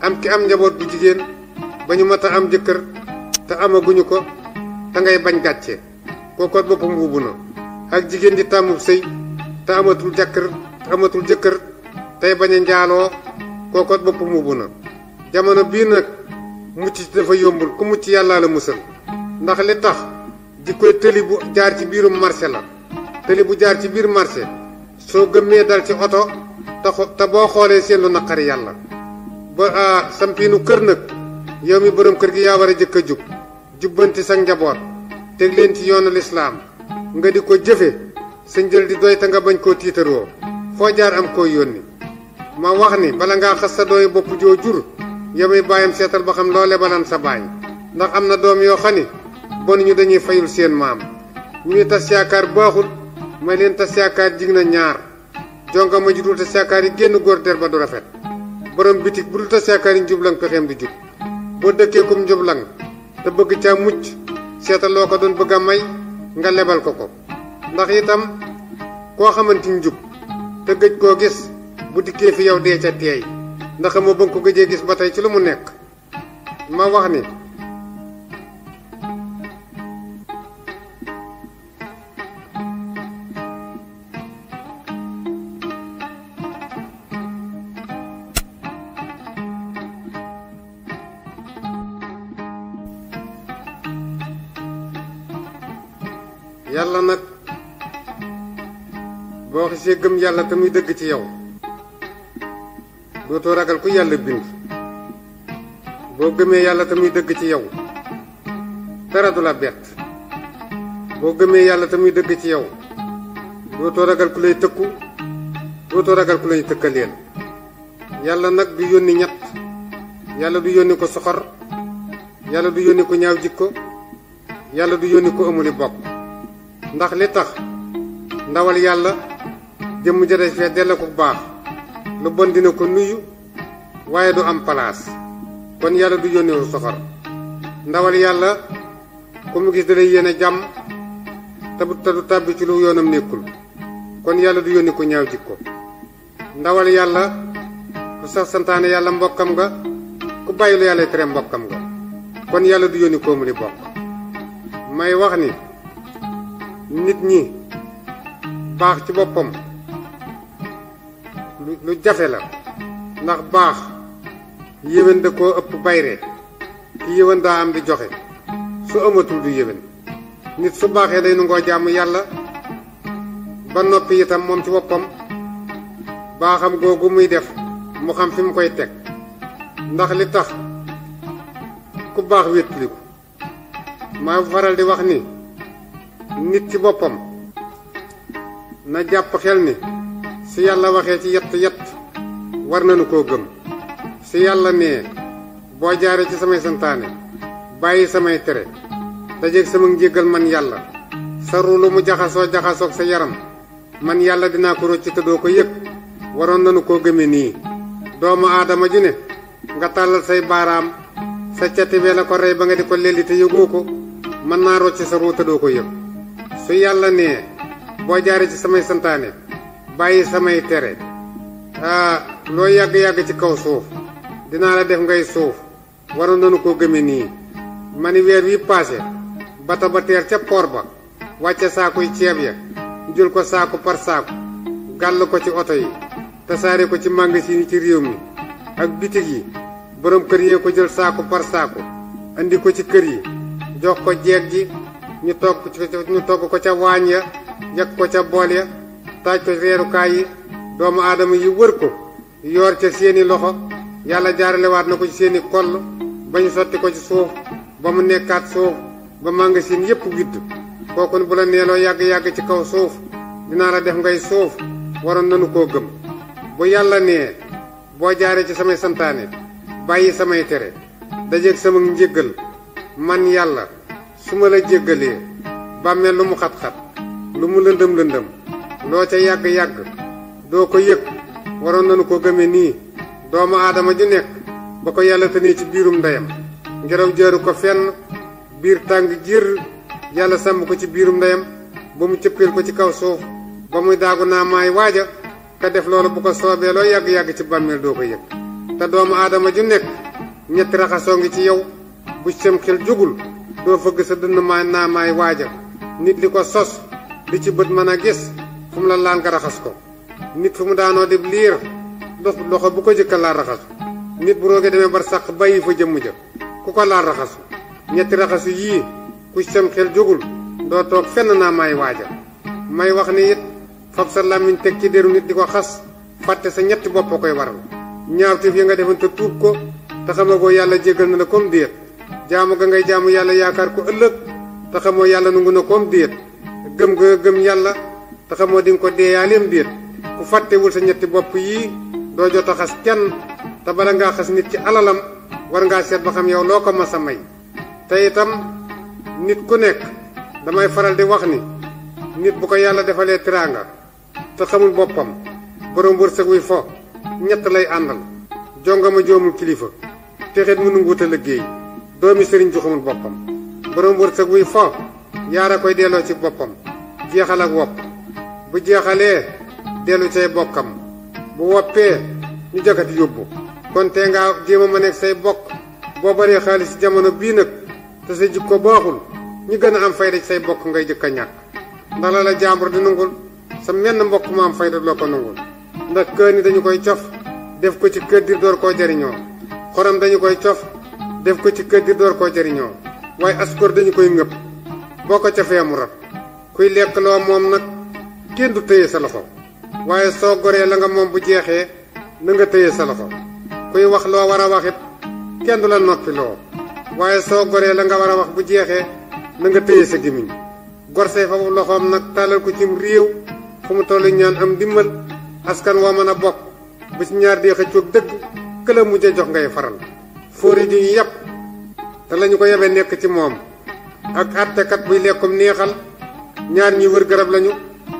am ki am njaboot bu jigéen ba ñu mat a am jëkkër te amaguñu ko dangay bañ gàcce kookoot boppam ubbu na ak jigéen ji tàmmub sëy te amatul jàkkër amatul jëkkër tey bañ a njaaloo kooku bopp muubu na jamono bii nag mucc dafa yombul ku mucc yàllaa la musal ndax li tax di tëli bu jaar ci biirum marché la tëli bu jaar ci biir marché soo gëmmee dal ci oto te te boo xoolee seen lu naqari yàlla ba sampiinu kër nag yow mi borom kër gi yaa war a jëkk a jub jubbanti sa njaboot teg leen ci yoonu lislaam nga di ko jëfe sa njël di doy te nga bañ koo tiitaroo foo jaar am koo yónni ma wax ni bala ngaa xas sa doomi bopp joo jur yemay bàyyam seetal ba xam loole balan sa baay ndax am na doom yoo xam ni bon ñu dañuy fayul seen maam ñu ne tas yaakaar baaxul may leen tas yaakaar jig na ñaar jonga ma judul tas yi génn góor der ba du rafet borom bitig bu dul tas yaakaar yi njublang pexeem du jub boo dëkkee kum njublang te bëgg caa mucc seetal loo ko doon bëgg a may nga lebal ko ko ndax itam koo xamante ni jub te gëj koo gis bu dikkee fi yow dee ca teey ndax ba nga ko gëjee gis ba tey ci lu mu nekk ma wax ni yàlla nag boo xasee gëm yàlla te muy dëgg ci yow dootoo ragal ku yàlla bind boo gëmee yàlla te muy dëgg ci yow dara du la bett boo gëmee yàlla te muy dëgg ci yow dootoo ragal ku lay tëkku dootoo ragal ku lay tëkkaleel yàlla nag du yónni ñett yàlla du yónni ko soxor yàlla du yónni ko ñaaw jikko yàlla du yónni ko amuli bokk ndax li tax ndawal yàlla jëmm ja def fee della ko baax lu bon dina ko nuyu waaye du am palaas kon yàlla du yónneewu soxor ndawal yàlla ku mu gis da lay yéene jàmm te bu tàbbi ci lu yoonam nekkul kon yàlla du yónni ku ñaaw jikko ndawal yàlla ku sax yàlla mbokkam nga ku bàyyi lu yàlla tere mbokkam nga kon yàlla du yónni koomu li bokk may wax ni nit ñi baax ci boppam lu jafe la ndax baax yéwén da koo ëpp bayre ki yéwén daa am di joxe su amatul du yéwén nit su baaxee day nangoo jàmm yàlla ba noppi itam moom ci boppam baaxam googu muy def mu xam fi mu koy teg ndax li tax ku baax wéttaliku maa faral di wax ni nit ci boppam na jàpp xel ni su yàlla waxee ci yat yett war nañu koo gëm su yàlla nee boo jaaree ci samay santaane bàyyi samay tere dajeeg sama njégal man yàlla sa ruulu mu jaxasoo jaxasoog sa yaram man yàlla dinaa ko rocc tëddoo ko yëg waroon nañu koo gëme nii doomu aadama ji ne nga tàllal say baaraam sa catibee la ko rey ba nga di ko lelli te yëgoo ko mën naa rocc sa ruu tëddoo ko yëg su yàlla nee boo jaaree ci samay santaane bàyyi samay tere ah loo yàgg-yàgg ci kaw suuf dinaa la def ngay suuf waroon nañu koo gëme nii mani weer wi paase bata ca poor ba wàcce saakuy ceeb ya jël ko saaku par saaku gàll ko ci oto yi tasaare ko ci magasin yi ci réew mi ak bitig yi borom kër yee ko jël saaku par saaku indi ko ci kër yi jox ko jeeg ji ñu togg ñu togg ko ca waañ ya yekk ko ca bool ya taaj ko reerukaay yi doomu aadama yi wër ko yoor ca seeni loxo yàlla jaaralewaat na ko ci seeni kol ba ñu sotti ko ci suuf ba mu nekkaat suuf ba magasin yépp widd kooku bu la neeloo yàgg-yàgg ci kaw suuf dinaa la def ngay suuf waroon nanu koo gëm bu yàlla nee boo jaaree ci samay santaane bàyyi samay tere dajeeg sama njéggal man yàlla su ma la jéggalee bàmmeel lu mu xat-xat lu mu lëndëm-lëndëm loo ca yàgg-yàgg doo ko yëg waroon nañu ko gëme nii doomu aadama ju nekk ba ko yàlla tënee ci biirum ndeyam ngelaw jër ko fenn biir tàng jir yàlla sàmm ko ci biirum ndeyam ba mu cëppeel ko ci kaw suuf ba muy daagu naa maay waaja ka def loolu bu ko soobee loo yàgg-yàgg ci bàmmeel doo ko yëg te doomu aadama ju nekk ñetti raxasoo ngi ci yow bu sem xel jugul doo fëgg sa dënn maay waaja nit li ko sos li ci bët mën a gis fu mu la laal nga raxas ko nit fu mu daanoo def liir dox loxo bu ko jëkka laal raxasu nit bu roogee demee bar sàq bàyyi fa jëmm ja ku ko laal raxasu ñetti raxasu yii ku sam xel jógul doo toog fenn naa may waaja may wax ni it fab sa làmmiñ teg ci deru nit di ko xas fàtte sa ñetti bopp a koy waral ñaaw tëf ya nga defoon te tuub ko te xamagoo yàlla jéggal na ne comme déet jaamu ga ngay jaamu yàlla yaakaar ko ëllëg te xamoo yàlla nungu na comme déet gëm nga gëm yàlla te xamoo di nga ko deeyaaleem déet ku fàttewul sa ñetti bopp yii doo jot a xas kenn te bala ngaa xas nit ci alalam war ngaa seet ba xam yow loo ko mas a may te itam nit ku nekk damay faral di wax ni nit bu ko yàlla defalee tiraanga te xamul boppam borom wërsëg wi fo ñett lay àndal jongama joomul kilifa texit mu nunguut a liggéey doomi sëriñ ju xamul boppam borom wërsëg wuy fo yaara koy delloo ci boppam jeexal ak wopp bu jeexalee dellu cay bokkam bu woppee ñu jakati yóbbu kon te nga jéem a ma nekk say bokk boo baree xaalis jamono bii nag te sa ko baaxul ñu gën a am fayda ci say bokk ngay jëkk a ñàkk ndax la la jàmbur di nangul sa menn mbokk mu am fayda loo ko nangul ndax kër ni dañu koy cof def ko ci kër dir door koo jariñoo xorom dañu koy cof def ko ci kër dir door koo jariñoo waaye askor dañu koy ngëpp boo ko cofee mu rat kuy lekk loo moom nag kenn du téye sa loxo waaye soo goree la nga moom bu jeexee na nga téye sa loxo kuy wax loo war a wax kenn du la noppi loo waaye soo goree la nga war a wax bu jeexee na nga téye sa gémmiñ gorsee foofu loxoom nag tàllal ko cim réew fu mu tollu ñaan am dimbal askan woo mën a bokk bu ci ñaar dee xëccoog dëgg këla mujj a jox ngay faral fóori di ñu yàpp te lañu ko yebe nekk ci moom ak àttekat buy lekkum neexal ñaar ñuy wër garab lañu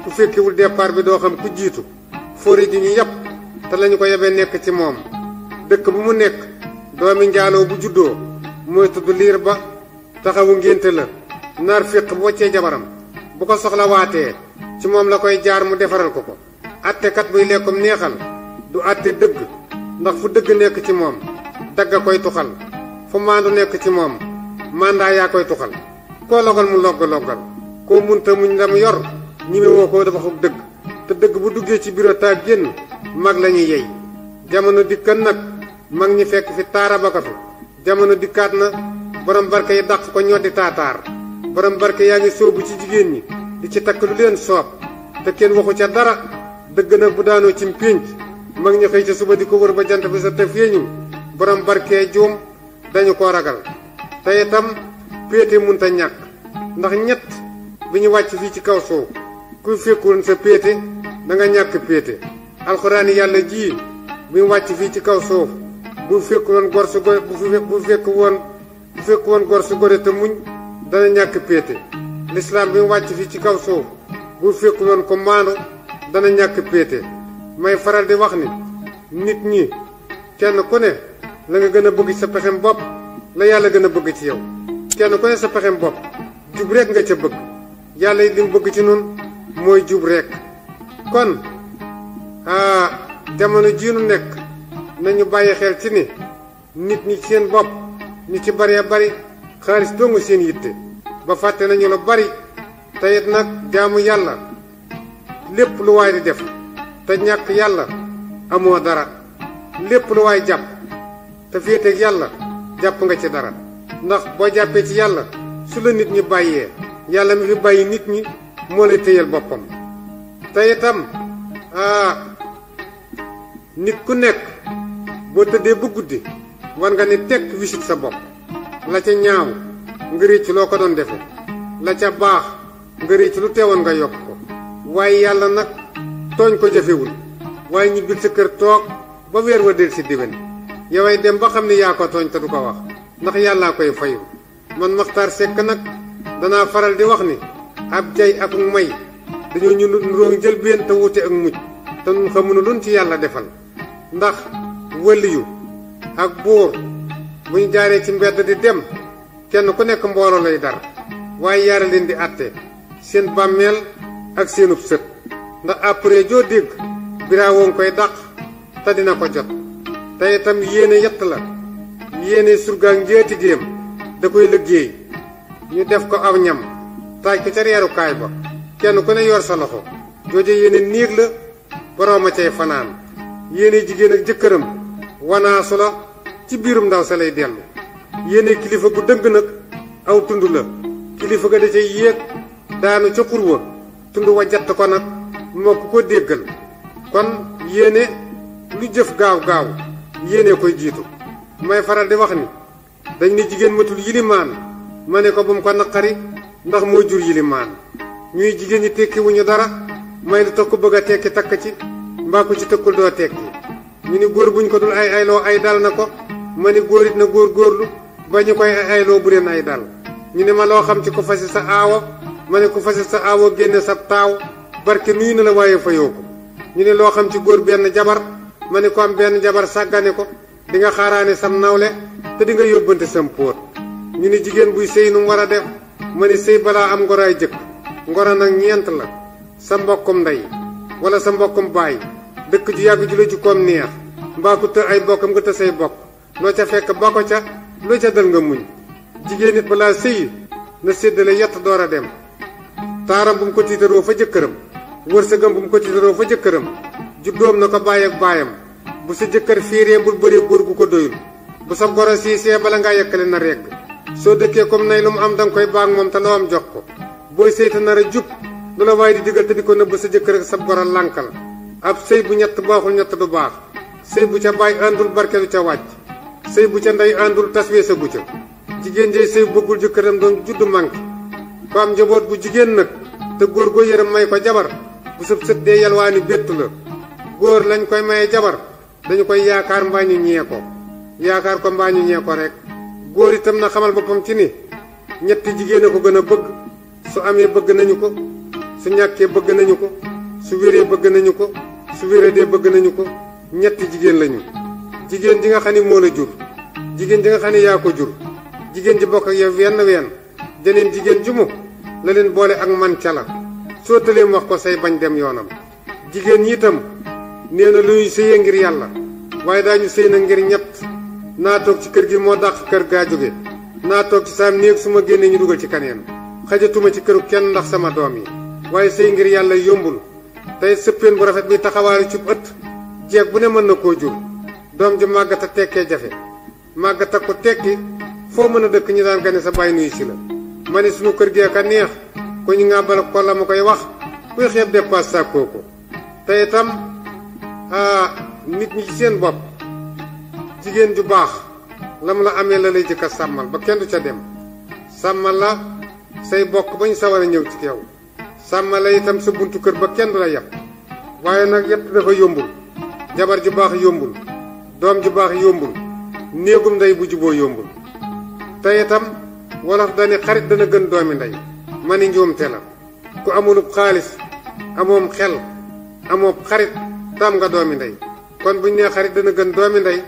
ku fekkewul départ bi doo xam ku jiitu fori gi ñu yàpp te lañu ko yebee nekk ci moom dëkk bu mu nekk doomi njaaloo bu juddoo mooy tudd liir ba taxawu ngénte la naar féq bu waccee jabaram bu ko soxla waatee ci moom la koy jaar mu defaral ko ko attekat buy lekkum neexal du atte dëgg ndax fu dëgg nekk ci moom dagg koy tuxal fu maandu nekk ci moom mandaa yaa koy tuxal koo logal mu logg loggal koo munta muñ la mu yor ñi woo koo dafa xam dëgg te dëgg bu duggee ci bureau taa génn mag la ñuy yey jamono dikkan nag mag ñi fekk fi taara ba ko fi jamono dikkaat na borom barke yi dàq ko ñoddi taataar borom barke yaa ngi sóobu ci jigéen ñi di ci takk lu leen soob te kenn waxu ca dara dëgg na bu daanoo cim pénc mag ñi xëy ca suba di ko wër ba jant bi sa te feeñu borom barkee juum dañu ko ragal te itam péete munta ñàkk ndax ñett bi ñu wàcc fii ci kaw suuf ku fekkoon sa péete da nga ñàkk péete alxuraani yàlla ji bi wàcc fii ci kaw suuf bu fekk woon gor su gore bu fekk woon bu fekk woon gor su gore te muñ dana ñàkk péete lislaam bi wàcc fii ci kaw suuf bu fekk woon ko maandu dana ñàkk péete may faral di wax ni nit ñi kenn kone ne la nga gën a bëgg sa pexem bopp la yàlla gën a bëgg ci yow kenn ku sa pexem bopp jub nga ca bëgg yàlla yi li mu bëgg ci noonu mooy jub rekk kon ah jamono jii nu nekk nañu bàyyi xel ci ni nit ñi ci seen bopp ñu ci baree bari xaalis dong seen yitte ba fàtte nañu la bari te it nag jaamu yàlla lépp lu waay di def te ñàkk yàlla amoo dara lépp lu waay jàpp te féeteeg yàlla jàpp nga ci dara ndax boo jàppee ci yàlla su la nit ñi bàyyee yàlla mi fi bàyyi nit ñi moo lay téyal boppam te itam nit ku nekk boo tëddee bu guddi war nga ne tekk wisit sa bopp la ca ñaaw nga récc loo ko doon defe la ca baax nga récc lu teewoon nga yokk ko waaye yàlla nag tooñ ko jafewul waaye ñibbil sa kër toog ba weer wa del si diwen yoway dem ba xam ne yaa ko tooñ te du ko wax ndax yàllaa koy fayu man Maxtaar Sekk nag danaa faral di wax ni ab jay ak may dañoo ñu nuróo njëlbeen te wuute ak mujj te nun xamuñu luñ ci yàlla defal ndax wëliyu ak buur bu ñu jaaree ci mbedd di dem kenn ku nekk mbooloo lay dar waaye yaara leen di àtte seen bàmmeel ak seenub sët ndax après joo dégg biraawoon koy dàq te dina ko jot te itam yéene yett la yéene surgaak njeeti géem da koy liggéey ñu def ko aw ñam taaj ko ca reerukaay ba kenn ku ne yor sa loxo jooje yéene néeg la boroom cay fanaan yéene jigéen ak jëkkëram wanaasu la ci biirum ndaw sa lay dellu yéene kilifa gu dëgg nag aw tund la kilifa ga da cay yéeg daanu ca xur tund wa jatt ko nag moo ko ko déggal kon yéene lu jëf gaaw gaaw yéene koy jiitu may faral di wax ni dañ ne jigéen matul yilimaan ma ne ko bu mu ko naqari ndax moo jur yilimaan ñuy jigéen ñi tekki dara may lu tax ko bëgg a tekki takk ci mbaa ko ci tëkkul doo tekki ñu ni góor buñ ko dul ay ayloo ay dal na ko ma ni góorit na góor góorlu ba ñu koy ay ayloo bu leen ay dal ñu ne ma loo xam ci ku fase sa aawo ma ne ku fase sa aawo génne sa taaw barke nuyu na la waaye fayoo ko ñu ne loo xam ci góor benn jabar ma ne ko am benn jabar sàggane ko di nga xaaraane sam nawle te di nga yóbbante sam póot ñu ne jigéen buy sëy nu war a def ma ni sëy balaa am ngoro ay jëkk ngoro nag ñeent la sa mbokkum ndey wala sa mbokkum baay dëkk ju yàgg ju la jukkoom neex mbaa ku të ay bokkam nga të say bokk loo ca fekk ba ko ca loo ca dal nga muñ jigéen nit balaa sëy na séddale yett door a dem taaram bu mu ko tiitaroo fa jëkkëram wërsëgam bu mu ko tiitaroo fa jëkkëram juddoom na ko bàyyi ak baayam bu sa jëkkër fiiree bul bëree góor gu ko doyul bu sa goro siisee bala ngaa yekkale na regg soo dëkkee comme nay lu mu am danga koy baag moom te loo am booy sëy te nar a jub la waaye di digal te di ko nëbb sa jëkkër ak sa goro lànkal ab sëy bu ñett baaxul ñett du baax sëy bu ca bàyyi àndul barke du ca wàcc sëy bu ca ndey àndul tas wee sa gu ca jigéen jey sëy bëggul jëkkëram doon judd manqué ko am njaboot bu jigéen nag te góor goo yërëm may ko jabar bu sëb sët dee yalwaani béttu la góor lañ koy maye jabar dañu koy yaakaar mbaa ñu ñee ko yaakaar ko mbaa ñu ñee ko rek góor itam na xamal boppam ci ni ñetti jigéen a ko gën a bëgg su amee bëgg nañu ko su ñàkkee bëgg nañu ko su wéree bëgg nañu ko su wéradee bëgg nañu ko ñetti jigéen lañu jigéen ji nga xam ni moo la jur jigéen ji nga xam ni yaa ko jur jigéen ji bokk ak yow wenn wenn jeneen jigéen ju mu la leen boole ak man ca la soo tëleem wax ko say bañ dem yoonam jigéen ñi itam nee na lu ñuy sëyee ngir yàlla waaye daañu sëy na ngir ñett naa toog ci kër gi moo dàq kër gaa jóge naa toog ci saam néeg su génnee ñu dugal ci kaneen xajatuma ci këru kenn ndax sama doom yi waaye sëy ngir yàlla yombul tey sëppeen bu rafet bi taxawaaru ci ëtt jeeg bu ne mën na koo jur doom ji màggata tekkee jafe màggata ko tekki foo mën a dëkk ñu daan gane sa bàyyi nuyu si la ma ne sunu kër gee ka neex ku ñu ŋàbbal ko la ma koy wax kuy xeeb dépasse sàkkoo ko te itam ah, nit ñi ci seen bopp jigéen ju baax lam la amee la lay jëkk sàmmal ba kenn ca dem sàmmal la say bokk bañ sawar a ñëw ci yow sàmmal la itam sa buntu kër ba kenn du la yàpp waaye nag yépp dafa yombul jabar ju baax yombul doom ju baax yombul néegum ndey bu juboo yombul te itam wolof dani xarit dana gën doomi ndey ma ni njuumte la ku amulub xaalis amoom xel amoo xarit tam nga doomi ndey kon buñ nee xarit dana gën doomi ndey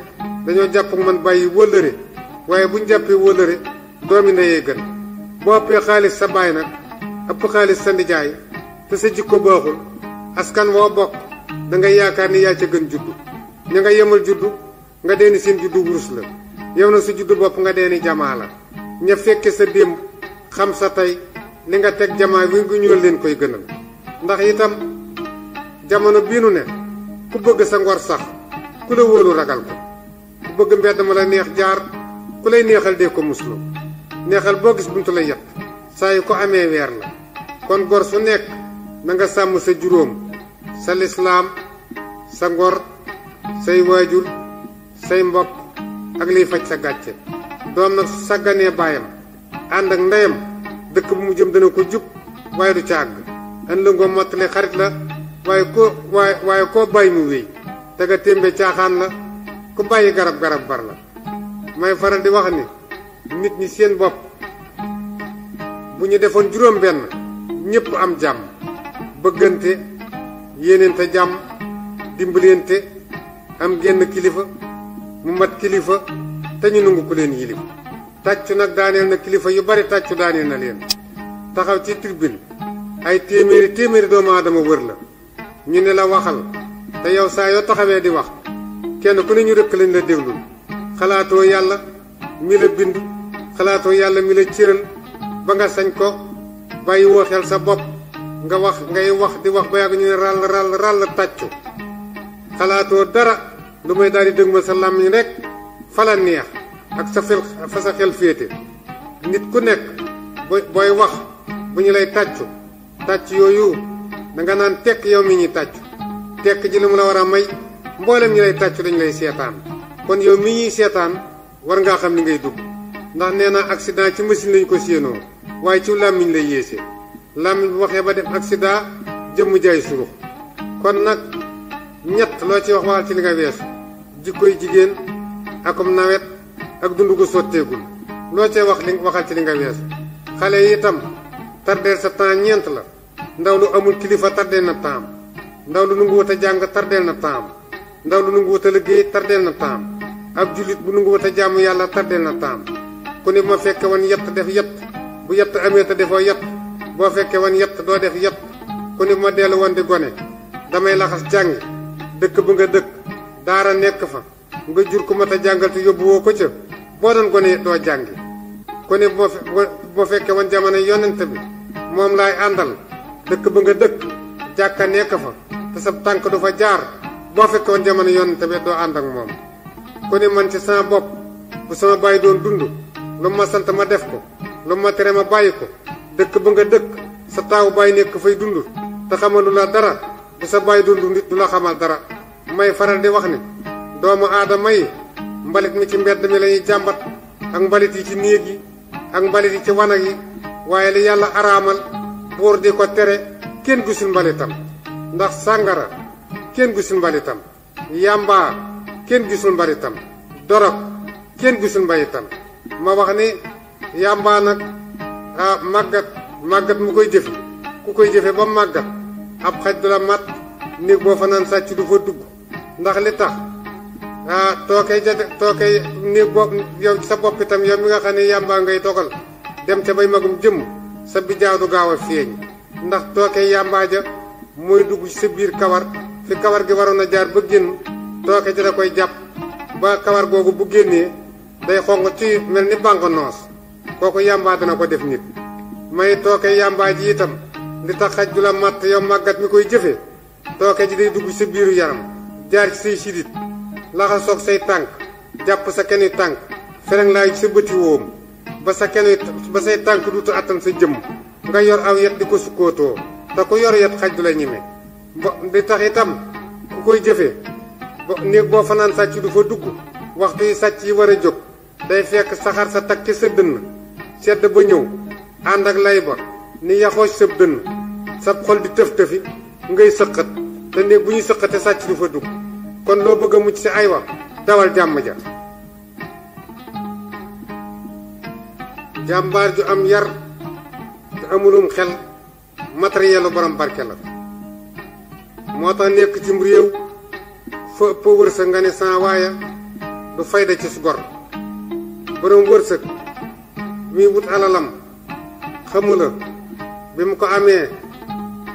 dañoo jàpp man bàyyi wëllëre waaye bu ñu jàppee wëllëre doomi ndeyee gën boo ëppee xaalis sa baay nag ëpp xaalis sa nijaay te sa jikko baaxul askan woo bokk da ngay yaakaar ni yaa ca gën juddu ña nga yemal juddu nga dee ni seen juddu wurus la yow na su juddu bopp nga dee ni jamaa la ña fekkee sa démb xam sa tey li nga teg jamaa wi ngi ñuul leen koy gënal ndax itam jamono bii nu ne ku bëgg sa ngor sax ku la wóolu ragal ko bëgg mbedd ma la neex jaar ku lay neexal de ko muslu neexal boo gis buntu la yàpp saa yu ko amee weer la kon gor su nekk na sàmm sa juróom sa lislaam sa ngor say waajur say mbokk ak liy faj sa gàcce doom nag su sàgganee baayam ànd ak ndeyam dëkk bu mu jëm dana ko jub waaye du ca àgg an la ngoo mottale xarit la waaye koo waaye koo bàyyi mu wéy tega témbe caaxaan la ku bàyyi garab garab bar la may faral di wax ni nit ñi seen bopp bu ñu defoon juróom benn ñëpp am jàmm bëggante yéeneente jàmm dimbaleente am genn kilifa mu mat kilifa te ñu nangu ku leen yilif tàccu nag daaneel na kilifa yu bari tàccu daaneel na leen taxaw ci tribune ay téeméeri téeméeri doomu aadama wër la ñu ne la waxal te yow saa yoo taxawee di wax kenn ku ne ñu rëkk lañ la déglu xalaatoo yàlla mi la bind xalaatoo yàlla mi la cëral ba nga sañ ko bàyyi woo xel sa bopp nga wax ngay wax di wax ba yàgg ñu ne ràll ràll ràll tàccu xalaatoo dara lu may daal di dëgmal sa làmmiñ rek fala neex ak sa fel fa sa xel féete nit ku nekk booy wax bu ñu lay tàccu tàcc yooyu da naan tekk yow mi ñuy tàccu tekk ji li mu la war a may mboolem ñi lay tàccu dañ lay seetaan kon yow mi ñuy seetaan war ngaa xam li ngay dugg ndax nee naa accident ci machine lañ ko séenoo waaye ci làmmiñ lay yéese làmmiñ bu waxee ba def accident jëmm jaay surux kon nag ñett loo ci wax waxal ci li nga weesu jikkoy jigéen akum nawet ak dund gu sotteegul loo cee wax li waxal ci li nga weesu xale yi itam tardeel sa temps ñeent la ndaw lu amul kilifa tardeel na temps ndaw lu nu nanguwut a jàng tardeel na temps ndaw lu nanguwut a liggéey tardeel na taam ab jullit bu nanguwut a jaamu yàlla tardeel na taam ku ne ma fekke woon yett def yett bu yett amee ta defoo yett boo fekkee woon yett doo def yett ku ne ma dellu woon di gone damay laxas jàngi dëkk bu nga dëkk daara nekk fa nga jur ku mat a jàngal te yóbbu woo ko ca boo doon gone doo jàngi ku ne boo boo fekkee woon jamono yonent bi moom laay àndal dëkk ba nga dëkk jàkka nekk fa te sab tànk du fa jaar boo fekkoon jamono yonante bi doo ànd ak moom ku ne man ci sama bopp bu sama bàyyi doon dund lu ma sant ma def ko lu ma tere ma bàyyi ko dëkk ba nga dëkk sa taawu bàyyi nekk fay dund te xamalu la dara bu sa bàyyi dund nit du la xamal dara may faral di wax ni doomu aadama yi mbalit mi ci mbedd mi la ñuy jàmbat ak mbalit yi ci néeg yi ak mbalit yi ci wanag yi waaye li yàlla araamal buur di ko tere kenn gisul mbalitam ndax sàngara kenn gisul mbalitam yamba kenn gisul mbalitam dorog kenn gisul mbalitam ma wax ni yamba nag ah màggat màggat mu koy jëfe ku koy jëfe ba màggat ab xaj du la mat néeg boo fa naan sàcc du fa dugg ndax li tax ah tookay jate tookay néeg bopp yow sa bopp itam yow mi nga xam ne ngay dogal dem ca bay magum jëmm sa bijaaw gaaw a feeñ ndax tooke yàmbaaja mooy dugg ci sa biir kawar fi kawar gi waroon a jaar ba génn tooke ci da koy jàpp ba kawar googu bu génnee day xong ci mel ni bànqnoos kooku yàmbaa dana ko def nit may tooke yàmbaa ji itam li tax xaj du la màtt yow màggat mi koy jëfe tooke ji day dugg ci biiru yaram jaar ci say sidit laxasoog say tànk jàpp sa kenu tànk fereng laay sa bëti wóom ba sa kenu ba say tànk duutu attan sa jëmm nga yor aw yet di ko sukkootoo te ku yor yet xaj du la ñeme ba di tax itam ku koy jëfee ba néeg boo fanaan sàcc du fa dugg waxtu yi sàcc yi war a jóg day fekk saxaar sa takk ci sa dënn sedd ba ñëw ànd ak lay ba ni yaxooj sa dënn sab xol di tëf tëfi ngay sëqat te néeg bu ñuy sëqate sàcc du fa dugg kon loo bëgg a mucc si ay wax dawal jàmm ja jàmbaar ju am yar te amulum xel matérielu borom barke la moo tax nekk cim réew fa ëpp wërsëg nga ne sans waaya du fayda ci su gor wërsëg muy wut alalam xamu bi mu ko amee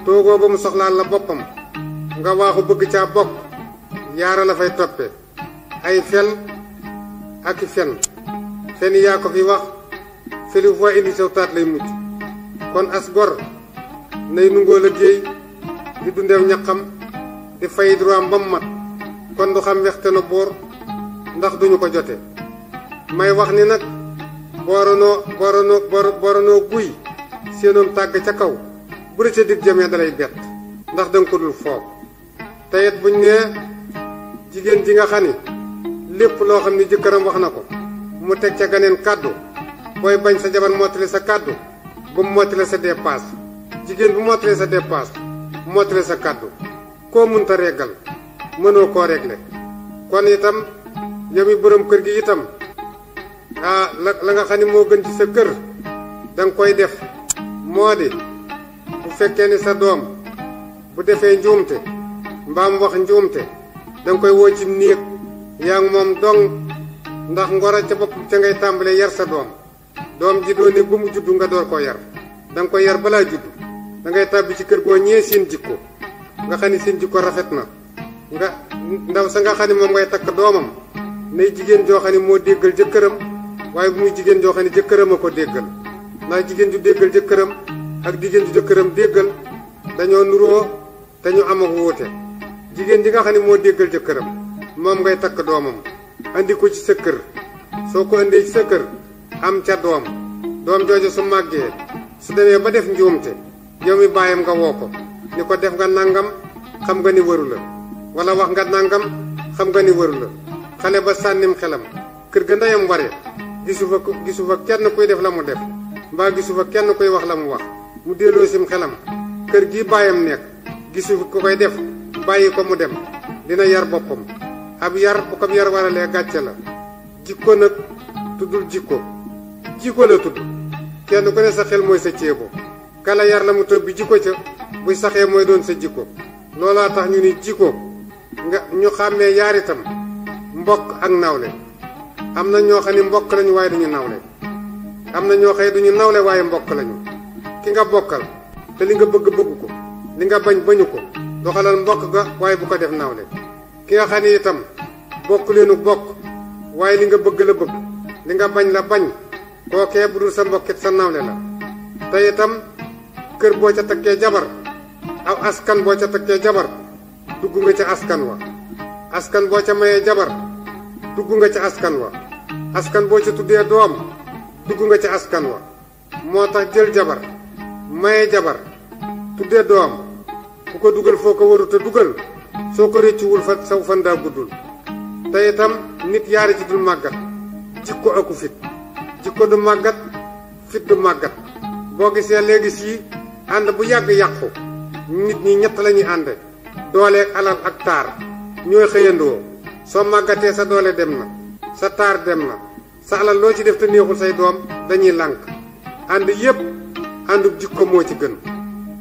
toogoo ba mu soxlaal la boppam nga waaxu bëgg caa bokk yaara la fay toppe ay fen ak fen fen yaa fi wax feli fois indi saw taat lay mujj kon as nay nungoo liggéey di dundeew ñaqam di fay droit am ba mu mat kon du xam wexteelu boor ndax duñu ko jote may wax ni nag booranoo booranoo booranoo guy séenoom tàgg ca kaw bu la ca dig jëmee dalay bett ndax danga ko dul foog te it buñ nee jigéen ji nga xam ni lépp loo xam ni jëkkëram wax na ko mu teg ca ganeen kàddu booy bañ sa jabar mottali sa kàddu ba mu mottali sa dépasse jigéen bu mottali sa dépasse mottali sa kàddu koo munta reggal mënoo koo regle kon itam yow mi kër gi itam ah la la nga xam ne moo gën ci sa kër da nga koy def moo di bu fekkee ni sa doom bu defee njuumte mbaam wax njuumte da nga koy woo ci néeg yaa ngi moom dong ndax ngoro ca bopp ca ngay tàmbalee yar sa doom doom ji doo ne bu mu juddu nga door koo yar da nga koy yar balaa juddu da ngay tàbbi ci kër goo ñee seen jikko nga xam ni seen jikko rafet na nga ndaw sa nga xam ne moom ngay takk doomam nay jigéen joo xam ne moo déggal jëkkëram waaye bu muy jigéen joo xam ne jëkkëram a ko déggal ndax jigéen ju déggal jëkkëram ak jigéen ju jëkkëram déggal dañoo nuroo te ñu am ak wuute jigéen ji nga xam ne moo déggal jëkkëram moom ngay takk doomam andi ko ci sa kër soo ko andee ci sa kër am ca doom doom jooju su màggee su demee ba def njuumte yow mi bàyyam nga woo ko ni ko def nga nangam xam nga ni waru la wala wax nga nangam xam nga ni waru la xale ba sànnim xelam kër ga ndeyam ware gisu fa gisu fa kenn kuy def la mu def mbaa gisu fa kenn kuy wax la mu wax mu delloo sim xelam kër gi baayam nekk gisu ko koy def bàyyi ko mu dem dina yar boppam ab yar bu ko yar waralee gàcce la jikko nag tuddul jikko jikko la tudd kenn ku ne sa xel mooy sa ceebo kala yar la mu tëb bi jikko ca buy saxee mooy doon sa jikko loolaa tax ñu ni jikko nga ñu xàmmee yaaritam mbokk ak nawle am na ñoo xam ne mbokk lañu waaye duñu nawle am na ñoo xam ne duñu nawle waaye mbokk lañu ki nga bokkal te li nga bëgg bëgg ko li nga bañ bañu ko doxalal mbokk ga waaye bu ko def nawle ki nga xam ne itam bokk leenu bokk waaye li nga bëgg la bëgg li nga bañ la bañ kookee bu dul sa mbokkit sa nawle la te itam kër boo ca takkee jabar aw askan boo ca takkee jabar dugg nga ca askan wa askan boo ca mayee jabar dugg nga ca askan wa askan boo ca tuddee doom dugg nga ca askan wa moo tax jël jabar maye jabar tuddee doom ku ko dugal foo ko warut a soo ko rëccuwul fa saw fan daa guddul te itam nit yaari ci dul màggat jikko aku fit jikko du màggat fit du màggat boo gisee léegi sii ànd bu yàgg yàqu nit ñi ñett lañuy ñuy ànd doole alal ak taar ñooy xëyandoo soo màggatee sa doole dem na sa taar dem na sa alal loo ci def te neexul say doom dañuy lànk ànd yépp ànd jikko moo ci gën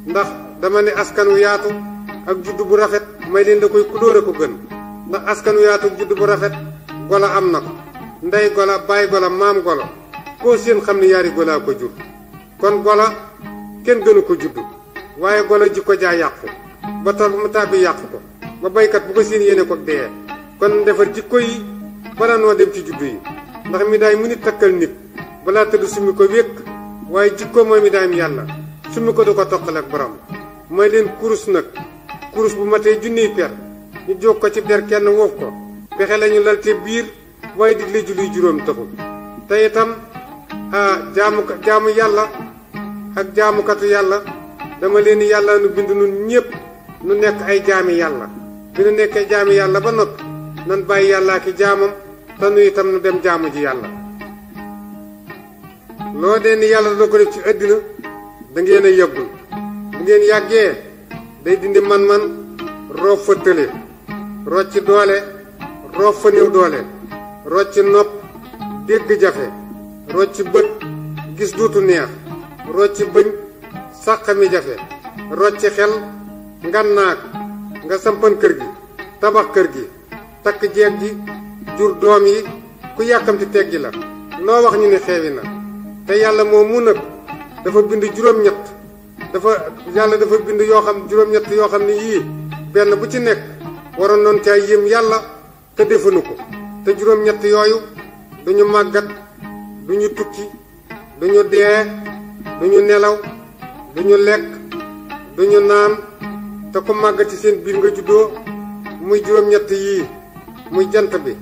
ndax dama ne askan wuyaatu ak juddu bu rafet may leen da koy kulóor ko gën ndax askan wu ak juddu bu rafet golo am na ko ndey gola baay gola maam golo koo seen xam ne yaari golaa ko jur kon gola kenn gënu ko juddu waaye golo jikko jaa yàqu ba tool bu mu tàbbi yàqu ko ba baykat bu ko seen yéene ko dee kon defar jikko yi balaa noo dem ci juddu yi ndax mi daay mu nit takkal nit balaa tëdd summi ko wékk waaye jikko mooy mi daayam yàlla summi ko du ko toqal ak borom mooy leen kurus nag kurus bu matee junniy per ñu jóg ko ci der kenn woof ko pexe lañu lal te biir waaye digle julli juróom taxul te itam ah, jaamu jaamu yàlla ak jaamukatu yàlla dama leen yàlla nu bind nun ñëpp nu nekk ay jaami yàlla bi nu nekkee jaami yàlla ba noppi nan bàyyi yàllaa ki jaamam te nu itam nu dem jaamu ji yàlla loo dee ni yàlla dana ko def ci àddina da a yàggul bu ngeen yàggee day dindi man-man roof fa tële roof ci doole roof fa néew doole roof ci nopp dégg jafe roof ci bët gis duutu neex roof ci bëñ sàq mi jafe rocci xel nga nga sampan kër gi tabax kër gi takk jeeg ji jur doom yi ku yàkkamti teggi la loo wax ñu ne xeewi na te yàlla moo mu nag dafa bind juróom-ñett dafa yàlla dafa bind yoo xam juróom-ñett yoo xam ne yii benn bu ci nekk waroon noon caa yéem yàlla te defuñu ko te juróom-ñett yooyu duñu màggat duñu tukki duñu dee duñu nelaw du ñu lekk du naan te ku màgg ci seen biir nga juddoo muy juróom-ñett yii muy jant bi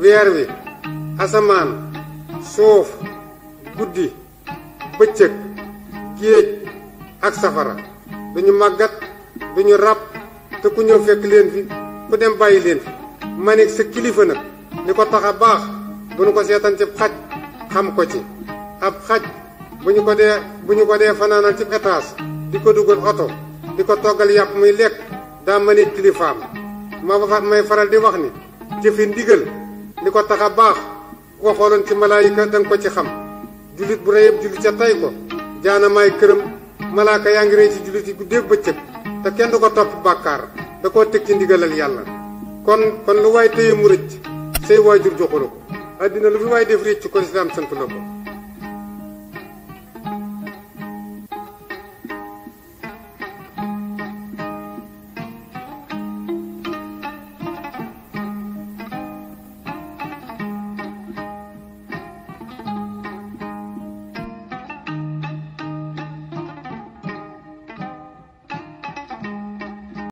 weer wi asamaan suuf guddi bëccëg géej ak safara du màggat du ñu ràpp te ku ñëw fekk leen fi ku dem bàyyi leen fi ma sa kilifa nag li ko tax a baax bu nu ko seetaan ci xaj xam ko ci ab xaj bu ñu ko dee bu ñu ko dee fanaanal ci étage di ko dugal oto di ko toggal yàpp muy lekk daa ma ni kilifaam ma fa may faral di wax ni jëfi ndigal li ko tax a baax ko xooloon ci malaayika danga ko ci xam jullit bu rëyëb jullit ca tay ko jaanamaay këram malaaka yaa ngi rëy ci jullit yi guddeeg bëccëg te kenn ko topp bàkkaar da koo teg ci ndigalal yàlla kon kon lu waay téye mu rëcc say waajur joxu la ko addina lu fi waay def rëcc ko lislaam sant la